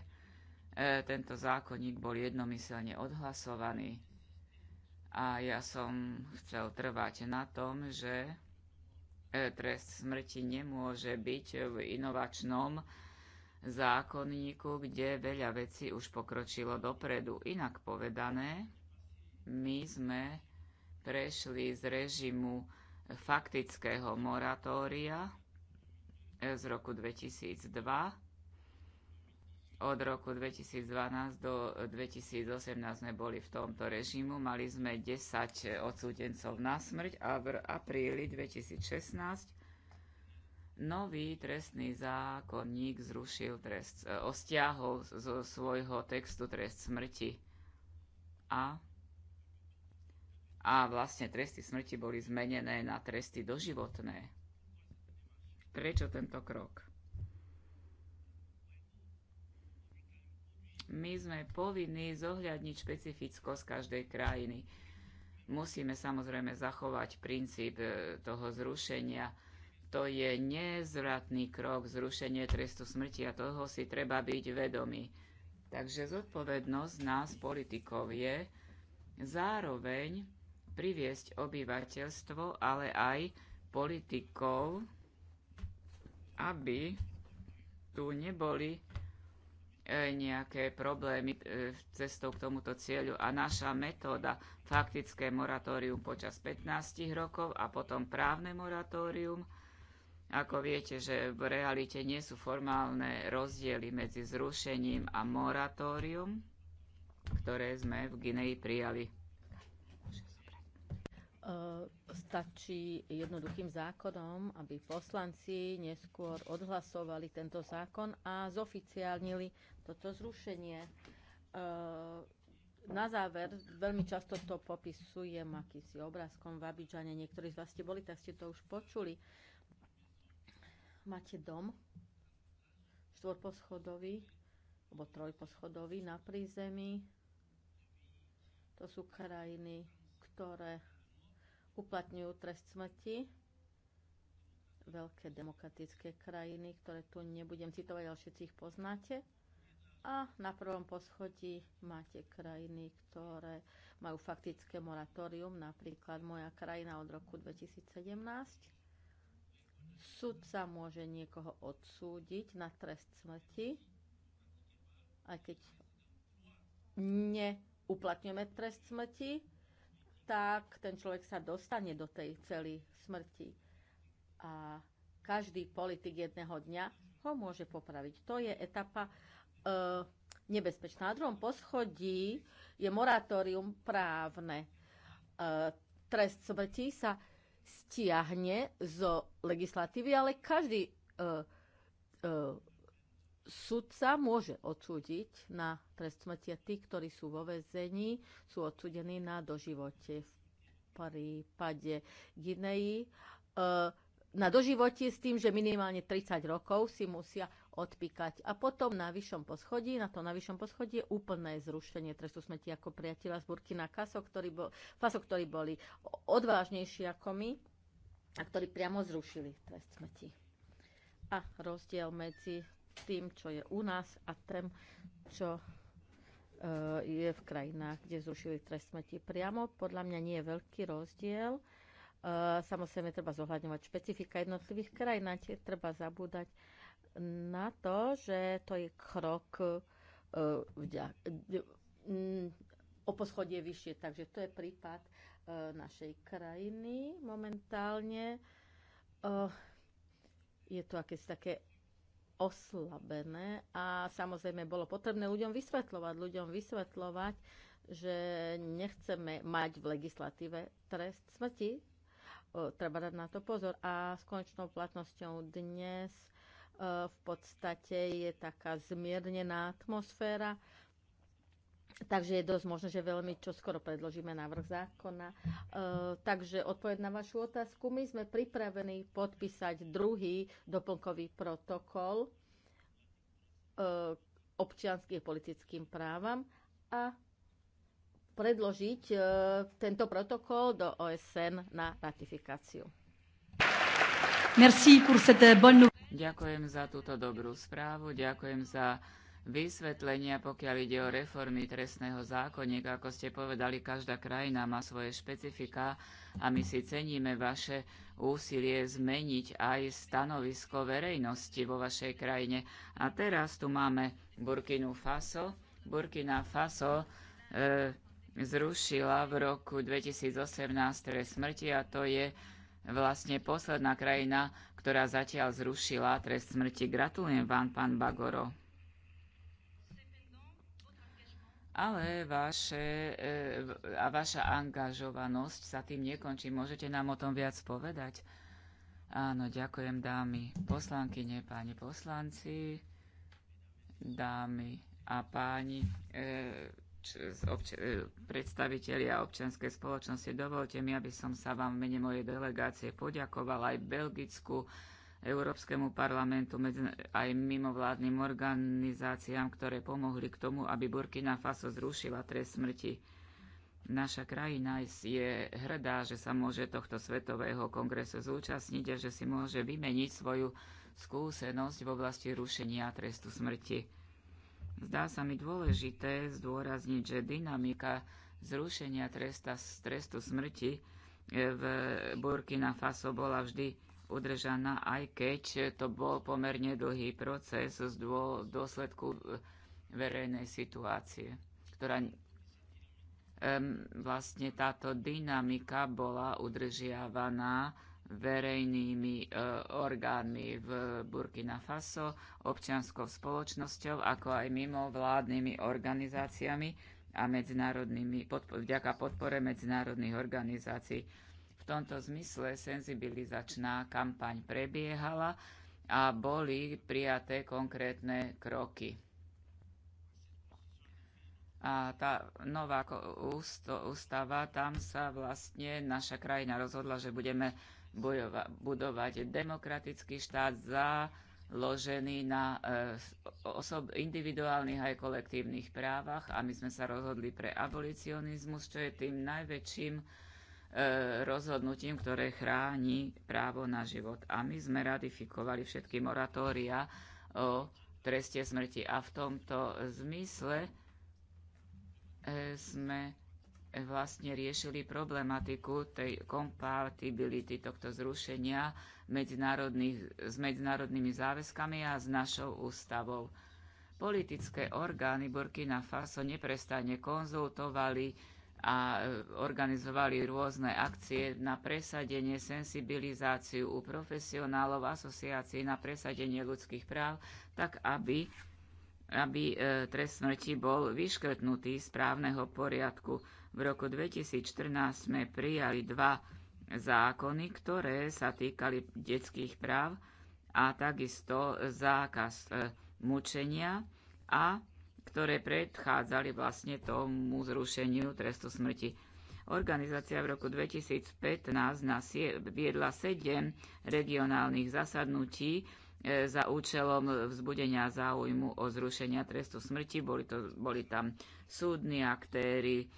tento zákonník bol jednomyselne odhlasovaný. A ja som chcel trvať na tom, že trest smrti nemôže byť v inovačnom zákonníku, kde veľa vecí už pokročilo dopredu. Inak povedané, my sme prešli z režimu faktického moratória z roku 2002 od roku 2012 do 2018 sme boli v tomto režimu. Mali sme 10 odsúdencov na smrť a v apríli 2016 nový trestný zákonník zrušil trest, e, ostiahol zo svojho textu trest smrti a, a vlastne tresty smrti boli zmenené na tresty doživotné. Prečo tento krok? my sme povinní zohľadniť špecifickosť každej krajiny. Musíme samozrejme zachovať princíp e, toho zrušenia. To je nezvratný krok, zrušenie trestu smrti a toho si treba byť vedomý. Takže zodpovednosť nás, politikov, je zároveň priviesť obyvateľstvo, ale aj politikov, aby tu neboli E, nejaké problémy e, cestou k tomuto cieľu a naša metóda faktické moratórium počas 15 rokov a potom právne moratórium. Ako viete, že v realite nie sú formálne rozdiely medzi zrušením a moratórium, ktoré sme v Gineji prijali. E, stačí jednoduchým zákonom, aby poslanci neskôr odhlasovali tento zákon a zoficiálnili toto zrušenie. E, na záver, veľmi často to popisujem akýmsi obrázkom v Abidžane. Niektorí z vás ste boli, tak ste to už počuli. Máte dom, štvorposchodový, alebo trojposchodový na prízemí. To sú krajiny, ktoré uplatňujú trest smrti veľké demokratické krajiny, ktoré tu nebudem citovať, ale všetci ich poznáte. A na prvom poschodí máte krajiny, ktoré majú faktické moratórium, napríklad moja krajina od roku 2017. Sudca môže niekoho odsúdiť na trest smrti, aj keď neuplatňujeme trest smrti, tak ten človek sa dostane do tej celej smrti. A každý politik jedného dňa ho môže popraviť. To je etapa E, nebezpečná. Na druhom poschodí je moratórium právne. E, trest smrti sa stiahne zo legislatívy, ale každý e, sudca môže odsúdiť na trest smrti a tí, ktorí sú vo väzení, sú odsúdení na doživote. V prípade Gineji na doživote s tým, že minimálne 30 rokov si musia odpíkať. A potom na vyššom poschodí, na to na vyššom poschodí je úplné zrušenie trestu smrti ako priateľa z Burkina Faso, ktorí, bol, Faso, ktorí boli odvážnejší ako my a ktorí priamo zrušili trest smrti. A rozdiel medzi tým, čo je u nás a tým, čo eh, je v krajinách, kde zrušili trest smrti priamo. Podľa mňa nie je veľký rozdiel. Eh, samozrejme, treba zohľadňovať špecifika jednotlivých krajín, tie treba zabúdať na to, že to je krok e, o poschodie vyššie. Takže to je prípad e, našej krajiny momentálne. E, je to akési také oslabené a samozrejme bolo potrebné ľuďom vysvetľovať, ľuďom vysvetľovať, že nechceme mať v legislatíve trest smrti. Treba dať na to pozor. A s konečnou platnosťou dnes E, v podstate je taká zmiernená atmosféra. Takže je dosť možné, že veľmi čoskoro predložíme návrh zákona. E, takže odpoved na vašu otázku. My sme pripravení podpísať druhý doplnkový protokol e, občianským politickým právam a predložiť e, tento protokol do OSN na ratifikáciu. Merci pour cette bonne Ďakujem za túto dobrú správu, ďakujem za vysvetlenia, pokiaľ ide o reformy trestného zákonníka. Ako ste povedali, každá krajina má svoje špecifika a my si ceníme vaše úsilie zmeniť aj stanovisko verejnosti vo vašej krajine. A teraz tu máme Burkinu Faso. Burkina Faso e, zrušila v roku 2018 trest smrti a to je vlastne posledná krajina ktorá zatiaľ zrušila trest smrti. Gratulujem vám, pán Bagoro. Ale vaše, e, a vaša angažovanosť sa tým nekončí. Môžete nám o tom viac povedať? Áno, ďakujem dámy poslankyne, páni poslanci, dámy a páni. E, obč- e, predstavitelia občianskej spoločnosti, dovolte mi, aby som sa vám v mene mojej delegácie poďakovala aj Belgicku, Európskemu parlamentu, aj mimovládnym organizáciám, ktoré pomohli k tomu, aby Burkina Faso zrušila trest smrti. Naša krajina je hrdá, že sa môže tohto svetového kongresu zúčastniť a že si môže vymeniť svoju skúsenosť v oblasti rušenia trestu smrti Zdá sa mi dôležité zdôrazniť, že dynamika zrušenia tresta, trestu smrti eh, v Burkina Faso bola vždy udržaná, aj keď to bol pomerne dlhý proces z dôsledku eh, verejnej situácie, ktorá um, vlastne táto dynamika bola udržiavaná verejnými e, orgánmi v Burkina Faso, občianskou spoločnosťou, ako aj mimo vládnymi organizáciami a medzinárodnými, podpo- vďaka podpore medzinárodných organizácií. V tomto zmysle senzibilizačná kampaň prebiehala a boli prijaté konkrétne kroky. A tá nová ústava, tam sa vlastne naša krajina rozhodla, že budeme bojova, budovať demokratický štát založený na e, osob, individuálnych aj kolektívnych právach a my sme sa rozhodli pre abolicionizmus, čo je tým najväčším e, rozhodnutím, ktoré chráni právo na život. A my sme ratifikovali všetky moratória o treste smrti. A v tomto zmysle e, sme vlastne riešili problematiku tej kompatibility tohto zrušenia s medzinárodnými záväzkami a s našou ústavou. Politické orgány Burkina Faso neprestane konzultovali a e, organizovali rôzne akcie na presadenie, sensibilizáciu u profesionálov, asociácií na presadenie ľudských práv, tak aby, aby e, trest smrti bol vyškrtnutý z právneho poriadku. V roku 2014 sme prijali dva zákony, ktoré sa týkali detských práv a takisto zákaz e, mučenia a ktoré predchádzali vlastne tomu zrušeniu trestu smrti. Organizácia v roku 2015 viedla sedem regionálnych zasadnutí e, za účelom vzbudenia záujmu o zrušenia trestu smrti. Boli, to, boli tam súdni aktéry,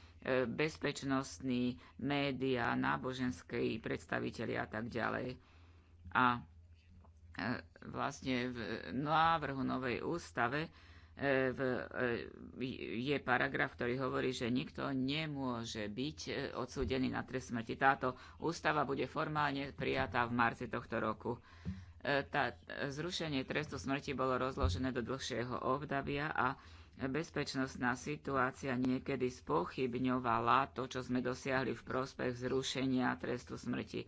bezpečnostní médiá, náboženské predstaviteľi a tak ďalej. A e, vlastne v návrhu novej ústave e, v, e, je paragraf, ktorý hovorí, že nikto nemôže byť odsúdený na trest smrti. Táto ústava bude formálne prijatá v marci tohto roku. Tá, zrušenie trestu smrti bolo rozložené do dlhšieho obdavia. a bezpečnostná situácia niekedy spochybňovala to, čo sme dosiahli v prospech zrušenia trestu smrti.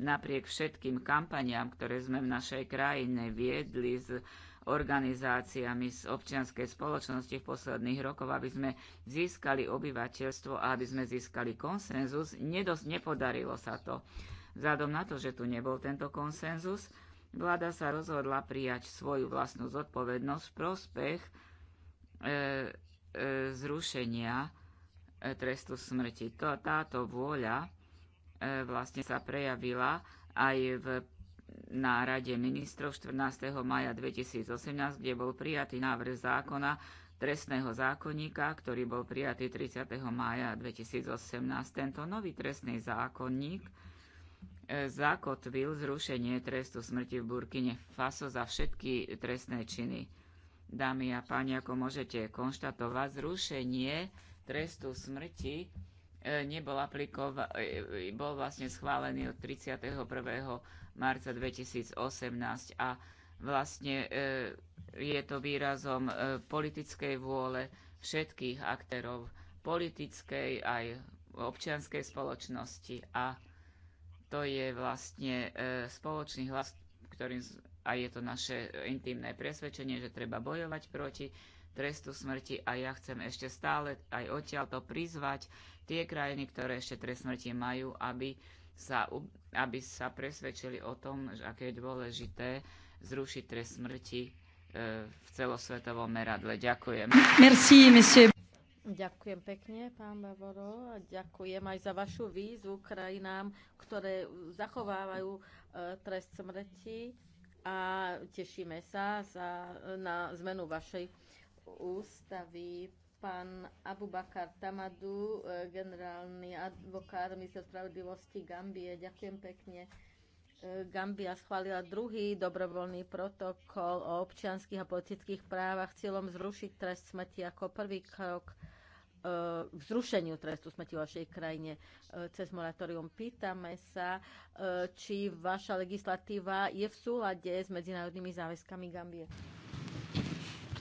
Napriek všetkým kampaniám, ktoré sme v našej krajine viedli s organizáciami z občianskej spoločnosti v posledných rokoch, aby sme získali obyvateľstvo a aby sme získali konsenzus, nedos- nepodarilo sa to. Vzhľadom na to, že tu nebol tento konsenzus, vláda sa rozhodla prijať svoju vlastnú zodpovednosť v prospech E, e, zrušenia e, trestu smrti. To, táto vôľa vlastne sa prejavila aj v na Rade ministrov 14. maja 2018, kde bol prijatý návrh zákona trestného zákonníka, ktorý bol prijatý 30. maja 2018. Tento nový trestný zákonník zakotvil zrušenie trestu smrti v Burkine Faso za všetky trestné činy. Dámy a páni, ako môžete konštatovať, zrušenie trestu smrti e, nebol aplikovaný, e, bol vlastne schválený od 31. marca 2018 a vlastne e, je to výrazom politickej vôle všetkých aktérov politickej aj občianskej spoločnosti a to je vlastne spoločný hlas, ktorým a je to naše e, intimné presvedčenie, že treba bojovať proti trestu smrti a ja chcem ešte stále aj odtiaľto prizvať tie krajiny, ktoré ešte trest smrti majú, aby sa, aby sa presvedčili o tom, že aké je dôležité zrušiť trest smrti e, v celosvetovom meradle. Ďakujem. Merci, monsieur. Ďakujem pekne, pán Bavoro. A ďakujem aj za vašu výzvu krajinám, ktoré zachovávajú e, trest smrti a tešíme sa za, na zmenu vašej ústavy. Pán Abubakar Tamadu, e, generálny advokát minister spravodlivosti Gambie, ďakujem pekne. E, Gambia schválila druhý dobrovoľný protokol o občianských a politických právach cieľom zrušiť trest smrti ako prvý krok k zrušeniu trestu smrti vo vašej krajine e, cez moratórium. Pýtame sa, e, či vaša legislatíva je v súlade s medzinárodnými záväzkami Gambie.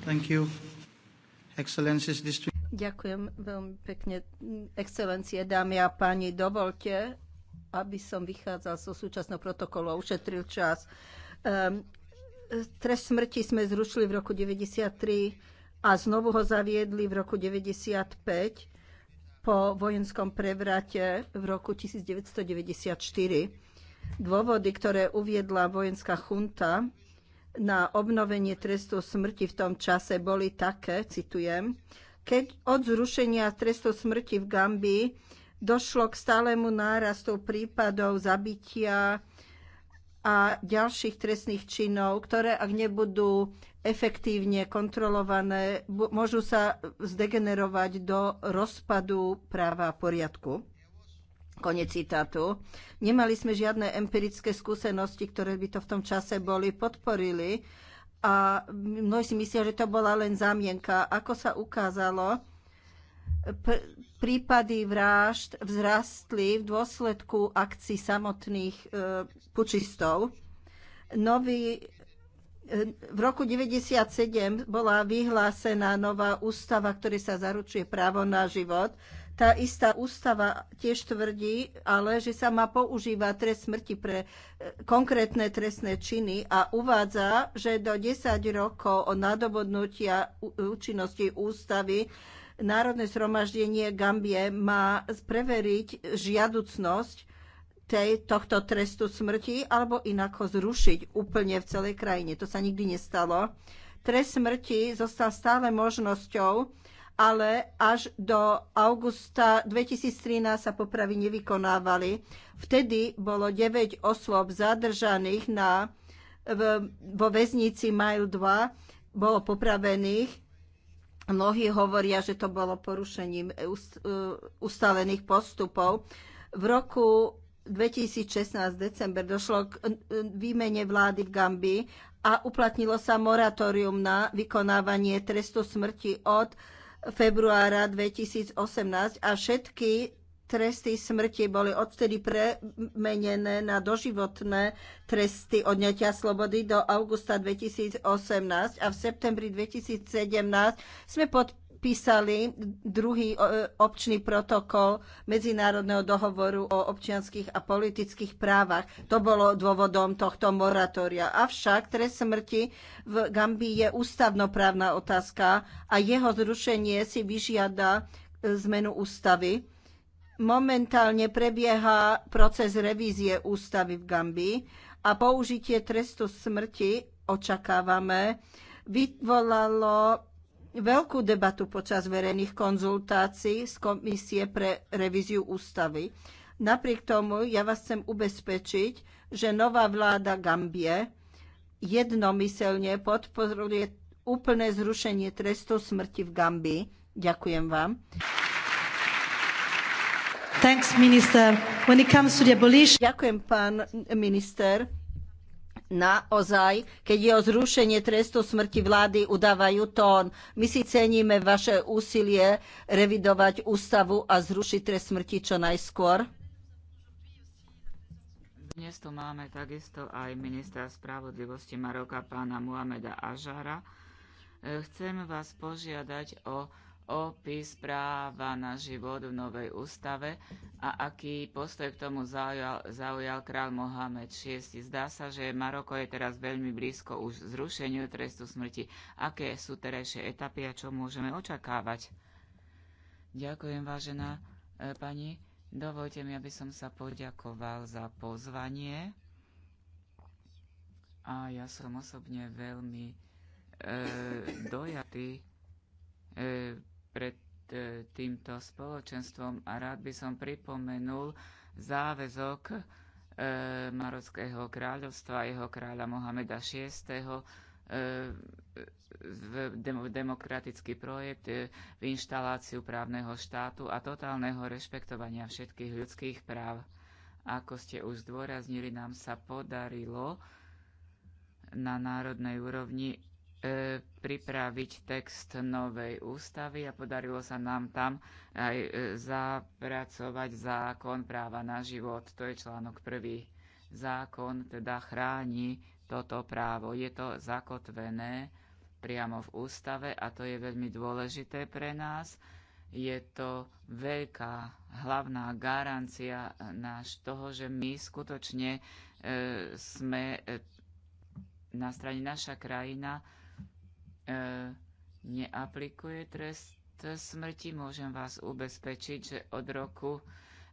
Thank you. Ďakujem veľmi pekne, excelencie, dámy a páni. Dovolte, aby som vychádzal zo so súčasného protokolu a ušetril čas. Um, trest smrti sme zrušili v roku 1993 a znovu ho zaviedli v roku 1995 po vojenskom prevrate v roku 1994. Dôvody, ktoré uviedla vojenská chunta na obnovenie trestu smrti v tom čase boli také, citujem, keď od zrušenia trestu smrti v Gambii došlo k stálemu nárastu prípadov zabitia a ďalších trestných činov, ktoré ak nebudú efektívne kontrolované, môžu sa zdegenerovať do rozpadu práva a poriadku. Konec citátu. Nemali sme žiadne empirické skúsenosti, ktoré by to v tom čase boli, podporili. A mnohí si myslia, že to bola len zámienka. Ako sa ukázalo, prípady vražd vzrastli v dôsledku akcií samotných e, pučistov. Nový v roku 1997 bola vyhlásená nová ústava, ktorá sa zaručuje právo na život. Tá istá ústava tiež tvrdí, ale že sa má používať trest smrti pre e, konkrétne trestné činy a uvádza, že do 10 rokov od nadobodnutia účinnosti ústavy Národné zhromaždenie Gambie má preveriť žiaducnosť tej, tohto trestu smrti alebo inak ho zrušiť úplne v celej krajine. To sa nikdy nestalo. Trest smrti zostal stále možnosťou, ale až do augusta 2013 sa popravy nevykonávali. Vtedy bolo 9 osôb zadržaných na, v, vo väznici Mile 2, bolo popravených. Mnohí hovoria, že to bolo porušením ustalených e, postupov. V roku 2016 december došlo k výmene vlády v Gambii a uplatnilo sa moratórium na vykonávanie trestu smrti od februára 2018 a všetky tresty smrti boli odtedy premenené na doživotné tresty odňatia slobody do augusta 2018 a v septembri 2017 sme podpísali podpísali druhý e, občný protokol Medzinárodného dohovoru o občianských a politických právach. To bolo dôvodom tohto moratória. Avšak trest smrti v Gambii je ústavnoprávna otázka a jeho zrušenie si vyžiada e, zmenu ústavy. Momentálne prebieha proces revízie ústavy v Gambii a použitie trestu smrti očakávame vyvolalo veľkú debatu počas verejných konzultácií z Komisie pre revíziu ústavy. Napriek tomu ja vás chcem ubezpečiť, že nová vláda Gambie jednomyselne podporuje úplné zrušenie trestu smrti v Gambii. Ďakujem vám. Thanks, Ďakujem, pán minister naozaj, keď je o zrušenie trestu smrti vlády, udávajú tón. My si ceníme vaše úsilie revidovať ústavu a zrušiť trest smrti čo najskôr. Dnes tu máme takisto aj ministra spravodlivosti Maroka, pána Muhameda Ažara. Chcem vás požiadať o opis práva na život v novej ústave a aký postoj k tomu zaujal, zaujal král Mohamed VI. Zdá sa, že Maroko je teraz veľmi blízko už zrušeniu trestu smrti. Aké sú terajšie etapy a čo môžeme očakávať? Ďakujem, vážená e, pani. Dovolte mi, aby som sa poďakoval za pozvanie. A ja som osobne veľmi e, dojatý e, pred e, týmto spoločenstvom a rád by som pripomenul záväzok e, Marockého kráľovstva, jeho kráľa Mohameda VI. E, v demokratický projekt, e, v inštaláciu právneho štátu a totálneho rešpektovania všetkých ľudských práv. Ako ste už zdôraznili, nám sa podarilo na národnej úrovni E, pripraviť text novej ústavy a podarilo sa nám tam aj e, zapracovať zákon práva na život. To je článok prvý. Zákon teda chráni toto právo. Je to zakotvené priamo v ústave a to je veľmi dôležité pre nás. Je to veľká hlavná garancia náš toho, že my skutočne e, sme e, na strane naša krajina E, neaplikuje trest smrti, môžem vás ubezpečiť, že od roku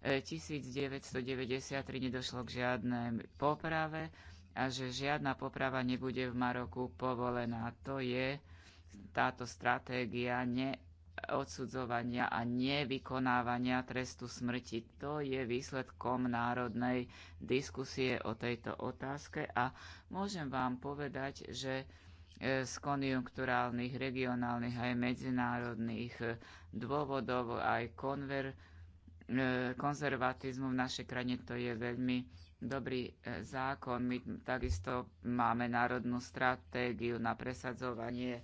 1993 e, nedošlo k žiadnej poprave a že žiadna poprava nebude v Maroku povolená. To je táto stratégia neodsudzovania a nevykonávania trestu smrti. To je výsledkom národnej diskusie o tejto otázke a môžem vám povedať, že E, z konjunkturálnych, regionálnych aj medzinárodných e, dôvodov, aj konver, e, konzervatizmu v našej krajine. To je veľmi dobrý zákon. My takisto máme národnú stratégiu na presadzovanie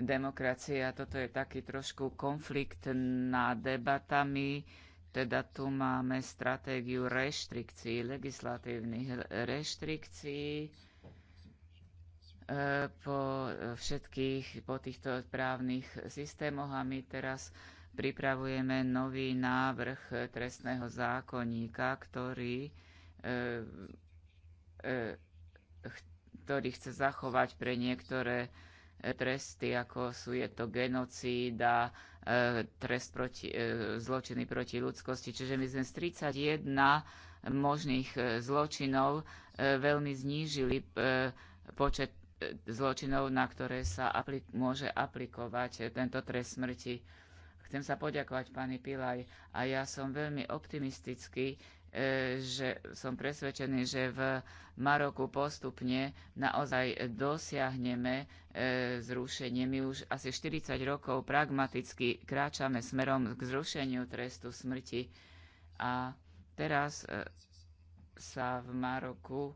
demokracie a toto je taký trošku konflikt nad debatami. Teda tu máme stratégiu reštrikcií, legislatívnych reštrikcií E, po e, všetkých, po týchto právnych systémoch a my teraz pripravujeme nový návrh trestného zákonníka, ktorý, e, ktorý chce zachovať pre niektoré tresty, ako sú je to genocída, trest proti, zločiny proti ľudskosti. Čiže my sme z 31 možných zločinov veľmi znížili počet zločinov, na ktoré sa aplik- môže aplikovať tento trest smrti. Chcem sa poďakovať pani Pilaj a ja som veľmi optimistický, e, že som presvedčený, že v Maroku postupne naozaj dosiahneme e, zrušenie. My už asi 40 rokov pragmaticky kráčame smerom k zrušeniu trestu smrti a teraz e, sa v Maroku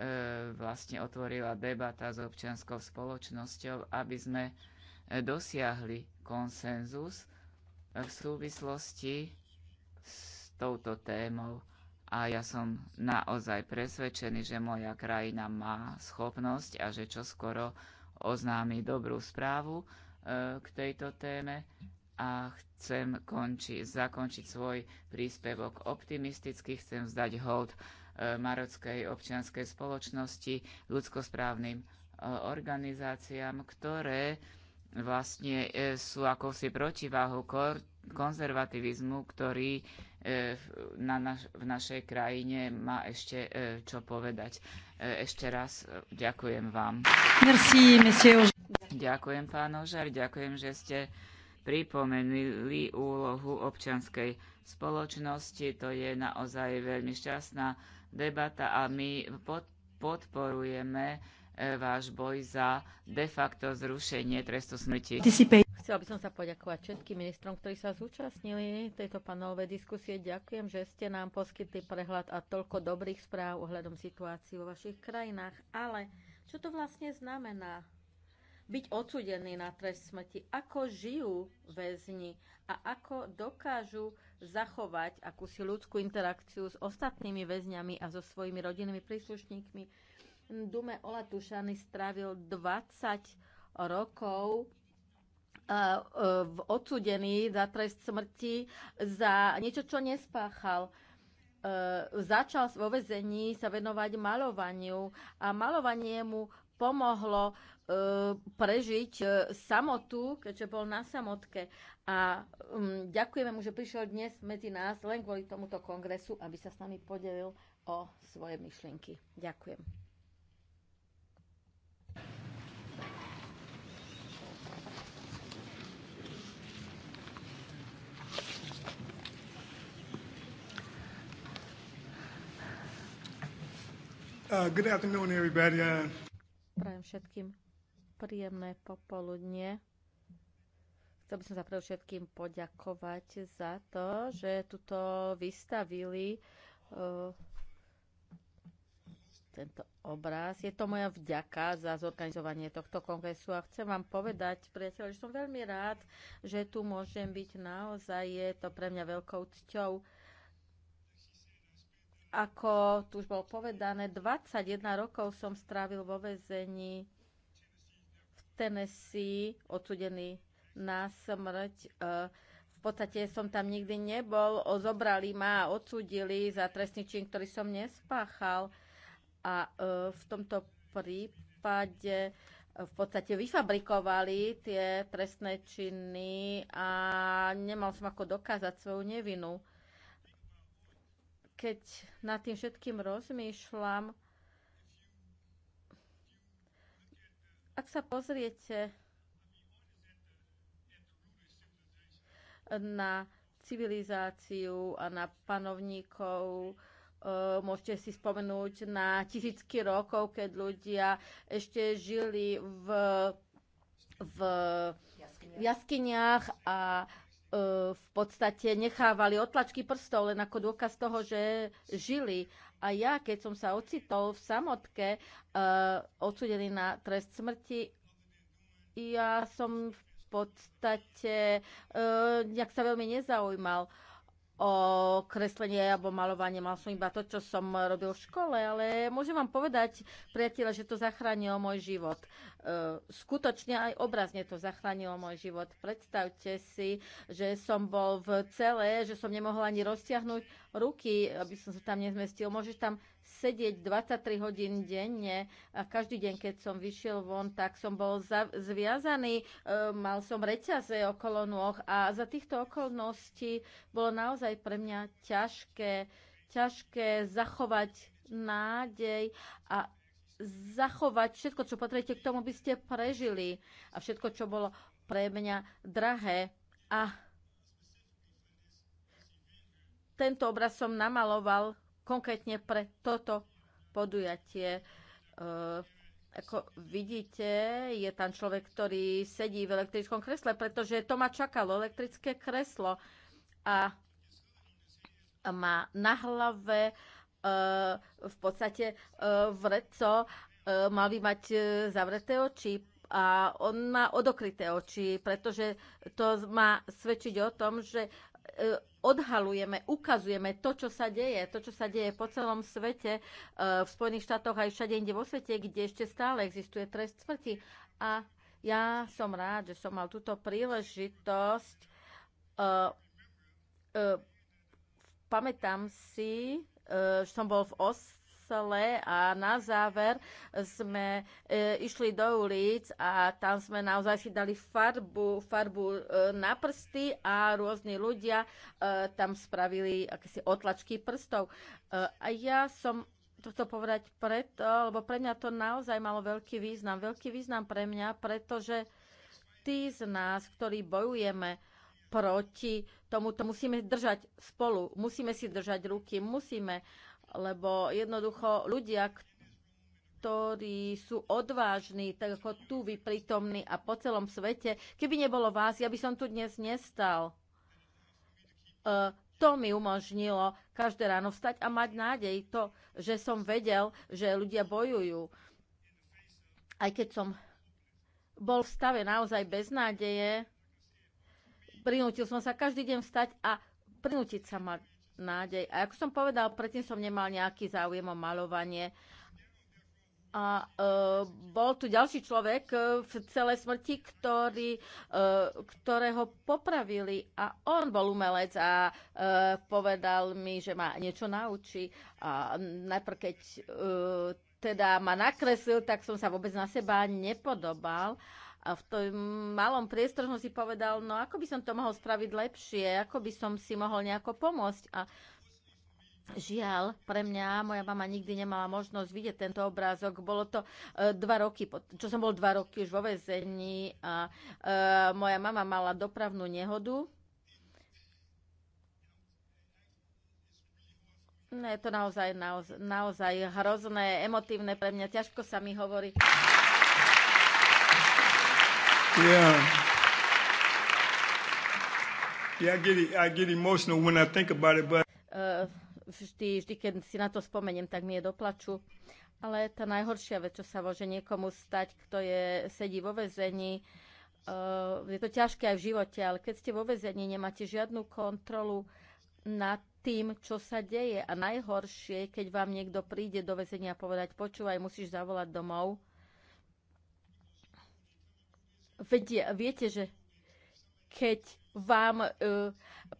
E, vlastne otvorila debata s občianskou spoločnosťou, aby sme e, dosiahli konsenzus v súvislosti s touto témou. A ja som naozaj presvedčený, že moja krajina má schopnosť a že čoskoro oznámi dobrú správu e, k tejto téme a chcem konči, zakončiť svoj príspevok optimisticky, chcem vzdať hold E, marockej občianskej spoločnosti, ľudskosprávnym e, organizáciám, ktoré vlastne e, sú akousi protiváhu konzervativizmu, ktorý na naš, v našej krajine má ešte čo povedať. Ešte raz ďakujem vám. Merci, Ďakujem, pán Ožar, ďakujem, že ste pripomenuli úlohu občianskej spoločnosti. To je naozaj veľmi šťastná debata a my podporujeme e, váš boj za de facto zrušenie trestu smrti. Chcela by som sa poďakovať všetkým ministrom, ktorí sa zúčastnili tejto panové diskusie. Ďakujem, že ste nám poskytli prehľad a toľko dobrých správ ohľadom situácií vo vašich krajinách. Ale čo to vlastne znamená? byť odsudený na trest smrti, ako žijú väzni a ako dokážu zachovať akúsi ľudskú interakciu s ostatnými väzňami a so svojimi rodinnými príslušníkmi. Dume Ola Tušany strávil 20 rokov eh, eh, v odsudený za trest smrti za niečo, čo nespáchal. Eh, začal vo vezení sa venovať malovaniu a malovanie mu pomohlo E, prežiť e, samotu, keďže bol na samotke. A mm, ďakujeme mu, že prišiel dnes medzi nás len kvôli tomuto kongresu, aby sa s nami podelil o svoje myšlienky. Ďakujem. Uh, good afternoon, everybody. Uh, Prajem všetkým Príjemné popoludne. Chcel by som sa predovšetkým poďakovať za to, že tuto vystavili uh, tento obraz. Je to moja vďaka za zorganizovanie tohto kongresu a chcem vám povedať, priateľ, že som veľmi rád, že tu môžem byť. Naozaj je to pre mňa veľkou cťou. Ako tu už bolo povedané, 21 rokov som strávil vo väzení Tennessee, odsudený na smrť. E, v podstate som tam nikdy nebol. zobrali ma a odsudili za trestný čin, ktorý som nespáchal. A e, v tomto prípade e, v podstate vyfabrikovali tie trestné činy a nemal som ako dokázať svoju nevinu. Keď nad tým všetkým rozmýšľam, Ak sa pozriete na civilizáciu a na panovníkov, eh, môžete si spomenúť na tisícky rokov, keď ľudia ešte žili v, v jaskyniach a Eh, v podstate nechávali otlačky prstov len ako dôkaz toho, že žili. A ja, keď som sa ocitol v samotke, eh, odsudený na trest smrti, ja som v podstate eh, nejak sa veľmi nezaujímal o kreslenie alebo malovanie. Mal som iba to, čo som robil v škole, ale môžem vám povedať, priateľa, že to zachránilo môj život. E, skutočne aj obrazne to zachránilo môj život. Predstavte si, že som bol v celé, že som nemohla ani rozťahnuť ruky, aby som sa tam nezmestil. Môžeš tam sedieť 23 hodín denne a každý deň, keď som vyšiel von, tak som bol zviazaný, e, mal som reťaze okolo nôh a za týchto okolností bolo naozaj pre mňa ťažké, ťažké zachovať nádej a zachovať všetko, čo potrebujete k tomu, by ste prežili a všetko, čo bolo pre mňa drahé a tento obraz som namaloval konkrétne pre toto podujatie. E, ako vidíte, je tam človek, ktorý sedí v elektrickom kresle, pretože to ma čakalo, elektrické kreslo. A má na hlave e, v podstate e, vreco, mal by mať zavreté oči a on má odokryté oči, pretože to má svedčiť o tom, že odhalujeme, ukazujeme to, čo sa deje, to, čo sa deje po celom svete, e, v Spojených štátoch aj všade inde vo svete, kde ešte stále existuje trest smrti. A ja som rád, že som mal túto príležitosť. E, e, pamätám si, že som bol v Os Brusele a na záver sme e, išli do ulic a tam sme naozaj si dali farbu, farbu e, na prsty a rôzni ľudia e, tam spravili akési otlačky prstov. E, a ja som to chcel povedať preto, lebo pre mňa to naozaj malo veľký význam. Veľký význam pre mňa, pretože tí z nás, ktorí bojujeme proti tomuto, musíme držať spolu, musíme si držať ruky, musíme lebo jednoducho ľudia, ktorí sú odvážni, tak ako tu vy prítomní a po celom svete, keby nebolo vás, ja by som tu dnes nestal. E, to mi umožnilo každé ráno vstať a mať nádej, to, že som vedel, že ľudia bojujú. Aj keď som bol v stave naozaj bez nádeje, prinútil som sa každý deň vstať a prinútiť sa ma nádej. A ako som povedal, predtým som nemal nejaký záujem o malovanie. A e, bol tu ďalší človek e, v celej smrti, ktorý, e, ktorého popravili a on bol umelec a e, povedal mi, že ma niečo naučí. A najprv, keď e, teda ma nakreslil, tak som sa vôbec na seba nepodobal a v tom malom priestore som si povedal, no ako by som to mohol spraviť lepšie, ako by som si mohol nejako pomôcť. A Žiaľ, pre mňa moja mama nikdy nemala možnosť vidieť tento obrázok. Bolo to e, dva roky, čo som bol dva roky už vo väzení a e, moja mama mala dopravnú nehodu. No, je to naozaj, naozaj, naozaj hrozné, emotívne pre mňa. Ťažko sa mi hovorí. Yeah. Yeah, I get, I get emotional when I think about it, but... Uh, vždy, vždy, keď si na to spomeniem, tak mi je doplaču. Ale tá najhoršia vec, čo sa môže niekomu stať, kto je, sedí vo vezení, uh, je to ťažké aj v živote, ale keď ste vo vezení, nemáte žiadnu kontrolu nad tým, čo sa deje. A najhoršie, keď vám niekto príde do väzenia a povedať, počúvaj, musíš zavolať domov, vedie, viete, že keď vám uh,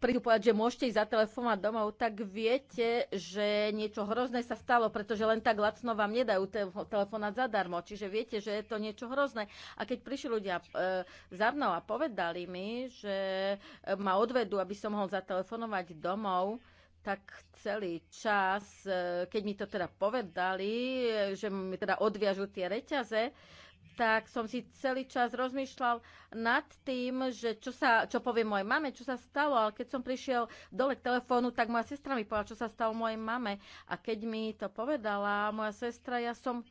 prídu povedať, že môžete ísť zatelefonovať domov, tak viete, že niečo hrozné sa stalo, pretože len tak lacno vám nedajú te- telefonát zadarmo. Čiže viete, že je to niečo hrozné. A keď prišli ľudia uh, za mnou a povedali mi, že e, ma odvedú, aby som mohol zatelefonovať domov, tak celý čas, uh, keď mi to teda povedali, že mi teda odviažu tie reťaze, uh, tak som si celý čas rozmýšľal nad tým, že čo, sa, čo povie mojej mame, čo sa stalo, ale keď som prišiel dole k telefónu, tak moja sestra mi povedala, čo sa stalo mojej mame. A keď mi to povedala moja sestra, ja som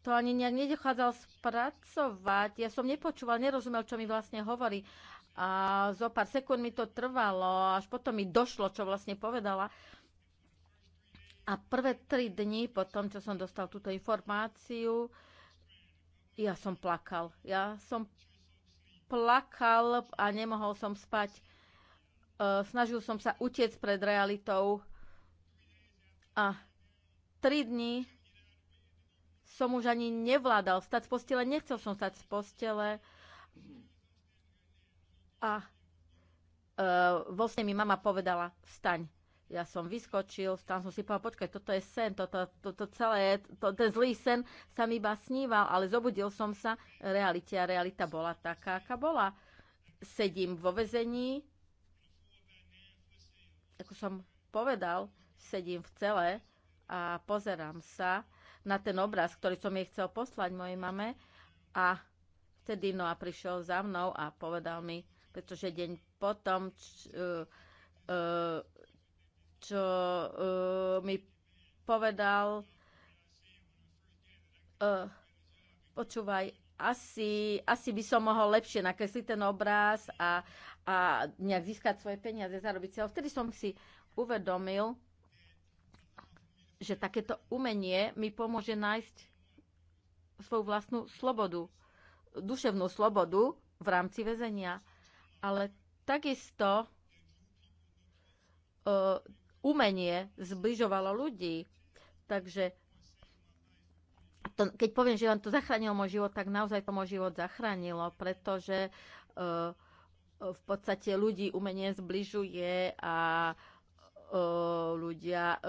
to ani nejak nedochádzal spracovať. Ja som nepočúval, nerozumel, čo mi vlastne hovorí. A zo pár sekúnd mi to trvalo, až potom mi došlo, čo vlastne povedala. A prvé tri dni potom, čo som dostal túto informáciu, ja som plakal. Ja som plakal a nemohol som spať. E, snažil som sa utiec pred realitou. A tri dni som už ani nevládal stať z postele. Nechcel som stať z postele. A vlastne vo sne mi mama povedala, vstaň ja som vyskočil, tam som si povedal, počkaj, toto je sen, toto, toto celé, to, ten zlý sen sa mi iba sníval, ale zobudil som sa realite a realita bola taká, aká bola. Sedím vo vezení, ako som povedal, sedím v cele a pozerám sa na ten obraz, ktorý som jej chcel poslať mojej mame a vtedy Noa prišiel za mnou a povedal mi, pretože deň potom č, uh, uh, čo uh, mi povedal, uh, počúvaj, asi, asi by som mohol lepšie nakresliť ten obraz a, a nejak získať svoje peniaze, zarobiť si. Ale vtedy som si uvedomil, že takéto umenie mi pomôže nájsť svoju vlastnú slobodu, duševnú slobodu v rámci väzenia. Ale takisto eh, umenie zbližovalo ľudí. Takže to, keď poviem, že vám to zachránilo môj život, tak naozaj to môj život zachránilo, pretože eh, v podstate ľudí umenie zbližuje a eh, ľudia eh,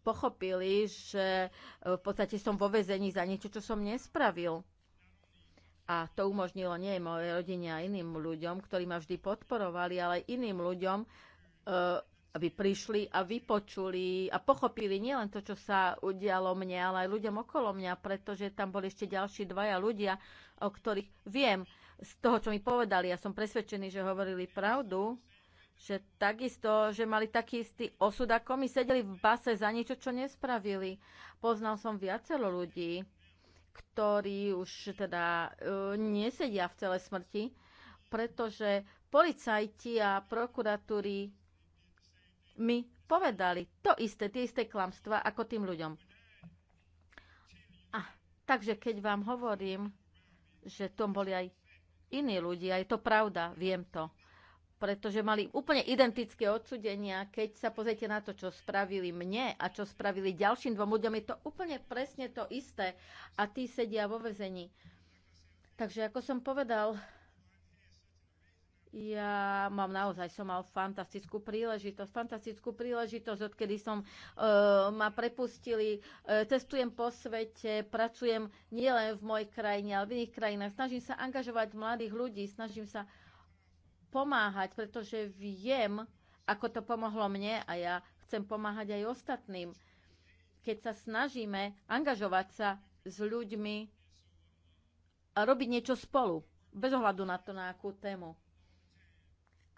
pochopili, že v podstate som vo vezení za niečo, čo som nespravil. A to umožnilo nie mojej rodine a iným ľuďom, ktorí ma vždy podporovali, ale iným ľuďom aby prišli a vypočuli a pochopili nielen to, čo sa udialo mne, ale aj ľuďom okolo mňa, pretože tam boli ešte ďalší dvaja ľudia, o ktorých viem z toho, čo mi povedali. Ja som presvedčený, že hovorili pravdu, že takisto, že mali taký istý osud, ako my sedeli v base za niečo, čo nespravili. Poznal som viacero ľudí, ktorí už teda uh, nesedia v celé smrti, pretože policajti a prokuratúry mi povedali to isté, tie isté klamstva ako tým ľuďom. A, takže keď vám hovorím, že tom boli aj iní ľudia, je to pravda, viem to pretože mali úplne identické odsudenia. Keď sa pozrite na to, čo spravili mne a čo spravili ďalším dvom ľuďom, je to úplne presne to isté a tí sedia vo vezení. Takže ako som povedal, ja mám naozaj, som mal fantastickú príležitosť, fantastickú príležitosť, odkedy som e, ma prepustili, e, testujem po svete, pracujem nielen v mojej krajine, ale v iných krajinách. Snažím sa angažovať mladých ľudí, snažím sa pomáhať, pretože viem, ako to pomohlo mne a ja chcem pomáhať aj ostatným. Keď sa snažíme angažovať sa s ľuďmi a robiť niečo spolu, bez ohľadu na to, na akú tému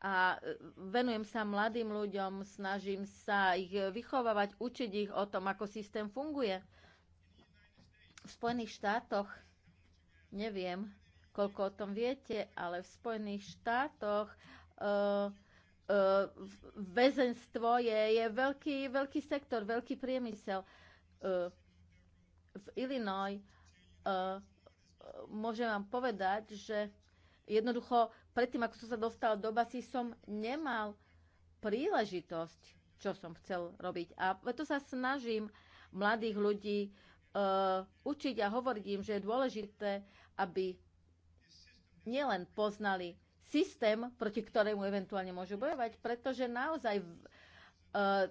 a e, venujem sa mladým ľuďom, snažím sa ich vychovávať, učiť ich o tom, ako systém funguje. V Spojených štátoch neviem, koľko o tom viete, ale v Spojených štátoch uh, uh, väzenstvo je, je veľký, veľký sektor, veľký priemysel. Uh, v Illinois môžem vám povedať, že jednoducho predtým, ako som sa dostal do basy, som nemal príležitosť, čo som chcel robiť. A preto sa snažím mladých ľudí e, učiť a hovoriť im, že je dôležité, aby nielen poznali systém, proti ktorému eventuálne môžu bojovať, pretože naozaj uh,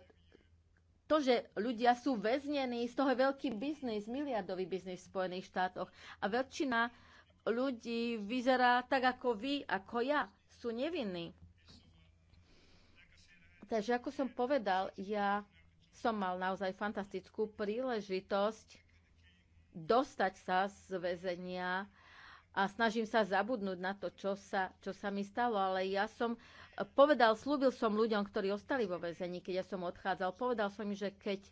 to, že ľudia sú väznení, z toho je veľký biznis, miliardový biznis v Spojených štátoch a väčšina ľudí vyzerá tak ako vy, ako ja. Sú nevinní. Takže ako som povedal, ja som mal naozaj fantastickú príležitosť dostať sa z väzenia a snažím sa zabudnúť na to, čo sa, čo sa mi stalo, ale ja som eh, povedal, slúbil som ľuďom, ktorí ostali vo väzení, keď ja som odchádzal, povedal som im, že keď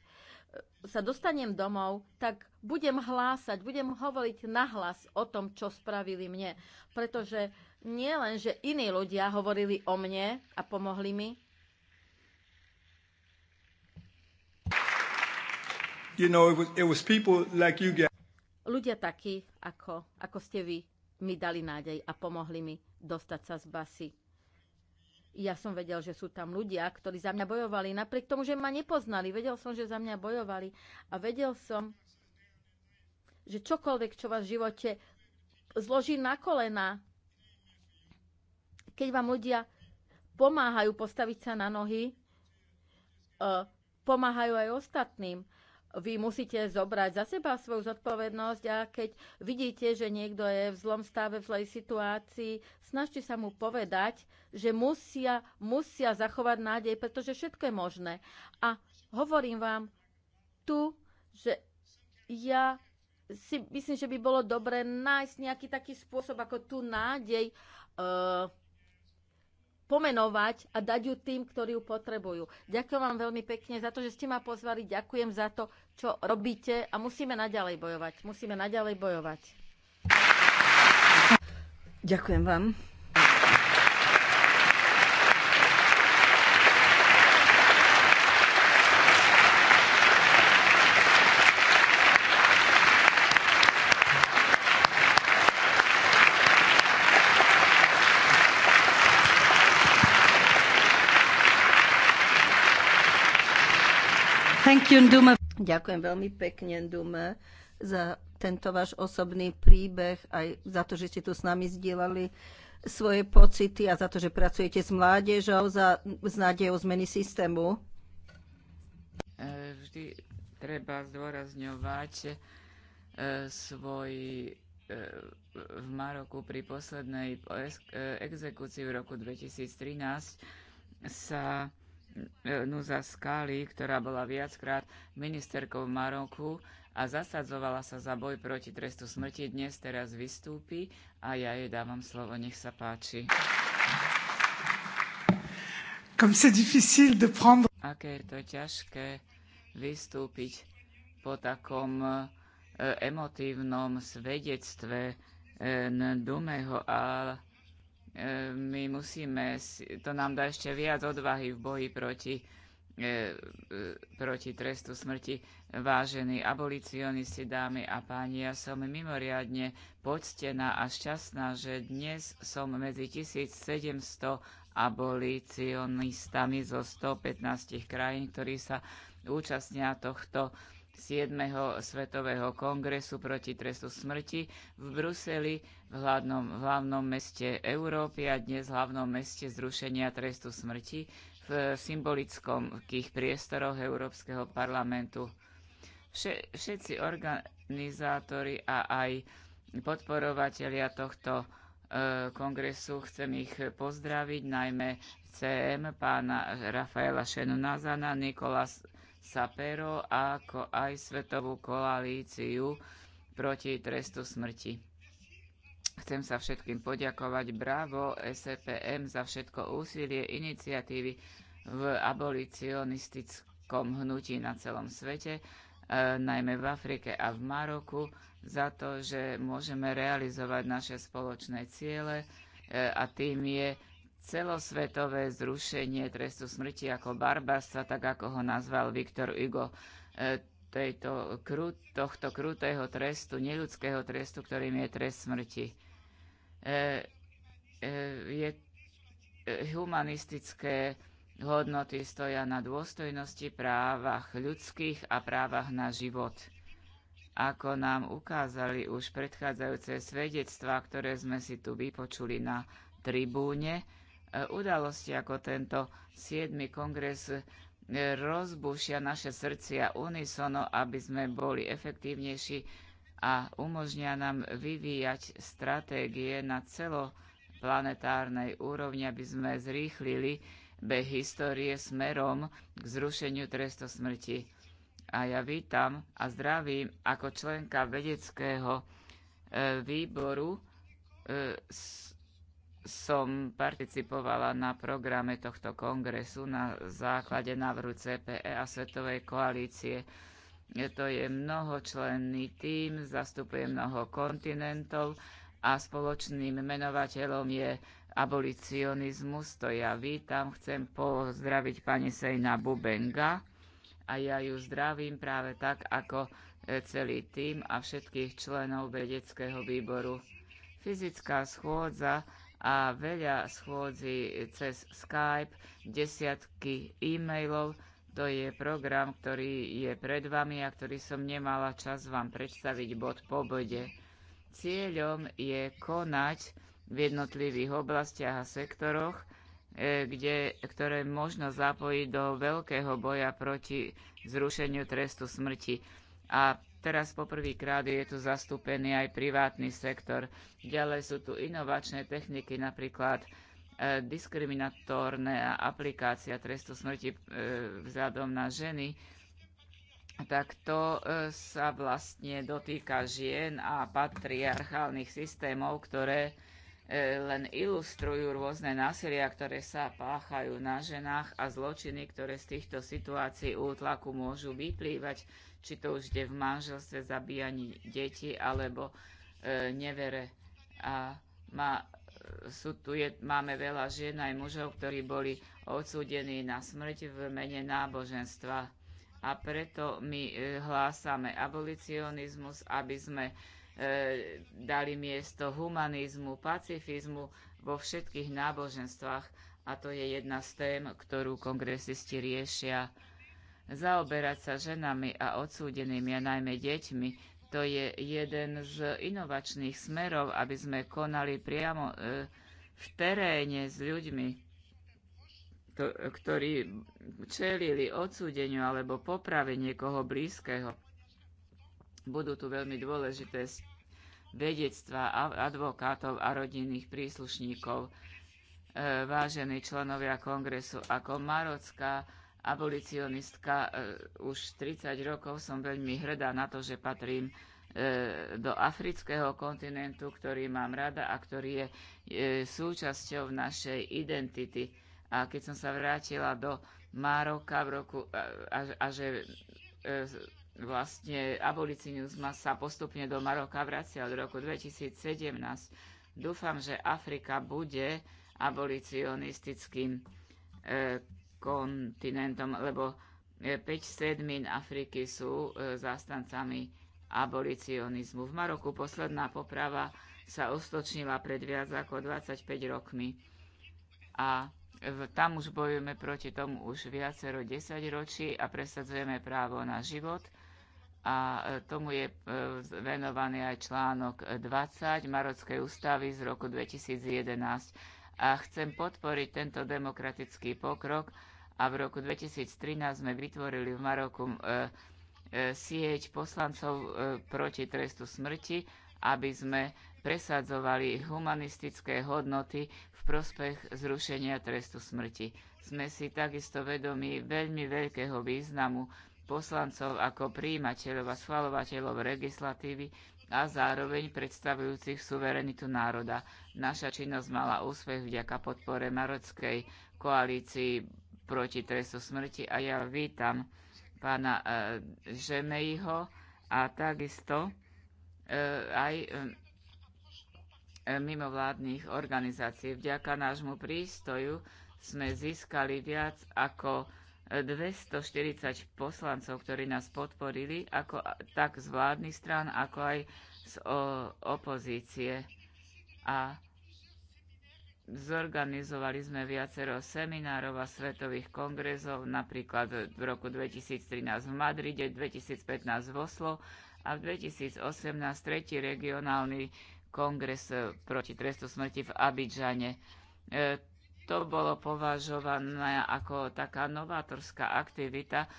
sa dostanem domov, tak budem hlásať, budem hovoriť nahlas o tom, čo spravili mne. Pretože nie len, že iní ľudia hovorili o mne a pomohli mi, You know, it was, it was like you get... Ľudia takí, ako, ako ste vy, mi dali nádej a pomohli mi dostať sa z basy ja som vedel, že sú tam ľudia, ktorí za mňa bojovali, napriek tomu, že ma nepoznali. Vedel som, že za mňa bojovali a vedel som, že čokoľvek, čo vás v živote zloží na kolena, keď vám ľudia pomáhajú postaviť sa na nohy, eh, pomáhajú aj ostatným vy musíte zobrať za seba svoju zodpovednosť a keď vidíte, že niekto je v zlom stave, v zlej situácii, snažte sa mu povedať, že musia, musia zachovať nádej, pretože všetko je možné. A hovorím vám tu, že ja si myslím, že by bolo dobré nájsť nejaký taký spôsob, ako tú nádej uh, pomenovať a dať ju tým, ktorí ju potrebujú. Ďakujem vám veľmi pekne za to, že ste ma pozvali. Ďakujem za to, čo robíte a musíme naďalej bojovať. Musíme naďalej bojovať. Ďakujem vám. Ďakujem veľmi pekne, Dume, za tento váš osobný príbeh, aj za to, že ste tu s nami zdieľali svoje pocity a za to, že pracujete s mládežou, za, s nádejou zmeny systému. E, vždy treba zdôrazňovať e, svoj e, v Maroku pri poslednej exekúcii v roku 2013 sa Nuza no, Skali, ktorá bola viackrát ministerkou v Maroku a zasadzovala sa za boj proti trestu smrti, dnes teraz vystúpi a ja jej dávam slovo. Nech sa páči. Aké je to ťažké vystúpiť po takom e, emotívnom svedectve e, Ndumeho, ale Ehm, my musíme, to nám dá ešte viac odvahy v boji proti, e, e, proti trestu smrti. Vážení abolicionisti, dámy a páni, ja som mimoriadne poctená a šťastná, že dnes som medzi 1700 abolicionistami zo 115 krajín, ktorí sa účastnia tohto 7. svetového kongresu proti trestu smrti v Bruseli, v hlavnom, v hlavnom meste Európy a dnes v hlavnom meste zrušenia trestu smrti v symbolických priestoroch Európskeho parlamentu. Všetci organizátori a aj podporovatelia tohto e, kongresu chcem ich pozdraviť, najmä CM, pána Rafaela Šenunazana, Nikolas Sapero, ako aj Svetovú koalíciu proti trestu smrti. Chcem sa všetkým poďakovať. Bravo SPM za všetko úsilie, iniciatívy v abolicionistickom hnutí na celom svete, e, najmä v Afrike a v Maroku, za to, že môžeme realizovať naše spoločné ciele e, a tým je celosvetové zrušenie trestu smrti ako barbarstva, tak ako ho nazval Viktor Hugo. E, tejto, tohto krutého trestu, neľudského trestu, ktorým je trest smrti. E, e, je, humanistické hodnoty stoja na dôstojnosti, právach ľudských a právach na život. Ako nám ukázali už predchádzajúce svedectvá, ktoré sme si tu vypočuli na tribúne, udalosti ako tento 7. kongres e, rozbušia naše srdcia unisono, aby sme boli efektívnejší a umožnia nám vyvíjať stratégie na celoplanetárnej úrovni, aby sme zrýchlili be histórie smerom k zrušeniu trestu smrti. A ja vítam a zdravím ako členka vedeckého e, výboru e, som participovala na programe tohto kongresu na základe návrhu CPE a Svetovej koalície. To je mnohočlenný tím, zastupuje mnoho kontinentov a spoločným menovateľom je abolicionizmus. To ja vítam, chcem pozdraviť pani Sejna Bubenga a ja ju zdravím práve tak, ako e, celý tím a všetkých členov vedeckého výboru. Fyzická schôdza a veľa schôdzi cez Skype, desiatky e-mailov. To je program, ktorý je pred vami a ktorý som nemala čas vám predstaviť bod po bode. Cieľom je konať v jednotlivých oblastiach a sektoroch, e, kde, ktoré možno zapojiť do veľkého boja proti zrušeniu trestu smrti. A Teraz poprvýkrát je tu zastúpený aj privátny sektor. Ďalej sú tu inovačné techniky, napríklad e, aplikácia trestu smrti e, vzhľadom na ženy, tak to e, sa vlastne dotýka žien a patriarchálnych systémov, ktoré E, len ilustrujú rôzne násilia, ktoré sa páchajú na ženách a zločiny, ktoré z týchto situácií útlaku môžu vyplývať, či to už ide v manželstve, zabíjaní detí alebo e, nevere. A má, sú tu je, máme veľa žien aj mužov, ktorí boli odsúdení na smrť v mene náboženstva. A preto my e, hlásame abolicionizmus, aby sme E, dali miesto humanizmu, pacifizmu vo všetkých náboženstvách a to je jedna z tém, ktorú kongresisti riešia. Zaoberať sa ženami a odsúdenými a najmä deťmi, to je jeden z inovačných smerov, aby sme konali priamo e, v teréne s ľuďmi, ktorí čelili odsúdeniu alebo poprave niekoho blízkeho budú tu veľmi dôležité vedectva advokátov a rodinných príslušníkov. E, vážení členovia kongresu, ako marocká abolicionistka e, už 30 rokov som veľmi hrdá na to, že patrím e, do afrického kontinentu, ktorý mám rada a ktorý je súčasťou našej identity. A keď som sa vrátila do Maroka v roku a, a že vlastne abolicinizma sa postupne do Maroka vracia od roku 2017. Dúfam, že Afrika bude abolicionistickým e, kontinentom, lebo 5 e, sedmín Afriky sú e, zástancami abolicionizmu. V Maroku posledná poprava sa ustočnila pred viac ako 25 rokmi a v, tam už bojujeme proti tomu už viacero desaťročí a presadzujeme právo na život – a e, tomu je e, venovaný aj článok 20 e, Marockej ústavy z roku 2011. A chcem podporiť tento demokratický pokrok a v roku 2013 sme vytvorili v Maroku sieť poslancov proti trestu smrti, aby sme presadzovali humanistické hodnoty v prospech zrušenia trestu smrti. Sme si takisto vedomi veľmi veľkého významu poslancov ako príjimateľov a schvalovateľov legislatívy a zároveň predstavujúcich suverenitu národa. Naša činnosť mala úspech vďaka podpore Marockej koalícii proti trestu smrti a ja vítam pána e, Žemejho a takisto e, aj e, mimovládnych organizácií. Vďaka nášmu prístoju sme získali viac ako 240 poslancov, ktorí nás podporili, ako, tak z vládnych strán, ako aj z o, opozície. A zorganizovali sme viacero seminárov a svetových kongresov, napríklad v roku 2013 v Madride, 2015 v Oslo a v 2018 tretí regionálny kongres eh, proti trestu smrti v Abidžane. E, to bolo považované ako taká novátorská aktivita e,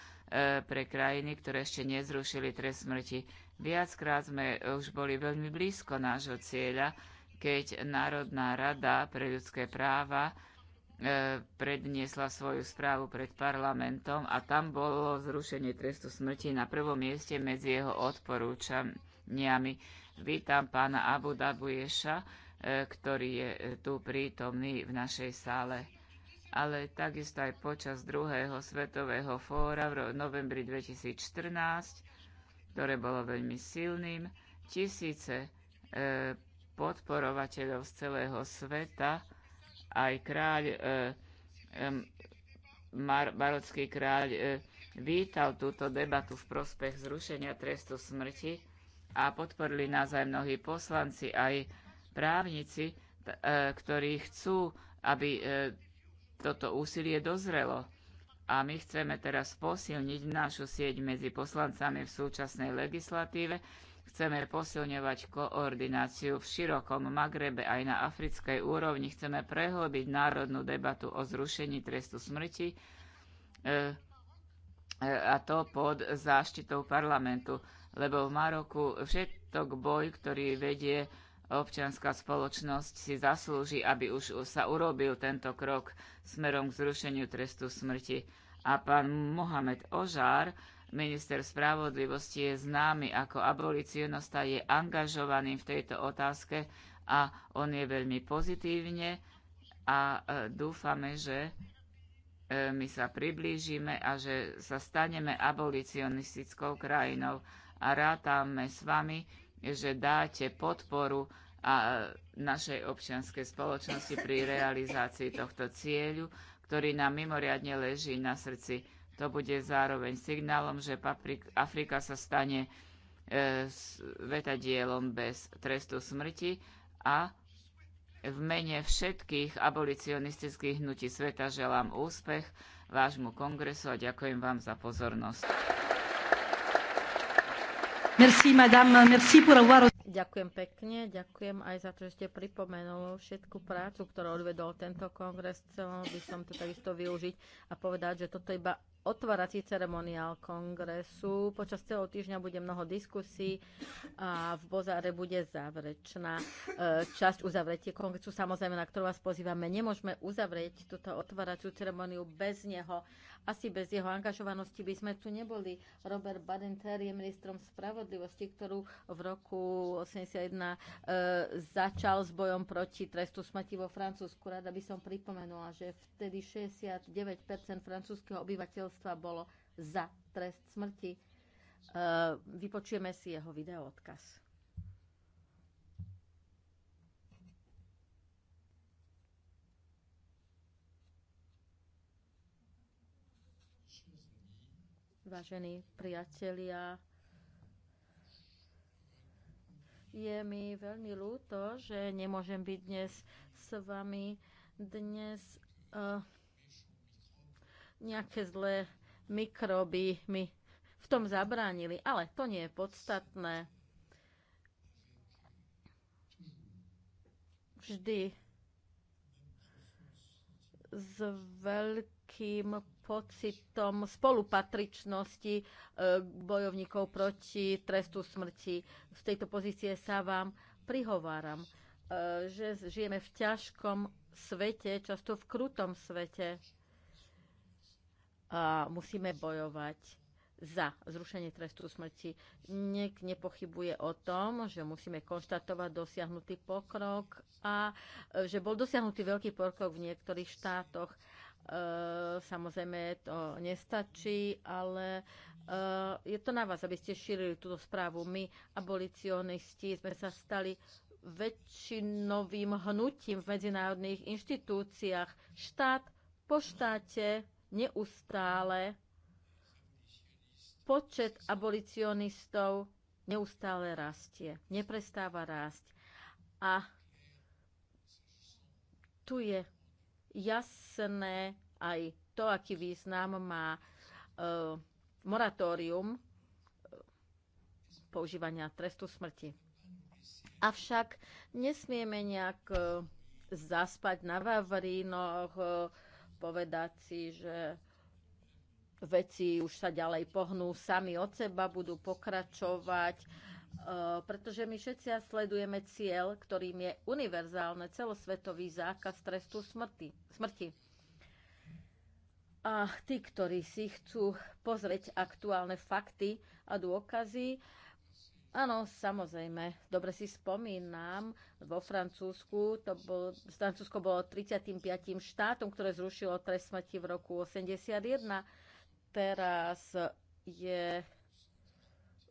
pre krajiny, ktoré ešte nezrušili trest smrti. Viackrát sme už boli veľmi blízko nášho cieľa, keď Národná rada pre ľudské práva e, predniesla svoju správu pred parlamentom a tam bolo zrušenie trestu smrti na prvom mieste medzi jeho odporúčaniami. Vítam pána Abu Dabuješa, E, ktorý je e, tu prítomný v našej sále. Ale takisto aj počas druhého svetového fóra v novembri 2014, ktoré bolo veľmi silným, tisíce e, podporovateľov z celého sveta, aj kráľ, e, marocký kráľ vítal túto debatu v prospech zrušenia trestu smrti a podporili nás aj mnohí poslanci, aj právnici, e, ktorí chcú, aby e, toto úsilie dozrelo. A my chceme teraz posilniť našu sieť medzi poslancami v súčasnej legislatíve, chceme posilňovať koordináciu v širokom Magrebe aj na africkej úrovni, chceme prehlbiť národnú debatu o zrušení trestu smrti e, a to pod záštitou parlamentu, lebo v Maroku všetok boj, ktorý vedie Občianská spoločnosť si zaslúži, aby už sa urobil tento krok smerom k zrušeniu trestu smrti. A pán Mohamed Ožár, minister spravodlivosti, je známy ako abolicionista, je angažovaný v tejto otázke a on je veľmi pozitívne a e, dúfame, že e, my sa priblížime a že sa staneme abolicionistickou krajinou a rátame s vami, že dáte podporu a e, našej občianskej spoločnosti pri realizácii tohto cieľu, ktorý nám mimoriadne leží na srdci. To bude zároveň signálom, že Afrika sa stane e, vetadielom bez trestu smrti a v mene všetkých abolicionistických hnutí sveta želám úspech vášmu kongresu a ďakujem vám za pozornosť. Merci, madame, merci pour avoir... Ďakujem pekne, ďakujem aj za to, že ste pripomenul všetku prácu, ktorú odvedol tento kongres. Chcel by som to takisto využiť a povedať, že toto iba otvárací ceremoniál kongresu. Počas celého týždňa bude mnoho diskusí a v Bozáre bude záverečná e, časť uzavretie kongresu, samozrejme, na ktorú vás pozývame. Nemôžeme uzavrieť túto otváraciu ceremoniu bez neho. Asi bez jeho angažovanosti by sme tu neboli. Robert Badenter je ministrom spravodlivosti, ktorú v roku 1981 e, začal s bojom proti trestu smrti vo Francúzsku. Rada by som pripomenula, že vtedy 69% francúzského obyvateľstva obyvateľstva bolo za trest smrti. E, vypočujeme si jeho odkaz. Vážení priatelia, je mi veľmi ľúto, že nemôžem byť dnes s vami. Dnes uh, nejaké zlé mikroby mi v tom zabránili. Ale to nie je podstatné. Vždy s veľkým pocitom spolupatričnosti e, bojovníkov proti trestu smrti. Z tejto pozície sa vám prihováram, e, že žijeme v ťažkom svete, často v krutom svete a musíme bojovať za zrušenie trestu smrti. niek nepochybuje o tom, že musíme konštatovať dosiahnutý pokrok a e, že bol dosiahnutý veľký pokrok v niektorých štátoch. E, samozrejme to nestačí, ale e, je to na vás, aby ste šírili túto správu. My, abolicionisti, sme sa stali väčšinovým hnutím v medzinárodných inštitúciách, štát po štáte, neustále počet abolicionistov neustále rastie, neprestáva rásť. A tu je jasné aj to, aký význam má e, moratórium e, používania trestu smrti. Avšak nesmieme nejak e, zaspať na Vavrínoch, e, povedať si, že veci už sa ďalej pohnú sami od seba, budú pokračovať, e, pretože my všetci sledujeme cieľ, ktorým je univerzálne celosvetový zákaz trestu smrti. smrti. A tí, ktorí si chcú pozrieť aktuálne fakty a dôkazy, Áno, samozrejme. Dobre si spomínam, vo Francúzsku to bol, Francúzsko bolo 35. štátom, ktoré zrušilo trest smrti v roku 81. Teraz je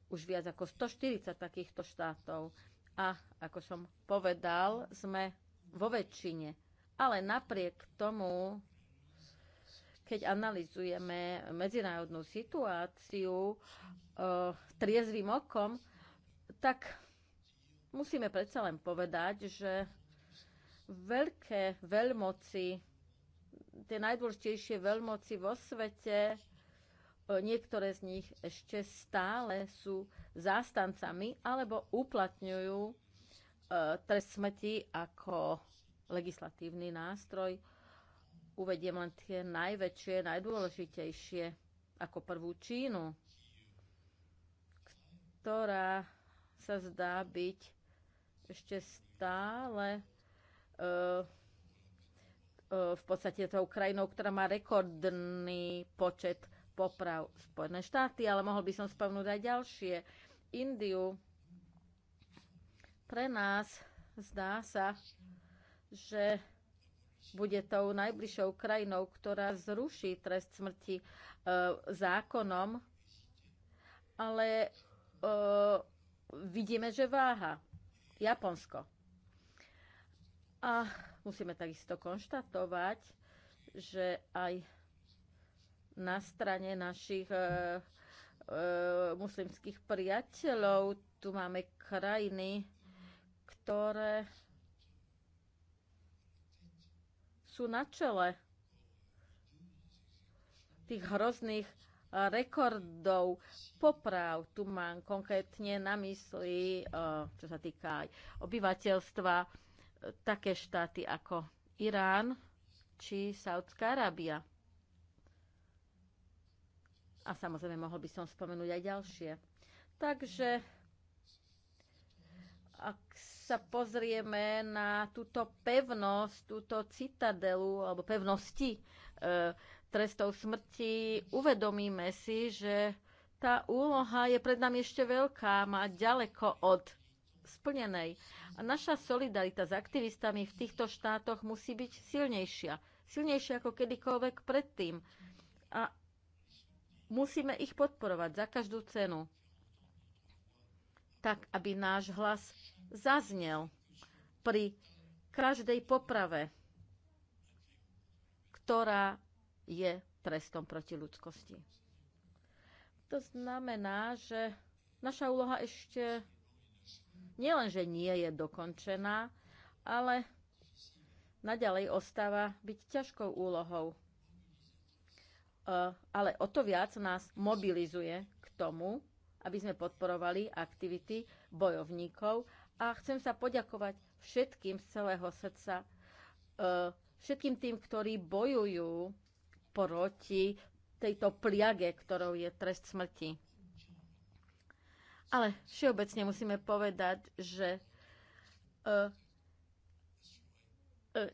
už viac ako 140 takýchto štátov. A ako som povedal, sme vo väčšine. Ale napriek tomu, keď analizujeme medzinárodnú situáciu e, triezvým okom, tak musíme predsa len povedať, že veľké veľmoci, tie najdôležitejšie veľmoci vo svete, e, niektoré z nich ešte stále sú zástancami alebo uplatňujú e, trest smrti ako legislatívny nástroj. Uvediem len tie najväčšie, najdôležitejšie, ako prvú Čínu, ktorá sa zdá byť ešte stále eh, eh, v podstate tou krajinou, ktorá má rekordný počet poprav Spojené štáty, ale mohol by som spomnúť aj ďalšie. Indiu. Pre nás zdá sa, že bude tou najbližšou krajinou, ktorá zruší trest smrti e, zákonom, ale e, vidíme, že váha. Japonsko. A musíme takisto konštatovať, že aj na strane našich e, e, muslimských priateľov tu máme krajiny, ktoré sú na čele tých hrozných rekordov poprav. Tu mám konkrétne na mysli, e, čo sa týka aj obyvateľstva, e, také štáty ako Irán či Saudská Arábia. A samozrejme, mohol by som spomenúť aj ďalšie. Takže, ak sa pozrieme na túto pevnosť, túto citadelu, alebo pevnosti, e, trestov smrti, uvedomíme si, že tá úloha je pred nami ešte veľká, má ďaleko od splnenej. A naša solidarita s aktivistami v týchto štátoch musí byť silnejšia. Silnejšia ako kedykoľvek predtým. A musíme ich podporovať za každú cenu. Tak, aby náš hlas zaznel pri každej poprave, ktorá je trestom proti ľudskosti. To znamená, že naša úloha ešte nielenže nie je dokončená, ale naďalej ostáva byť ťažkou úlohou. E, ale o to viac nás mobilizuje k tomu, aby sme podporovali aktivity bojovníkov a chcem sa poďakovať všetkým z celého srdca, e, všetkým tým, ktorí bojujú proti tejto pliage, ktorou je trest smrti. Ale všeobecne musíme povedať, že uh, uh,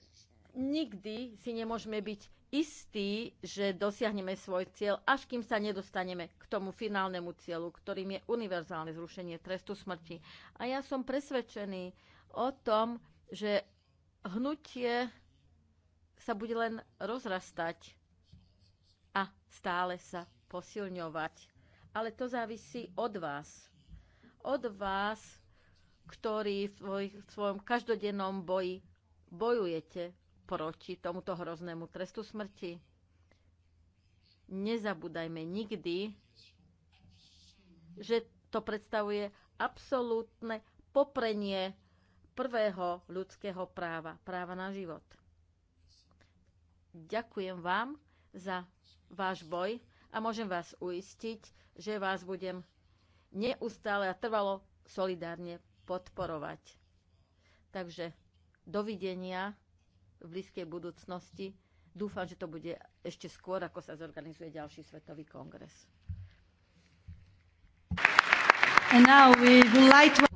nikdy si nemôžeme byť istí, že dosiahneme svoj cieľ, až kým sa nedostaneme k tomu finálnemu cieľu, ktorým je univerzálne zrušenie trestu smrti. A ja som presvedčený o tom, že hnutie sa bude len rozrastať a stále sa posilňovať. Ale to závisí od vás. Od vás, ktorí v, svoj, v svojom každodennom boji bojujete proti tomuto hroznému trestu smrti. Nezabúdajme nikdy, že to predstavuje absolútne poprenie prvého ľudského práva, práva na život. Ďakujem vám za váš boj a môžem vás uistiť, že vás budem neustále a trvalo solidárne podporovať. Takže dovidenia v blízkej budúcnosti. Dúfam, že to bude ešte skôr, ako sa zorganizuje ďalší svetový kongres.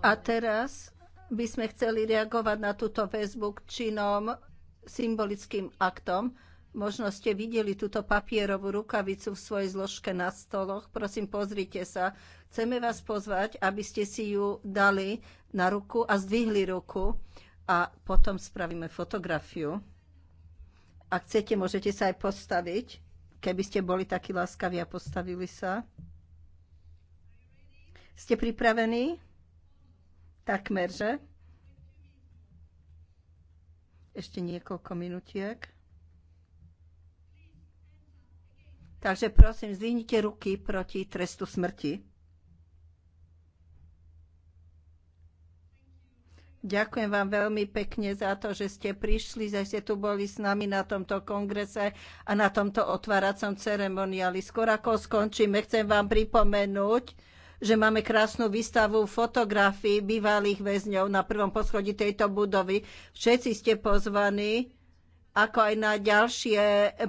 A teraz by sme chceli reagovať na túto väzbu k činom symbolickým aktom. Možno ste videli túto papierovú rukavicu v svojej zložke na stoloch. Prosím, pozrite sa. Chceme vás pozvať, aby ste si ju dali na ruku a zdvihli ruku a potom spravíme fotografiu. Ak chcete, môžete sa aj postaviť, keby ste boli takí láskaví a postavili sa. Ste pripravení? Takmer, že? Ešte niekoľko minutiek. Takže prosím, zdvihnite ruky proti trestu smrti. Ďakujem vám veľmi pekne za to, že ste prišli, že ste tu boli s nami na tomto kongrese a na tomto otváracom ceremoniáli. Skôr ako skončíme, chcem vám pripomenúť, že máme krásnu výstavu fotografií bývalých väzňov na prvom poschodí tejto budovy. Všetci ste pozvaní ako aj na ďalšie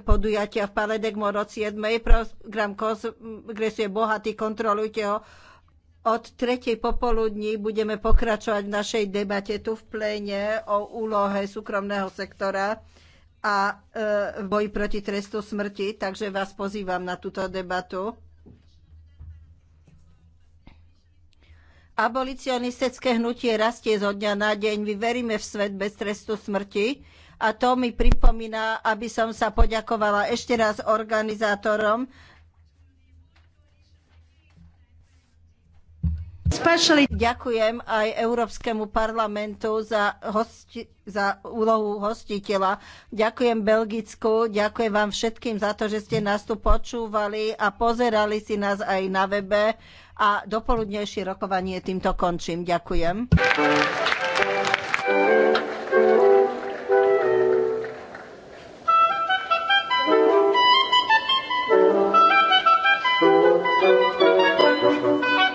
podujatia v paledek Moroc 7. Program kongresu je bohatý, kontrolujte ho. Od tretej popoludní budeme pokračovať v našej debate tu v pléne o úlohe súkromného sektora a e, v e, boji proti trestu smrti, takže vás pozývam na túto debatu. Abolicionistické hnutie rastie zo dňa na deň. My veríme v svet bez trestu smrti a to mi pripomína, aby som sa poďakovala ešte raz organizátorom. Ďakujem aj Európskemu parlamentu za, hosti, za úlohu hostiteľa. Ďakujem Belgicku, ďakujem vám všetkým za to, že ste nás tu počúvali a pozerali si nás aj na webe. A dopoludnejšie rokovanie týmto končím. Ďakujem.